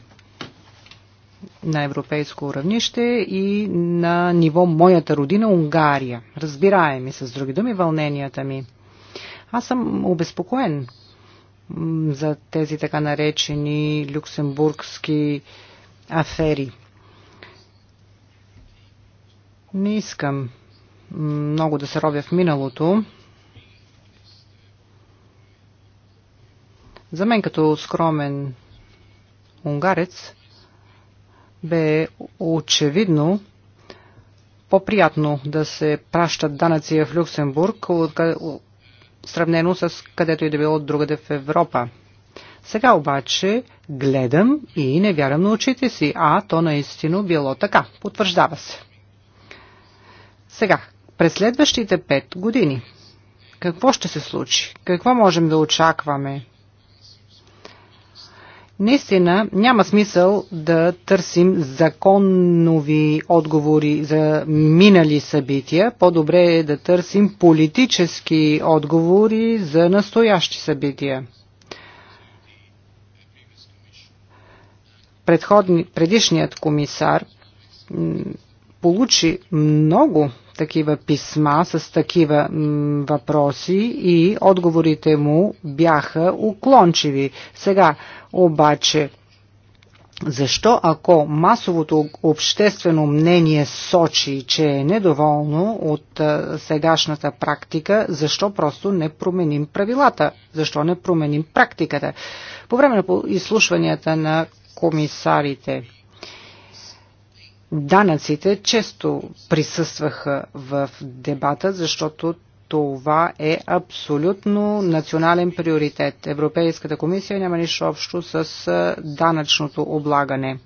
C: на европейско равнище и на ниво моята родина Унгария. Разбираеми с други думи вълненията ми. Аз съм обезпокоен за тези така наречени люксембургски афери. Не искам много да се робя в миналото. За мен като скромен унгарец бе очевидно по-приятно да се пращат данъци в Люксембург, сравнено с където и да било от другаде в Европа. Сега обаче гледам и не вярвам на очите си, а то наистина било така. Потвърждава се. Сега, през следващите пет години, какво ще се случи? Какво можем да очакваме? Наистина няма смисъл да търсим законови отговори за минали събития. По-добре е да търсим политически отговори за настоящи събития. Предходни, предишният комисар получи много такива писма, с такива въпроси и отговорите му бяха уклончиви. Сега обаче защо, ако масовото обществено мнение сочи, че е недоволно от сегашната практика, защо просто не променим правилата? Защо не променим практиката? По време на изслушванията на комисарите Данъците често присъстваха в дебата, защото това е абсолютно национален приоритет. Европейската комисия няма нищо общо с данъчното облагане.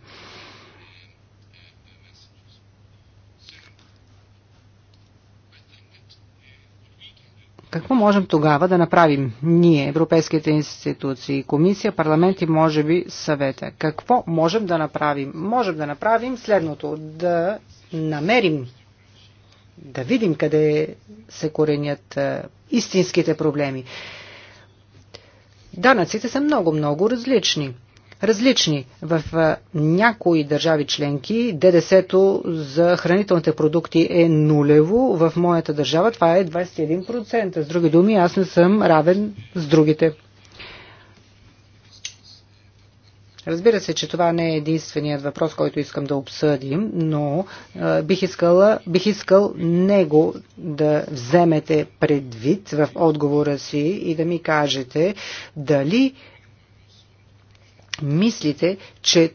C: Какво можем тогава да направим ние, европейските институции, комисия, парламент и може би съвета? Какво можем да направим? Можем да направим следното. Да намерим, да видим къде се коренят истинските проблеми. Данъците са много-много различни различни. В някои държави членки ДДС-то за хранителните продукти е нулево, в моята държава това е 21%. С други думи, аз не съм равен с другите. Разбира се, че това не е единственият въпрос, който искам да обсъдим, но е, бих, искала, бих искал него да вземете предвид в отговора си и да ми кажете дали мислите, че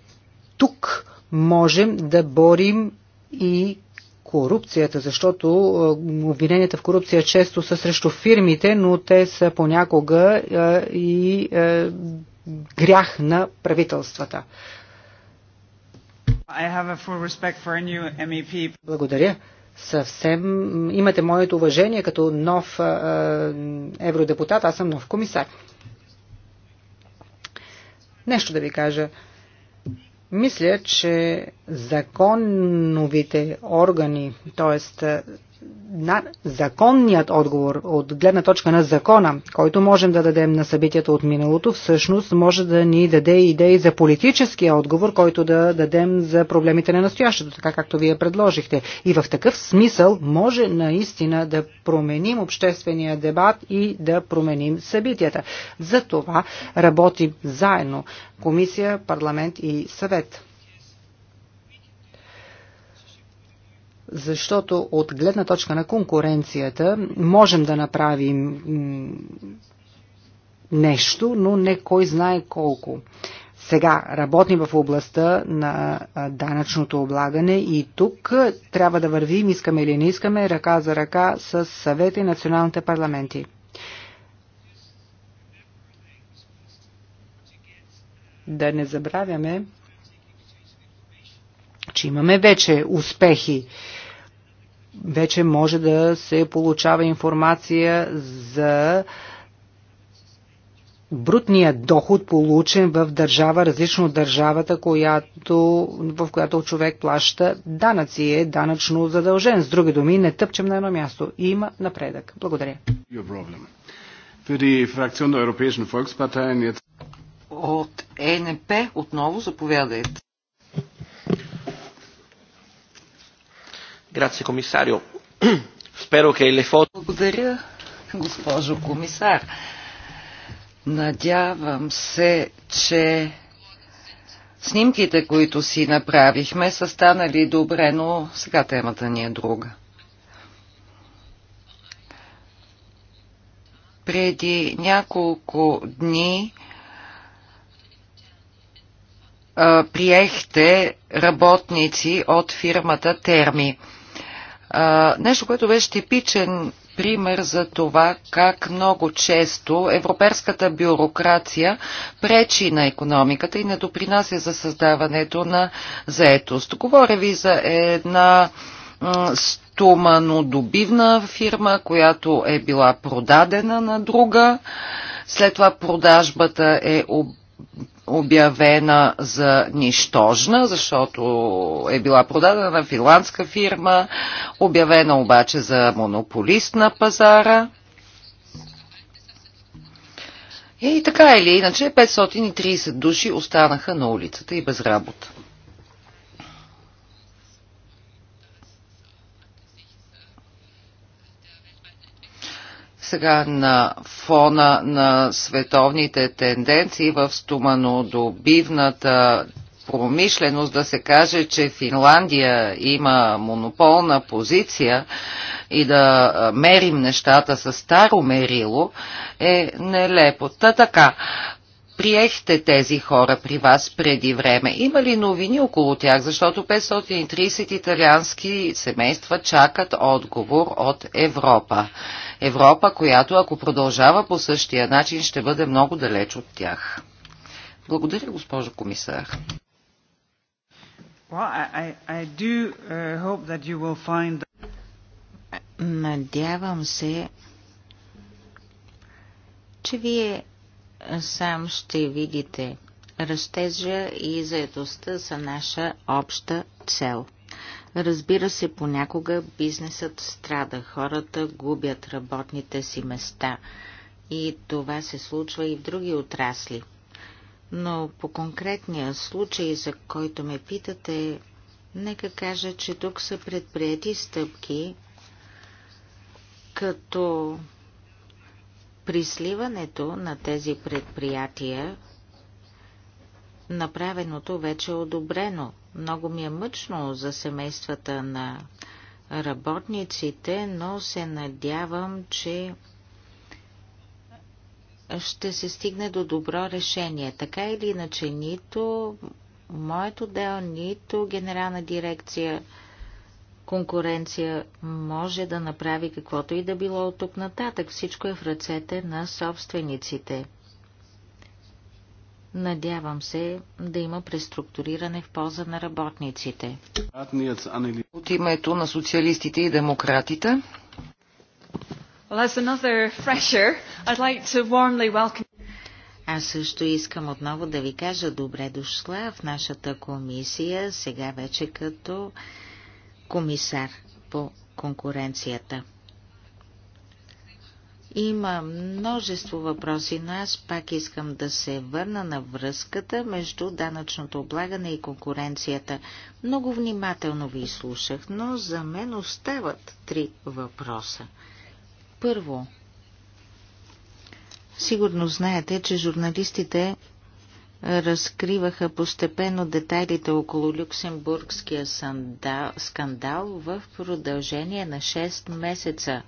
C: тук можем да борим и корупцията, защото е, обвиненията в корупция често са срещу фирмите, но те са понякога е, и е, грях на правителствата.
D: E
C: Благодаря. Съвсем имате моето уважение като нов евродепутат, аз съм нов комисар. Нещо да ви кажа. Мисля, че законовите органи, т.е на законният отговор, от гледна точка на закона, който можем да дадем на събитията от миналото, всъщност може да ни даде идеи за политическия отговор, който да дадем за проблемите на настоящето, така както вие предложихте. И в такъв смисъл може наистина да променим обществения дебат и да променим събитията. За това работим заедно Комисия, парламент и съвет. защото от гледна точка на конкуренцията можем да направим нещо, но не кой знае колко. Сега работим в областта на данъчното облагане и тук трябва да вървим, искаме или не искаме, ръка за ръка с съвета и националните парламенти. Да не забравяме, че имаме вече успехи вече може да се получава информация за брутния доход, получен в държава, различно от държавата, която, в която човек плаща данъци, е данъчно задължен. С други думи, не тъпчем на едно място. Има напредък. Благодаря. От ЕНП
G: отново заповядайте.
C: Благодаря,
G: госпожо комисар. Надявам се, че снимките, които си направихме, са станали добре, но сега темата ни е друга. Преди няколко дни а, приехте работници от фирмата Терми. А, нещо, което беше типичен пример за това как много често европейската бюрокрация пречи на економиката и не допринася за създаването на заетост. Говоря ви за една стоманодобивна фирма, която е била продадена на друга. След това продажбата е обявена за нищожна, защото е била продадена на финландска фирма, обявена обаче за монополист на пазара. И така или иначе 530 души останаха на улицата и без работа. Сега на фона на световните тенденции в стоманодобивната промишленост да се каже, че Финландия има монополна позиция и да мерим нещата с старо мерило е нелепо. Та така, приехте тези хора при вас преди време. Има ли новини около тях? Защото 530 италиански семейства чакат отговор от Европа. Европа, която ако продължава по същия начин, ще бъде много далеч от тях. Благодаря, госпожо комисар.
D: Uh, Надявам се,
B: че вие сам ще видите. Растежа и заедостта са наша обща цел. Разбира се, понякога бизнесът страда, хората губят работните си места и това се случва и в други отрасли. Но по конкретния случай, за който ме питате, нека кажа, че тук са предприяти стъпки, като при сливането на тези предприятия направеното вече е одобрено. Много ми е мъчно за семействата на работниците, но се надявам, че ще се стигне до добро решение. Така или иначе, нито моето дел, нито генерална дирекция конкуренция може да направи каквото и да било от тук нататък. Всичко е в ръцете на собствениците. Надявам се да има преструктуриране в полза на работниците.
E: От името
B: на социалистите и демократите. Аз също искам отново да ви кажа добре дошла в нашата комисия, сега вече като комисар по конкуренцията. Има множество въпроси, но аз пак искам да се върна на връзката между данъчното облагане и конкуренцията. Много внимателно ви слушах, но за мен остават три въпроса. Първо, сигурно знаете, че журналистите разкриваха постепенно детайлите около люксембургския скандал в продължение на 6 месеца.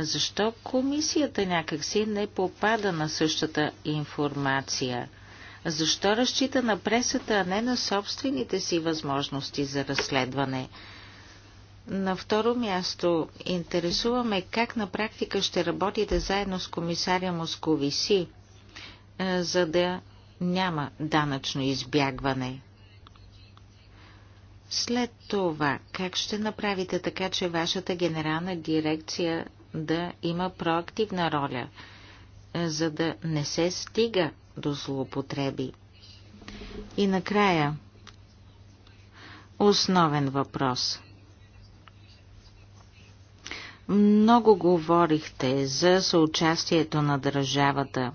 B: Защо комисията някакси не попада на същата информация? Защо разчита на пресата, а не на собствените си възможности за разследване? На второ място, интересуваме как на практика ще работите заедно с комисаря Московиси, е, за да няма данъчно избягване. След това, как ще направите така, че вашата генерална дирекция да има проактивна роля, е, за да не се стига до злоупотреби. И накрая, основен въпрос. Много говорихте за съучастието на държавата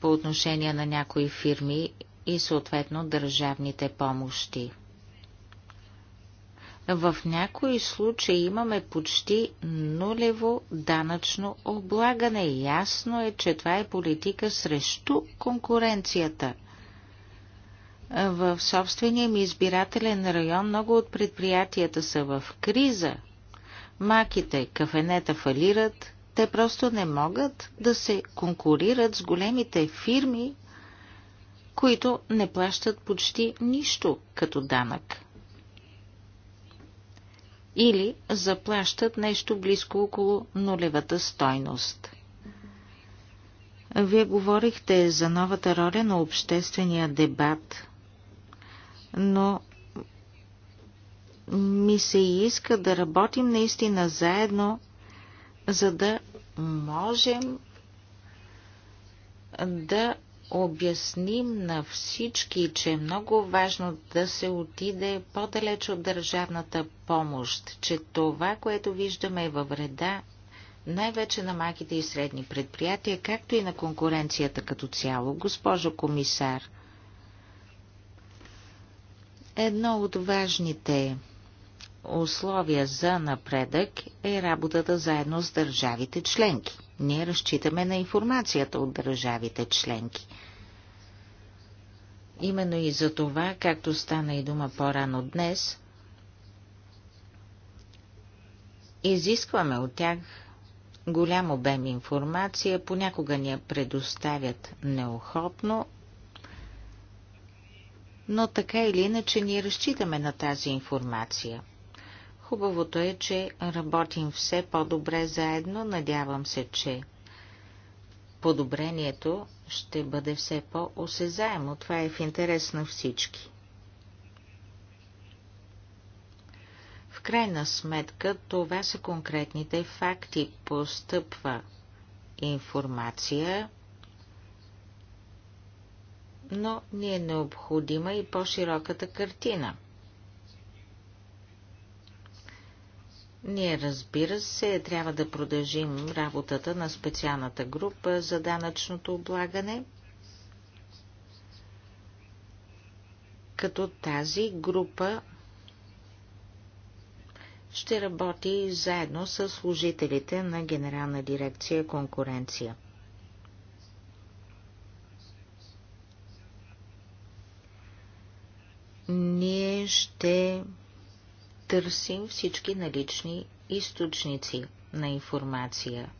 B: по отношение на някои фирми и съответно държавните помощи. В някои случаи имаме почти нулево данъчно облагане. Ясно е, че това е политика срещу конкуренцията. В собствения ми избирателен район много от предприятията са в криза. Маките, кафенета фалират, те просто не могат да се конкурират с големите фирми, които не плащат почти нищо като данък или заплащат нещо близко около нулевата стойност. Вие говорихте за новата роля на обществения дебат, но ми се иска да работим наистина заедно, за да можем да обясним на всички, че е много важно да се отиде по-далеч от държавната помощ, че това, което виждаме е във вреда най-вече на малките и средни предприятия, както и на конкуренцията като цяло. Госпожо комисар, едно от важните условия за напредък е работата заедно с държавите членки. Ние разчитаме на информацията от държавите членки – Именно и за това, както стана и дума по-рано днес, изискваме от тях голям обем информация, понякога ни я предоставят неохотно, но така или иначе ние разчитаме на тази информация. Хубавото е, че работим все по-добре заедно, надявам се, че подобрението ще бъде все по-осезаемо. Това е в интерес на всички. В крайна сметка това са конкретните факти. Постъпва информация, но ни е необходима и по-широката картина – Ние, разбира се, трябва да продължим работата на специалната група за данъчното облагане, като тази група ще работи заедно с служителите на Генерална дирекция конкуренция. Ние ще търсим всички налични източници на информация.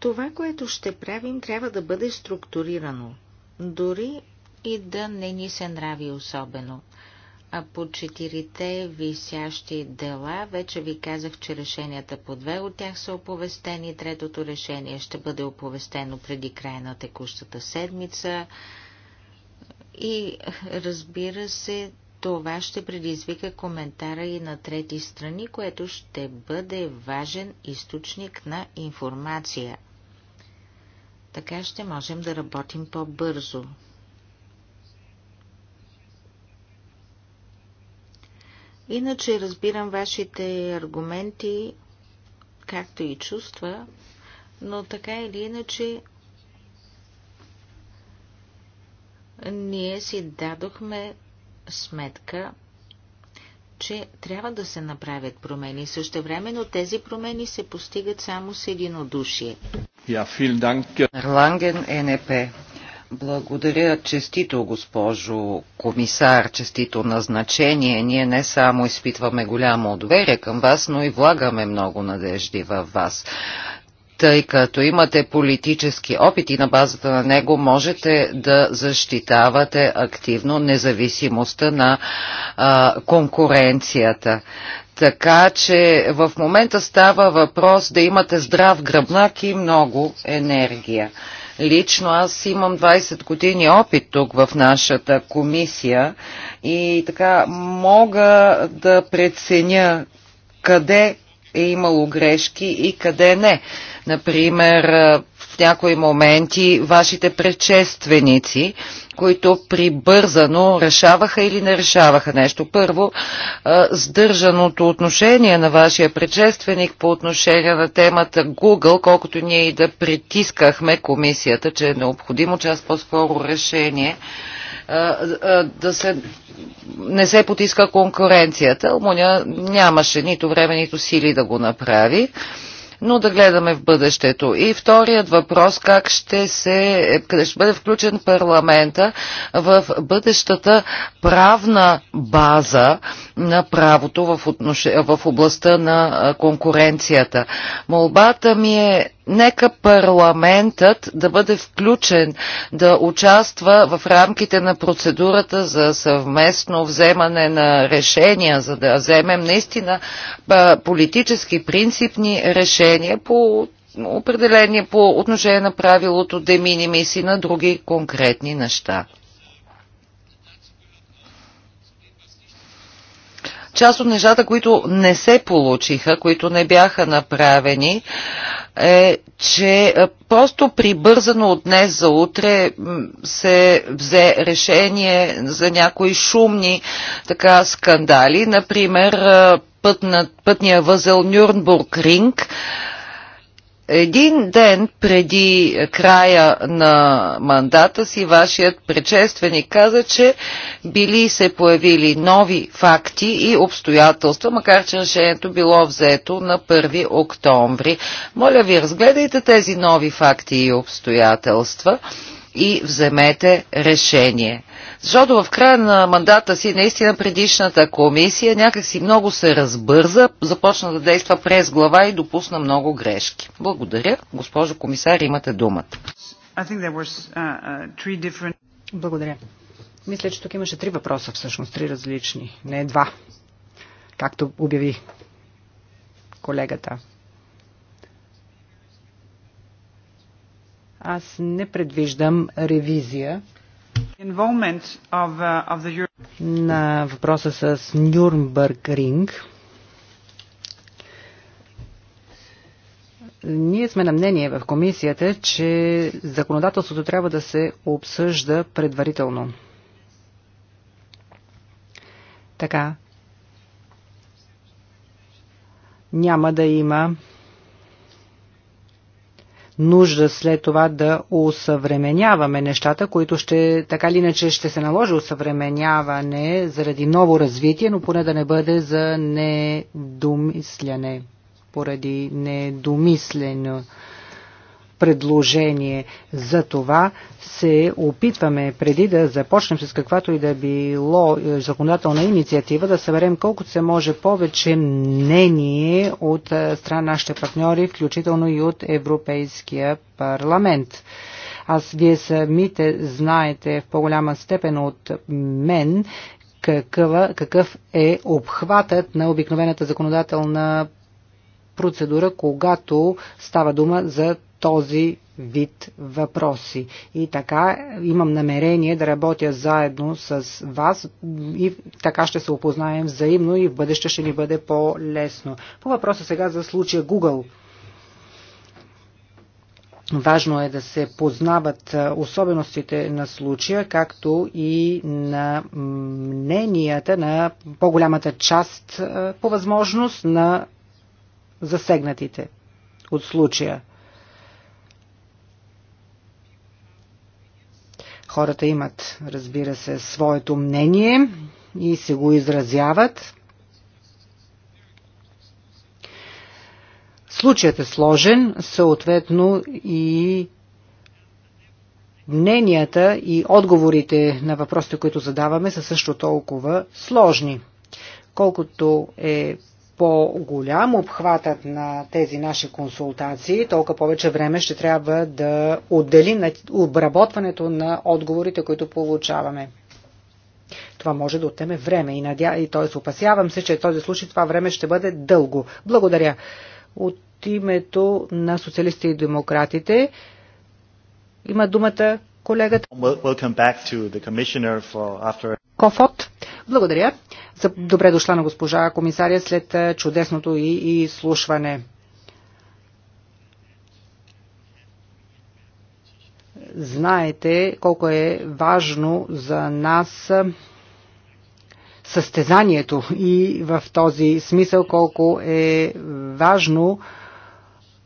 B: Това, което ще правим, трябва да бъде структурирано, дори и да не ни се нрави особено. А по четирите висящи дела, вече ви казах, че решенията по две от тях са оповестени, третото решение ще бъде оповестено преди края на текущата седмица. И разбира се, това ще предизвика коментара и на трети страни, което ще бъде важен източник на информация. Така ще можем да работим по-бързо. Иначе разбирам вашите аргументи, както и чувства, но така или иначе ние си дадохме сметка, че трябва да се направят промени. Също времено тези промени се постигат само с единодушие.
G: Yeah, Ланген НП. Благодаря честито, госпожо комисар, честито назначение. Ние не само изпитваме голямо доверие към вас, но и влагаме много надежди във вас тъй като имате политически опит и на базата на него можете да защитавате активно независимостта на а, конкуренцията. Така че в момента става въпрос да имате здрав гръбнак и много енергия. Лично аз имам 20 години опит тук в нашата комисия и така мога да преценя къде е имало грешки и къде не. Например, в някои моменти вашите предшественици, които прибързано решаваха или не решаваха нещо. Първо, сдържаното отношение на вашия предшественик по отношение на темата Google, колкото ние и да притискахме комисията, че е необходимо част по-скоро решение да се, не се потиска конкуренцията. Алмуня нямаше нито време, нито сили да го направи но да гледаме в бъдещето. И вторият въпрос, как ще, се, къде ще бъде включен парламента в бъдещата правна база на правото в, отнош... в областта на конкуренцията. Молбата ми е нека парламентът да бъде включен, да участва в рамките на процедурата за съвместно вземане на решения, за да вземем наистина политически принципни решения по определение по отношение на правилото де минимиси и на други конкретни неща. Част от нещата, които не се получиха, които не бяха направени, е, че е, просто прибързано от днес за утре се взе решение за някои шумни така скандали. Например, е, път на, пътния възел Нюрнбург Ринг един ден преди края на мандата си вашият предшественик каза, че били се появили нови факти и обстоятелства, макар че решението било взето на 1 октомври. Моля ви, разгледайте тези нови факти и обстоятелства и вземете решение. Защото в края на мандата си наистина предишната комисия някакси много се разбърза, започна да действа през глава и допусна много грешки. Благодаря. Госпожо комисар, имате думата.
D: Uh, uh, Благодаря. Мисля,
C: че тук имаше три въпроса всъщност, три различни, не два, както обяви колегата.
D: Аз не предвиждам ревизия Uh,
C: на въпроса с Нюрнбърг Ринг. Ние сме на мнение в комисията, че законодателството трябва да се обсъжда предварително. Така. Няма да има нужда след това да усъвременяваме нещата, които ще, така или иначе ще се наложи усъвременяване заради ново развитие, но поне да не бъде за недомисляне, поради недомислено предложение. За това се опитваме, преди да започнем с каквато и да било е, законодателна инициатива, да съберем колкото се може повече мнение от е, страна нашите партньори, включително и от Европейския парламент. Аз вие самите знаете в по-голяма степен от мен какъв, какъв е обхватът на обикновената законодателна процедура, когато става дума за този вид въпроси. И така имам намерение да работя заедно с вас и така ще се опознаем взаимно и в бъдеще ще ни бъде по-лесно. По въпроса сега за случая Google. Важно е да се познават особеностите на случая, както и на мненията на по-голямата част по възможност на засегнатите от случая. Хората имат, разбира се, своето мнение и се го изразяват. Случаят е сложен, съответно и мненията и отговорите на въпросите, които задаваме, са също толкова сложни. Колкото е по-голям обхватът на тези наши консултации, толкова повече време ще трябва да отделим на обработването на отговорите, които получаваме. Това може да отнеме време и, надя... и т.е. опасявам се, че в този случай това време ще бъде дълго. Благодаря. От името на социалистите и демократите има думата колегата Кофот. Благодаря. Добре дошла на госпожа комисаря след е, чудесното и изслушване. Знаете колко е важно за нас е, състезанието и в този смисъл колко е важно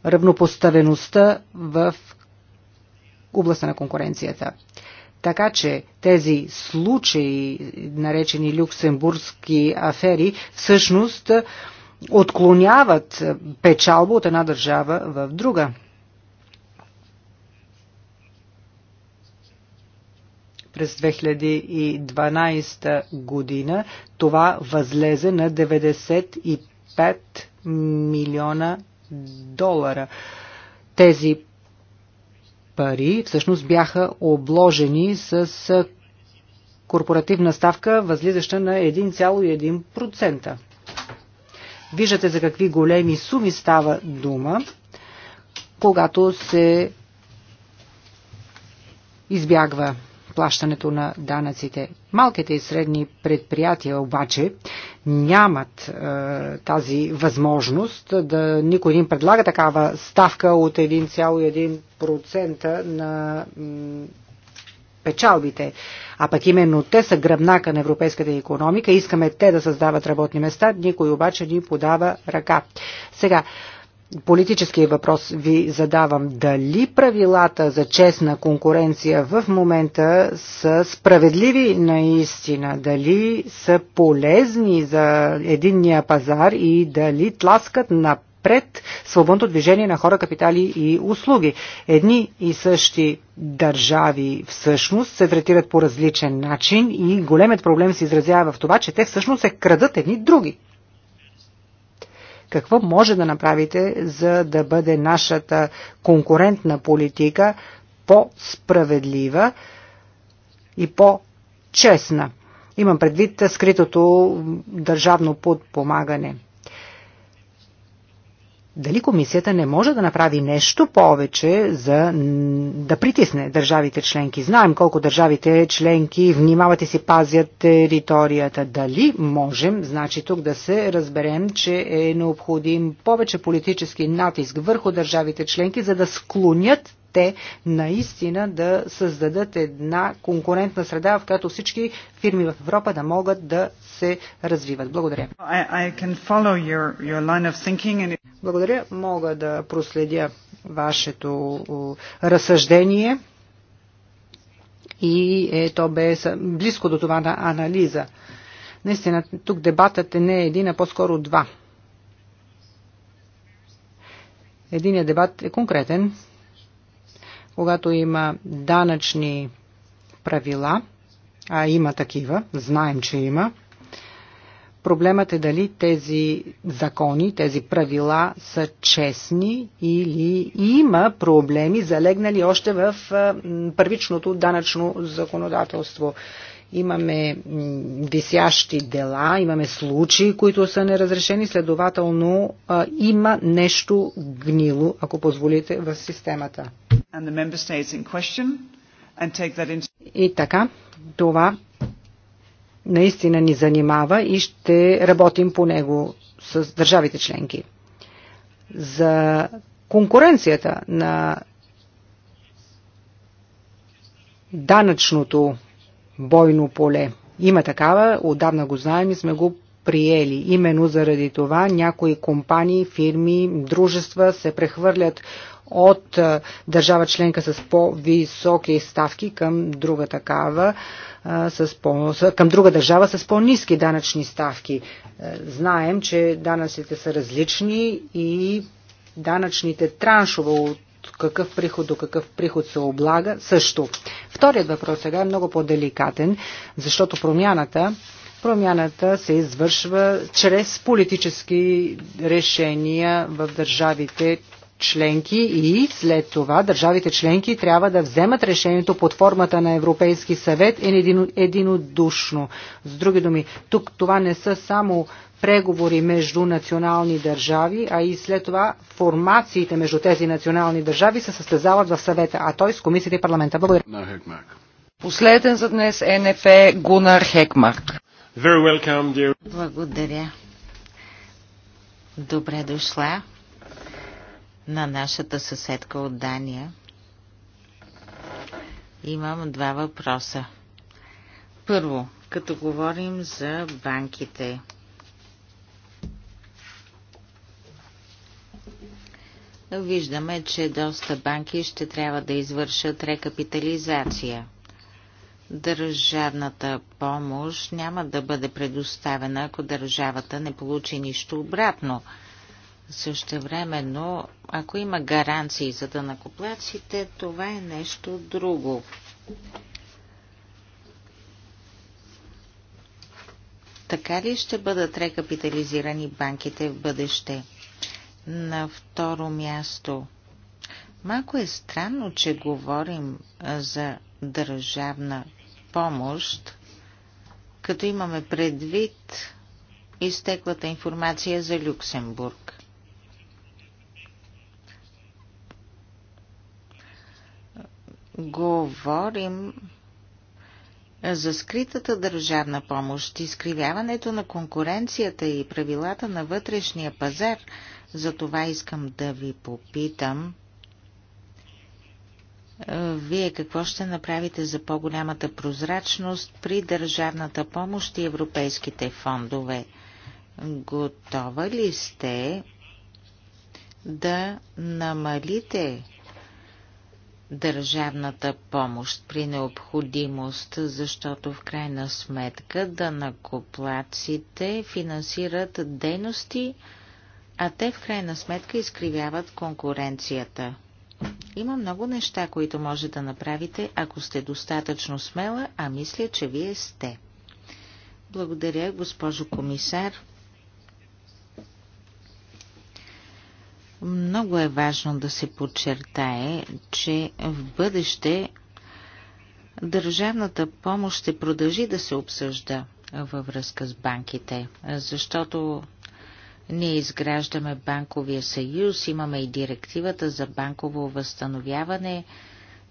C: равнопоставеността в областта на конкуренцията. Така че тези случаи, наречени люксембургски афери, всъщност е, отклоняват печалба от една държава в друга. през 2012 година това възлезе на 95 милиона долара. Тези пари всъщност бяха обложени с корпоративна ставка, възлизаща на 1,1%. Виждате за какви големи суми става дума, когато се избягва плащането на данъците. Малките и средни предприятия обаче нямат е, тази възможност да никой не им предлага такава ставка от 1,1% на печалбите. А пък именно те са гръбнака на европейската економика. Искаме те да създават работни места, никой обаче ни подава ръка. Сега, политическия въпрос ви задавам. Дали правилата за честна конкуренция в момента са справедливи наистина? Дали са полезни за единния пазар и дали тласкат напред свободното движение на хора, капитали и услуги? Едни и същи държави всъщност се третират по различен начин и големият проблем се изразява в това, че те всъщност се крадат едни други. Какво може да направите, за да бъде нашата конкурентна политика по-справедлива и по-честна? Имам предвид скритото държавно подпомагане дали комисията не може да направи нещо повече за да притисне държавите членки. Знаем колко държавите членки внимават и си пазят територията. Дали можем, значи тук да се разберем, че е необходим повече политически натиск върху държавите членки, за да склонят те наистина да създадат една конкурентна среда, в която всички фирми в Европа да могат да се развиват. Благодаря.
D: I, I and... Благодаря. Мога да проследя вашето
C: разсъждение и е, то бе близко до това на анализа. Наистина, тук дебатът е не един, а по-скоро два. Единият дебат е конкретен, когато има данъчни правила, а има такива, знаем, че има, Проблемът е дали тези закони, тези правила са честни или има проблеми, залегнали още в първичното данъчно законодателство. Имаме висящи дела, имаме случаи, които са неразрешени, следователно а, има нещо гнило, ако позволите, в системата.
D: Into...
C: И така, това наистина ни занимава и ще работим по него с държавите членки. За конкуренцията на данъчното бойно поле. Има такава, отдавна го знаем и сме го приели. Именно заради това някои компании, фирми, дружества се прехвърлят от държава членка с по-високи ставки към друга такава, с по, към друга държава с по-низки данъчни ставки. Знаем, че данъците са различни и данъчните траншове от какъв приход до какъв приход се облага също. Вторият въпрос сега е много по-деликатен, защото промяната Промяната се извършва чрез политически решения в държавите членки и след това държавите членки трябва да вземат решението под формата на Европейски съвет е единодушно. С други думи, тук това не са само преговори между национални държави, а и след това формациите между тези национални държави се състезават в съвета, а той с комисията и парламента. Благодаря. Последен за днес НФ Гунар
G: Хекмарк.
B: Welcome, Благодаря. Добре дошла на нашата съседка от Дания. Имам два въпроса. Първо, като говорим за банките. Виждаме, че доста банки ще трябва да извършат рекапитализация. Държавната помощ няма да бъде предоставена, ако държавата не получи нищо обратно – също време но, ако има гаранции за накоплаците, това е нещо друго. Така ли ще бъдат рекапитализирани банките в бъдеще? На второ място. Малко е странно, че говорим за държавна помощ, като имаме предвид изтеклата информация за Люксембург. говорим за скритата държавна помощ, изкривяването на конкуренцията и правилата на вътрешния пазар, за това искам да ви попитам, е, вие какво ще направите за по-голямата прозрачност при държавната помощ и европейските фондове? Готова ли сте да намалите държавната помощ при необходимост, защото в крайна сметка данакоплаците финансират дейности, а те в крайна сметка изкривяват конкуренцията. Има много неща, които може да направите, ако сте достатъчно смела, а мисля, че вие сте. Благодаря, госпожо комисар. Много е важно да се подчертае, че в бъдеще държавната помощ ще продължи да се обсъжда във връзка с банките, защото ние изграждаме банковия съюз, имаме и директивата за банково възстановяване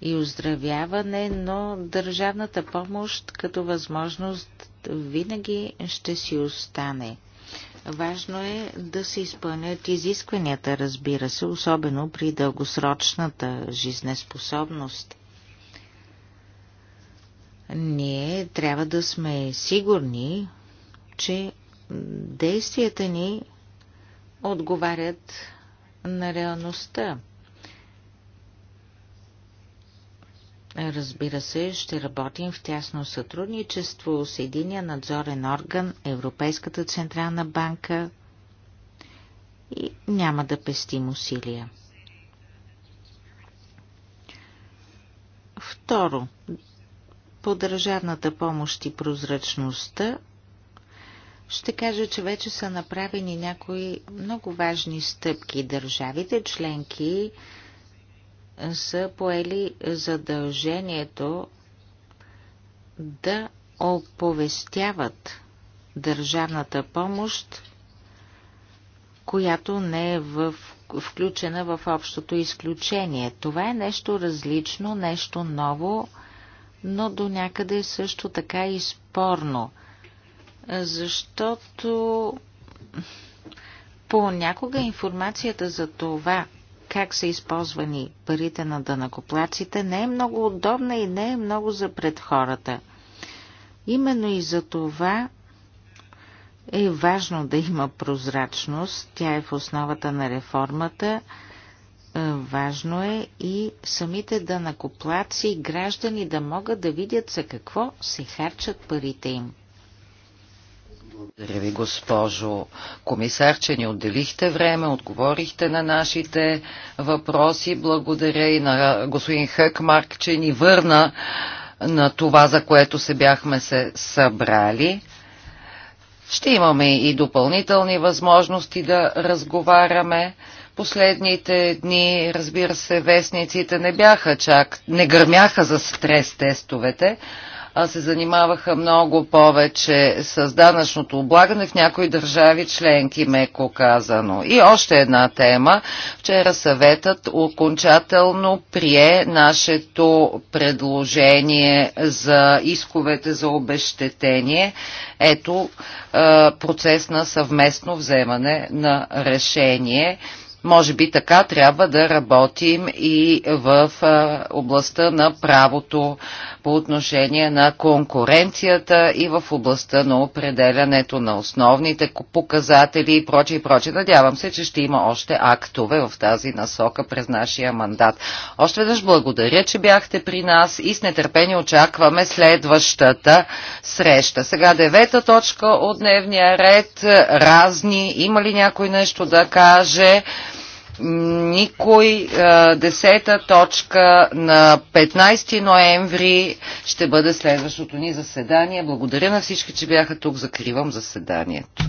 B: и оздравяване, но държавната помощ като възможност винаги ще си остане – Важно е да се изпълнят изискванията, разбира се, особено при дългосрочната жизнеспособност. Ние трябва да сме сигурни, че действията ни отговарят на реалността. Разбира се, ще работим в тясно сътрудничество с единия надзорен орган, Европейската централна банка и няма да пестим усилия. Второ, по държавната помощ и прозрачността ще кажа, че вече са направени някои много важни стъпки. Държавите членки са поели задължението да оповестяват държавната помощ, която не е в, включена в общото изключение. Това е нещо различно, нещо ново, но до някъде също така и спорно, защото понякога информацията за това, как са използвани парите на дънакоплаците, не е много удобна и не е много за пред хората. Именно и за това е важно да има прозрачност, тя е в основата на реформата. Е, важно е и самите дънакоплаци и граждани да могат да видят за какво се харчат парите им.
G: Благодаря ви, госпожо комисар, че ни отделихте време, отговорихте на нашите въпроси. Благодаря и на господин Хъкмарк, че ни върна на това, за което се бяхме се събрали. Ще имаме и допълнителни възможности да разговаряме. Последните дни, разбира се, вестниците не бяха чак, не гърмяха за стрес тестовете, се занимаваха много повече с данъчното облагане в някои държави членки, меко казано. И още една тема. Вчера съветът окончателно прие нашето предложение за исковете за обещетение. Ето процес на съвместно вземане на решение може би така трябва да работим и в областта на правото по отношение на конкуренцията и в областта на определянето на основните показатели и прочее и прочее. Надявам се, че ще има още актове в тази насока през нашия мандат. Още веднъж благодаря, че бяхте при нас и с нетърпение очакваме следващата среща. Сега девета точка от дневния ред. Разни. Има ли някой нещо да каже? никой. Десета точка на 15 ноември ще бъде следващото ни заседание. Благодаря на всички, че бяха тук. Закривам заседанието.